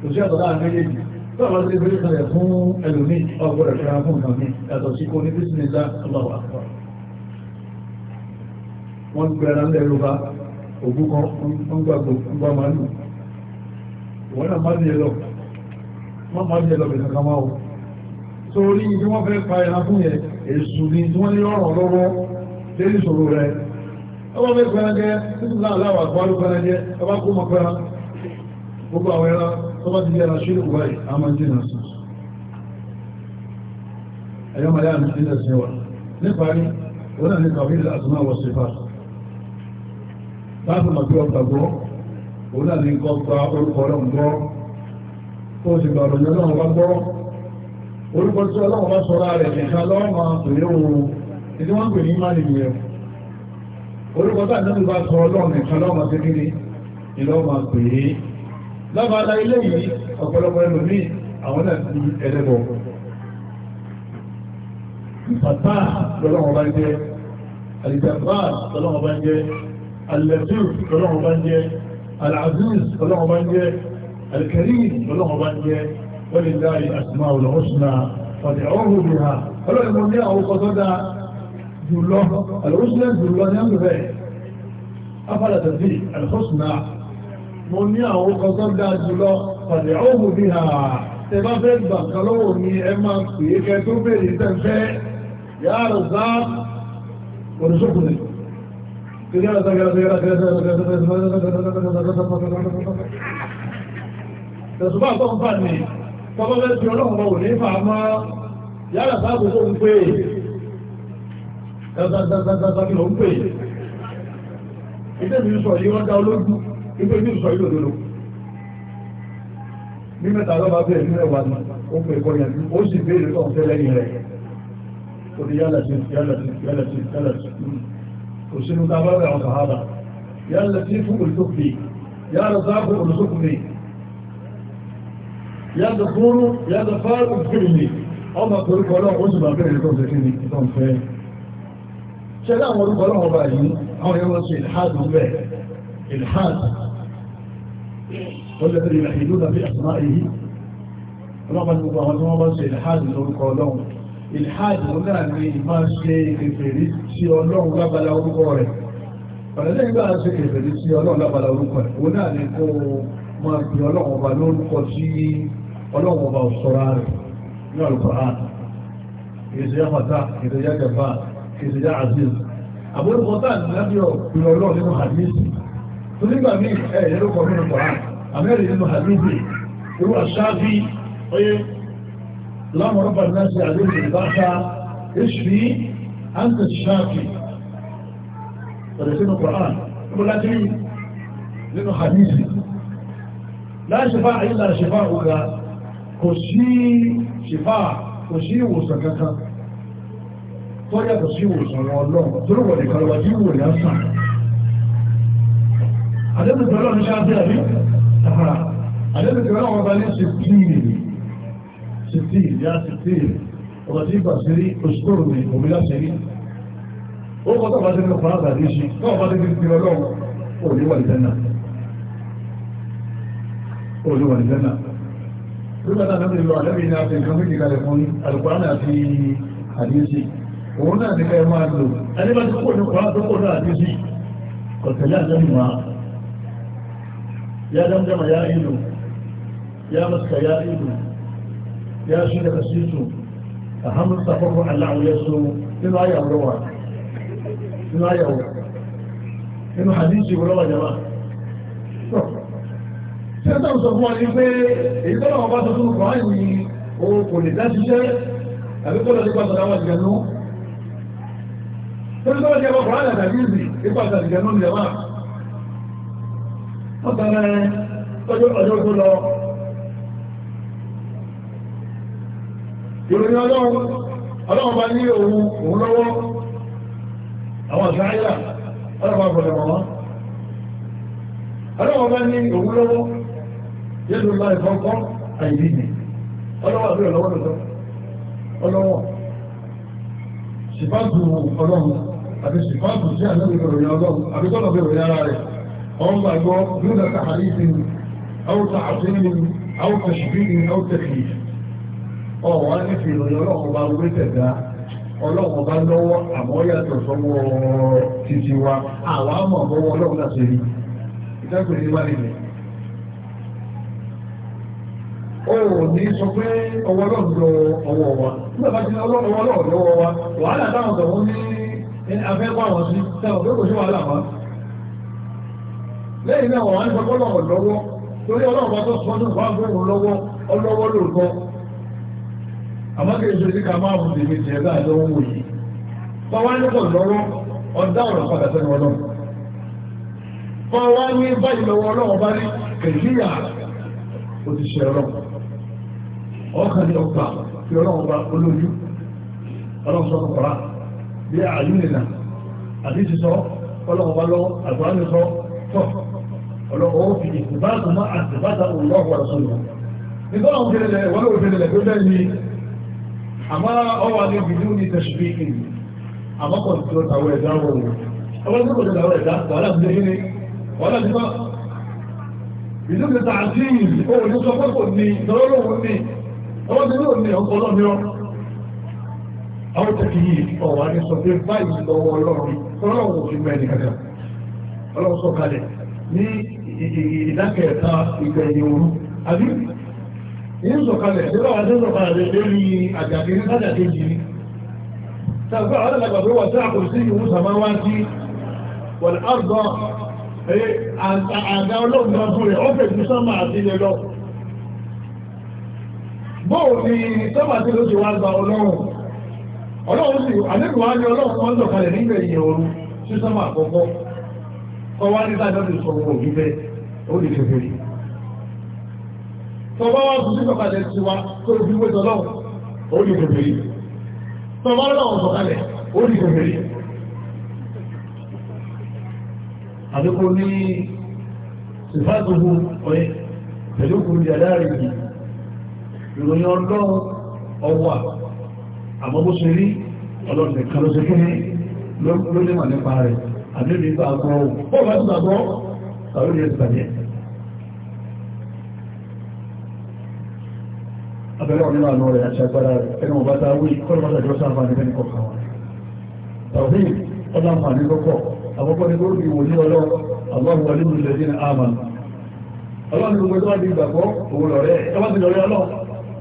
kò sí àtọ̀ láàrin méjèèjì tọ́wọ́ sí ìbílẹ̀ kalẹ̀ fún ẹlòmí ọgbọ̀rẹ̀ fẹ́ra fún nǹkan mi yàtọ̀ sí kò ní bísínìlá Allahu Akbar wọ́n gbẹ̀rẹ̀ ń lẹ́rù bá ògùn kan ń gbàgbọ́ ń gbà màálù wọ́n náà má ní ẹlọ́ má má ní ẹlọ́ bẹ̀rẹ̀ kan máa wọ̀ torí ibi wọ́n fẹ́ pa ẹran fún yẹn èṣù ni tí wọ́n ní ọ̀rọ̀ lọ́wọ́ lérí ìṣòro rẹ̀ ọba fẹ́ pẹran jẹ́ títí láàláwà àgbáàlú pẹran jẹ́ ọba kó mọ pẹran gbogbo àwọn ẹran tó bá ti jẹ́ ẹran ṣílùkù báyìí a máa jìnà sí ẹ̀yọ́ màlẹ́ àmì sílẹ̀ sí wa níparí wọ́n náà ní kàwé ilẹ̀ àtúná wọ sí fà láti mọ̀ pé ọgbà gbọ́ òun náà ní kọ́ gba orúkọ ọlọ́run gbọ́ tó ti gbà ọ̀rọ̀ yẹn náà wá gbọ́ orúkọ tí ọlọ́run bá sọ́ra rẹ̀ nìkan lọ́rùn àpèrè oòrùn ìdí wọ́n pè ní mánì nìyẹn orúkọ tí àdánù bá sọ ọlọ́run nìkan lọ́rùn àpèrè ìlọ́rùn àpèrè lábàlá ilé yìí ọ̀pọ̀lọpọ̀ ẹlòmíì àwọn náà ti ẹlẹ́bọ̀ ìfàtà lọ́lọ́run bá jẹ́ àlìjàmbá lọ́lọ́run bá jẹ́ jẹ́ alàzíz lọ́lọ́run bá jẹ́ jẹ́ ولله الأسماء الحسنى فدعوه بها فلو المنيا أو قصد جله الحسنى جله ينبغي أفلا تدري الحسنى منيا أو قصد جله فدعوه بها تبا فيدبا قلوني إما فيك تبري تنفي يا رزاق ورزقني كذا كذا كذا كذا كذا كذا كذا tọ́gbọ́n fẹ́ fi ọlọ́run wọn ò ní fà á mọ́ yàrá sáàbù tó ń pè é dáadáa kí ló ń pè é ìdẹ́ mi sọ yìí wọ́n dá olójú ìgbé mi sọ yìí lòdòdó ní mẹ́ta lọ́ba bẹ́ẹ̀ ní ẹ̀wà ni ó pè kọ́ yẹn ó sì béèrè tó ń fẹ́ lẹ́yìn rẹ̀ ó di yálà sí yálà sí yálà sí yálà sí kò sínú ká bá bẹ̀ àwọn sàhábà yálà sí yàtọ̀kúrú yàtọ̀fàá òkúrùlé ọmọ orúkọ ọlọ́run ó sì bá bẹ̀rẹ̀ tó fẹ́ ní ìtàn fẹ́ ṣe láwọn orúkọ ọlọ́run ọba yìí àwọn yẹn wọ́n ṣe ìlhádù bẹ́ ìlhádù ọjọ́ ìrìnà ìlú nàbí àtúmá èyí ọlọ́run gbogbo àwọn tí wọ́n bá ṣe ìlhádù lórúkọ ọlọ́run ìlhádù náà ni máa ṣe kèfèrí sí ọlọ́run lábala orúkọ rẹ̀ ọ̀rẹ́lẹ́yìn bá ṣe kèfèrí sí ọlọ́run lábala ولو مضاو الصرار من القرآن إذا يخطى إذا يجفى إذا يعزيز أبو القطان نبيه من الله لهم حديثي تلقى منك أي يلقى من القرآن أمير لهم حديثي هو الشافي لا مربع الناس يعزيز البعشة إيش فيه أنت الشافي فلسين القرآن يقول لا تريد لهم حديثي لا شفاء إلا شفاءك kò sí ṣìfà kò sí ìwòsàn kankan tó yàtọ̀ sí ìwòsàn wọn lọ́wọ́ tó lọ́wọ́ nìkan lọ́wọ́ tí ìwò yà sàn àdébùtò ọlọ́run ṣe àbí àbí tàbára àdébùtò ọlọ́run ọba ní sèpìlì sèpìlì yá sèpìlì ọba tí ìgbà sí rí òṣìkòrò ní òmìnira sẹ́rí ó kọ́ tó bá ti ní ọ̀pọ̀ àbàdé ṣe tó ọba ti ní ọlọ́run òníwà ìdáná òníwà ìdáná nígbà náà lọ́dẹ̀ lọ àlẹ́bí ní àti nǹkan méjì kalẹ̀ fún alùpàá náà fi àdíyèsí òun náà ní ká ẹ máa lò ẹni bá tó kò ní kọ́ tó kò ní àdíyèsí ọ̀tẹ̀lẹ́ àjẹ́mù wa ya dámdáma ya ìlú ya maska ya ìlú ya ṣílẹ̀ kasitu a hannun safafon aláwọ̀ ya so nínú ayàwó nínú ayàwó nínú hadisi wọ́lọ́wà jama'a tí ó sọ̀rọ̀ sọ fún ọ ní pé èyí tọ́lọ̀ wọn bá sọ fún ọkùnrin yìí o kò lè dájú jẹ́ àbí tọ́lọ̀ nípa sọ̀rọ̀ àwọn ìgbẹ̀nú tó ń tọ́lọ̀ jẹ́ ọkùnrin àdàbí ìsì nípa sọ̀rọ̀ ìgbẹ̀nú ilẹ̀ wà wọ́n tẹ̀lé tọ́jú ọjọ́ tó lọ ìròyìn ọlọ́run ọlọ́run bá ní òun òun lọ́wọ́ àwọn àṣà ayélujára ọlọ́run bá bọ̀dọ̀ wọn yẹ́dù lọ ìfọ́kọ́ àìrí ni ọlọ́wọ́ àbúrò lọ́wọ́ lọ́wọ́ ọlọ́wọ́ ṣìfáàbù ọlọ́run àti ṣìfáàbù sí àlẹ́bí ìròyìn ọlọ́run àbí tọ́lọ̀ bí ìròyìn ara rẹ̀ ọ̀n gbàgbọ́ nígbà tàhàrí sí ni àwùta àtúnyìn àwùta ṣùgbìn àwùta kìí ọ̀wọ́ á ní fi ìròyìn ọlọ́run bá wé tẹ̀dá ọlọ́run bá lọ́wọ́ àmọ́ yàtọ̀ sọ́wọ́ títí wa àwọn àmọ̀ ọ̀gọ́wọ́ ọlọ́run láti rí ìtẹ́kùn ní wá nínú o ní sọ pé ọwọ́ lọ́dọ̀ ọwọ́ wa nígbà tí ọlọ́wọ́ lọ́wọ́ wa wàhálà táwọn tọ̀wọ́ ní afẹ́kọ́ àwọn sí kò sí wàhálà wa lẹ́yìn náà sọ lọ́wọ́ torí ọlọ́wọ́ tó sọ ní lọ́wọ́ ọlọ́wọ́ lóòótọ́ ṣe ká máa mú tèmi tiẹ̀ láà ọkàn ní ọgbà fi ọlọ́run bá olójú ọlọ́run sọ kọkọrá bí àyúnìlà àti sísọ ọlọ́run bá lọ́wọ́ àgbáyé sọ tọ́ ọlọ́run ó fi ìfúbáàtù má àtìbáta olùwàwọ̀ àrùsọ lọ nígbà wọn fi lẹlẹ wọn lórí fi lẹlẹ tó bẹ́ẹ̀ ni àmọ́ ọwọ́ àti ìbìlú ní tẹ̀sùbí kì àmọ́ kọ̀ tó tàwọn ẹ̀dá wọ̀ wọ̀ ọwọ́ tó tó tàwọn ẹ̀dá wàhálà ti dé wàhálà ti bá ìlú mi tààtì òun ní sọ pé kò ní ìtọ́lọ́wọ́ ọwọ́ ti ní òní ọkọ̀ ọlọ́mìíràn àwọn tẹ̀kì yìí ọ̀wà ní sọ pé báyìí lọ́wọ́ ọlọ́run ọlọ́run òfin mẹ́rin kankan ọlọ́run sọ kalẹ̀ ní ìdákẹ̀ẹ́ta ìgbẹ̀yìn òru àbí ní sọ̀kalẹ̀ nígbà wà ní sọ̀kalẹ̀ lórí àjàkì ní sájàkì yìí tàbí àwọn alàgbàgbé wà tí a kò sí ìwú sàmáwá sí wọ̀n àgbà àgbà ọlọ́run náà fún rẹ̀ ọ́fẹ̀ẹ́ bóò ni sọ́mà tí ló ti wá gba ọlọ́run ọlọ́run wá ní ọlọ́run kan sọ̀kalẹ̀ nígbà ìyẹn ooru sí sọ́mà àkọ́kọ́ kọ́ nígbà tó ti sọ owó òbí ó lè fẹ́fẹ́ rí wá sí sí wa tó fi wé ó lè fẹ́fẹ́ rí sọ̀kalẹ̀ ó lè fẹ́fẹ́ rí ìròyìn ọlọ́run ọwà àmọ́ bó ṣe rí ọlọ́run nìkan ló ṣe fún ní ló ní mà nípa rẹ̀ àbíbi bá gbọ́ ó bá tún àgbọ́ tàbí ní ẹ̀sìn tàbí abẹ́rẹ́ ọ̀nà àánú rẹ̀ àti agbára rẹ̀ ẹni wọ́n bá dá wí kọ́lọ́ bá tàbí ọ̀sán àǹfààní bẹ́ẹ̀ kọ̀ọ̀kan wọn tàbí ọ̀nà àǹfààní kọ́kọ́ àkọ́kọ́ ni ó rí ìwòlé ọlọ́run àwọn wọlé ìlú lẹ́dínà àmà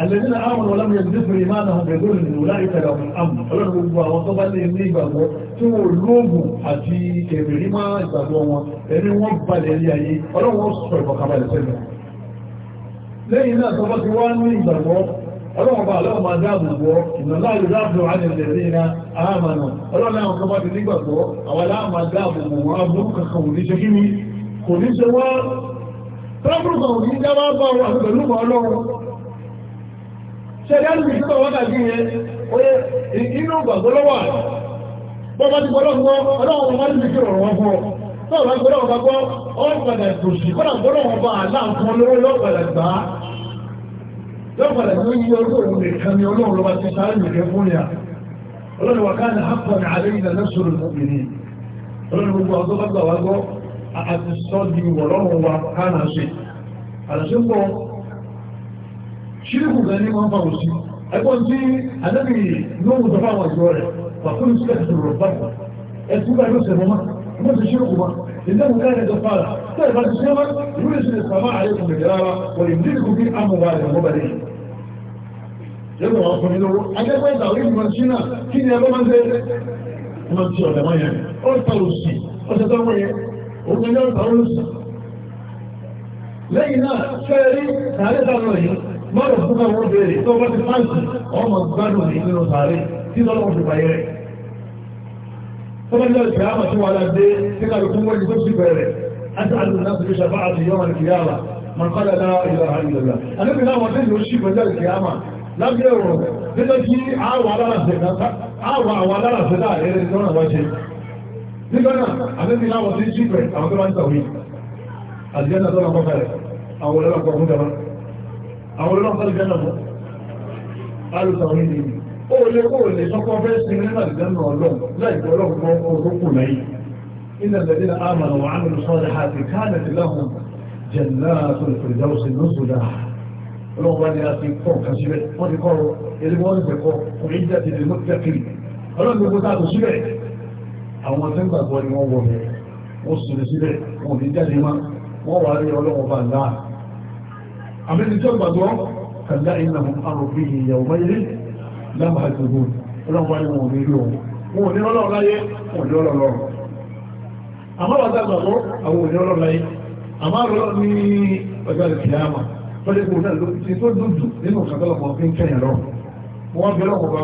الذين آمنوا ولم يزدفوا إيمانهم بذل من أولئك لهم الأمن ọlọ́run gbogbo àwọn tó bá lè ní ìgbàgbọ́ tí wọ́n lóògùn àti èmìrí máa ìgbàgbọ́ wọn ẹni wọ́n balẹ̀ ilé ayé ọlọ́run wọ́n sọ ìfọ̀kàbalẹ̀ sẹ́lẹ̀ lẹ́yìn náà tó bá ti wá ní ìgbàgbọ́ ọlọ́run bá ọlọ́run máa dáàbò bọ́ ìnáwó ìdáàbò àdìlẹ̀ lẹ́yìnà àmàna ọlọ́run náà tó bá ti nígbàgbọ́ àwọn aláàmà dáàbò bò wọn abúrú kankan ò ní ṣe kí ni kò ní ṣe wá tábùrù kan ò ní dá wá bá wọn àti pẹ̀lú ọlọ́run ṣẹ̀dáàlù bí sọ wọ́n tàbí yẹn oye inú gbàgbọ́lọ́wà bọ́bá ti gbọ́lọ́ gbọ́ ọlọ́run wọ́n ti fi rọ̀rọ̀ wọn fún ọ tọ́ọ̀ bá gbọ́lọ́ wọn gbọ́ ọ́n padà tòṣì kọ́nà gbọ́lọ́ wọn bá aláàfún lọ́wọ́ lọ́pàdà gbà á lọ́pàdà tó yí ọlọ́run lè kan ní ọlọ́run lọ́ba ti sáré nìkẹ́ fún yà ọlọ́run ọlọ́run gbogbo àwọn tó wá gbọ́ àti sọ́ọ̀dì wọ̀lọ́run wa káàdà ṣe àṣepọ̀ ṣíríkù gan ní wọ́n fàwọn sí ẹgbọ́n tí anábì lóhùn tó fáwọn ìjọ rẹ̀ fàkúrú sí ẹ̀sùn rọ̀ bá ẹ̀sùn bá yóò sẹ̀rọ̀ máa wọ́n ti ṣíríkù máa إنه كان جبارا فإذا السماء يرسل السماء عليكم بجرارة ويمدلكم في أموال وبنين yẹ́nà wọn fún ilé agbẹ́gbẹ́ ìdàwí ìmọ̀síná kí ni ẹgbẹ́ máa ń gbé ọmọ tí ọ̀dẹ̀ máa yẹn ó ń tàrò sí ọ̀sẹ̀ tó wọ́n yẹn òun lẹ́yìn náà fẹ́ẹ̀rí tààrí mọ́rọ̀ fún àwọn obìnrin tó wọ́n ti fáǹsì ọmọ gbádùn ní nínú sàárè tí lọ́lọ́wọ́ fi bàyẹ̀ rẹ̀. Tọ́lọ́jọ́ ìfẹ́ àmà tí wà láti tí kàrí fún wọ́n tó sì bẹ̀rẹ̀. Àti àdùn náà fi ṣàfá àti yọ́mà ní kìyàmà, màá padà ìlà àìlọ́lá. Àdébì náà wọ́n tẹ́lẹ̀ ó sì bẹ̀rẹ̀ kìyàmà lábẹ́ ọ̀rọ̀ nígbà tí àwọ̀ aláràṣẹ̀ náà, àdébì náà àwọn olóòpàá ìjẹ́ náà alùsàwọn ìdí ni ó lè kó lè sọ́kọ́ fẹ́ sí nínú àdìjẹ́nà ọlọ́run láìpẹ́ ọlọ́pọ̀ orókù lẹ́yìn iná lẹ́dínà àmàrà wà ánà sọ́rọ̀ àti káàdì láhùn jẹ̀lá sọ̀rọ̀fẹ̀dáwọ̀sẹ̀ lóṣùdá ọlọ́run bá ní a ti kọ́ kan síbẹ̀ wọ́n ti kọ́ ẹlẹ́gbẹ́ wọ́n ti fẹ́ kọ́ kò ní jẹ́ àmì ní tó gbàgbọ́ kàlá iná mú àrùn fi ìyàwó wáyé lábàá ìdìbò ọlọ́run wáyé wọn ò ní rí òun wọn ò ní ọlọ́run láyé wọn ò ní ọlọ́run lọ́run àmọ́ bàtà gbàgbọ́ àwọn ò ní ọlọ́run láyé àmọ́ àrùn ní ọjọ́ ìkìyàmà tọ́lé kò náà wọ́n bẹ̀rẹ̀ wọn bá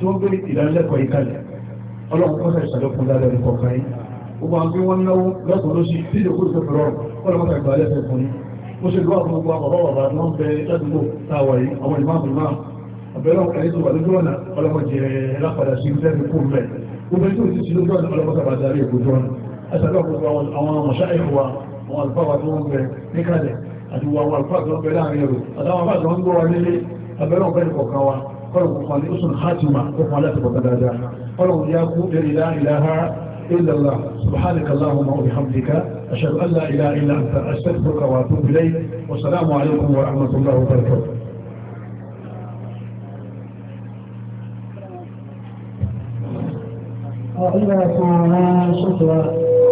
wọ́n gbé ìdánilẹ́kọ̀ọ́ ìkàlẹ̀ ó ṣe gbọ́ ọ̀pọ̀ ọ̀pọ̀ ọ̀rọ̀ ni wọ́n bẹ lẹ́dùgbò táwà yìí àwọn ìmáàmù náà ọ̀bẹ̀rẹ̀ ọ̀kàrí tó wà lójú ọ̀nà ọlọ́mọdé lápadà sí ilé ẹ̀kọ́ mẹ́ gbogbo tí ó ti ṣe lójú ọ̀nà ọlọ́mọdé àbájáre ìgbòjú ọ̀nà ẹ̀sàdọ́ gbogbo àwọn mọ̀ṣá ẹ̀kọ́ àwọn alfáwà tó ń bẹ níkàlẹ̀ àti àwọn alfáà tó ń bẹ láàrin ẹ̀rọ àtàwọn alfáà tó ń ya kú la ilaha إلا الله سبحانك اللهم وبحمدك أشهد أن لا إله إلا أنت أستغفرك وأتوب إليك والسلام عليكم ورحمة الله وبركاته وإذا كان شكرا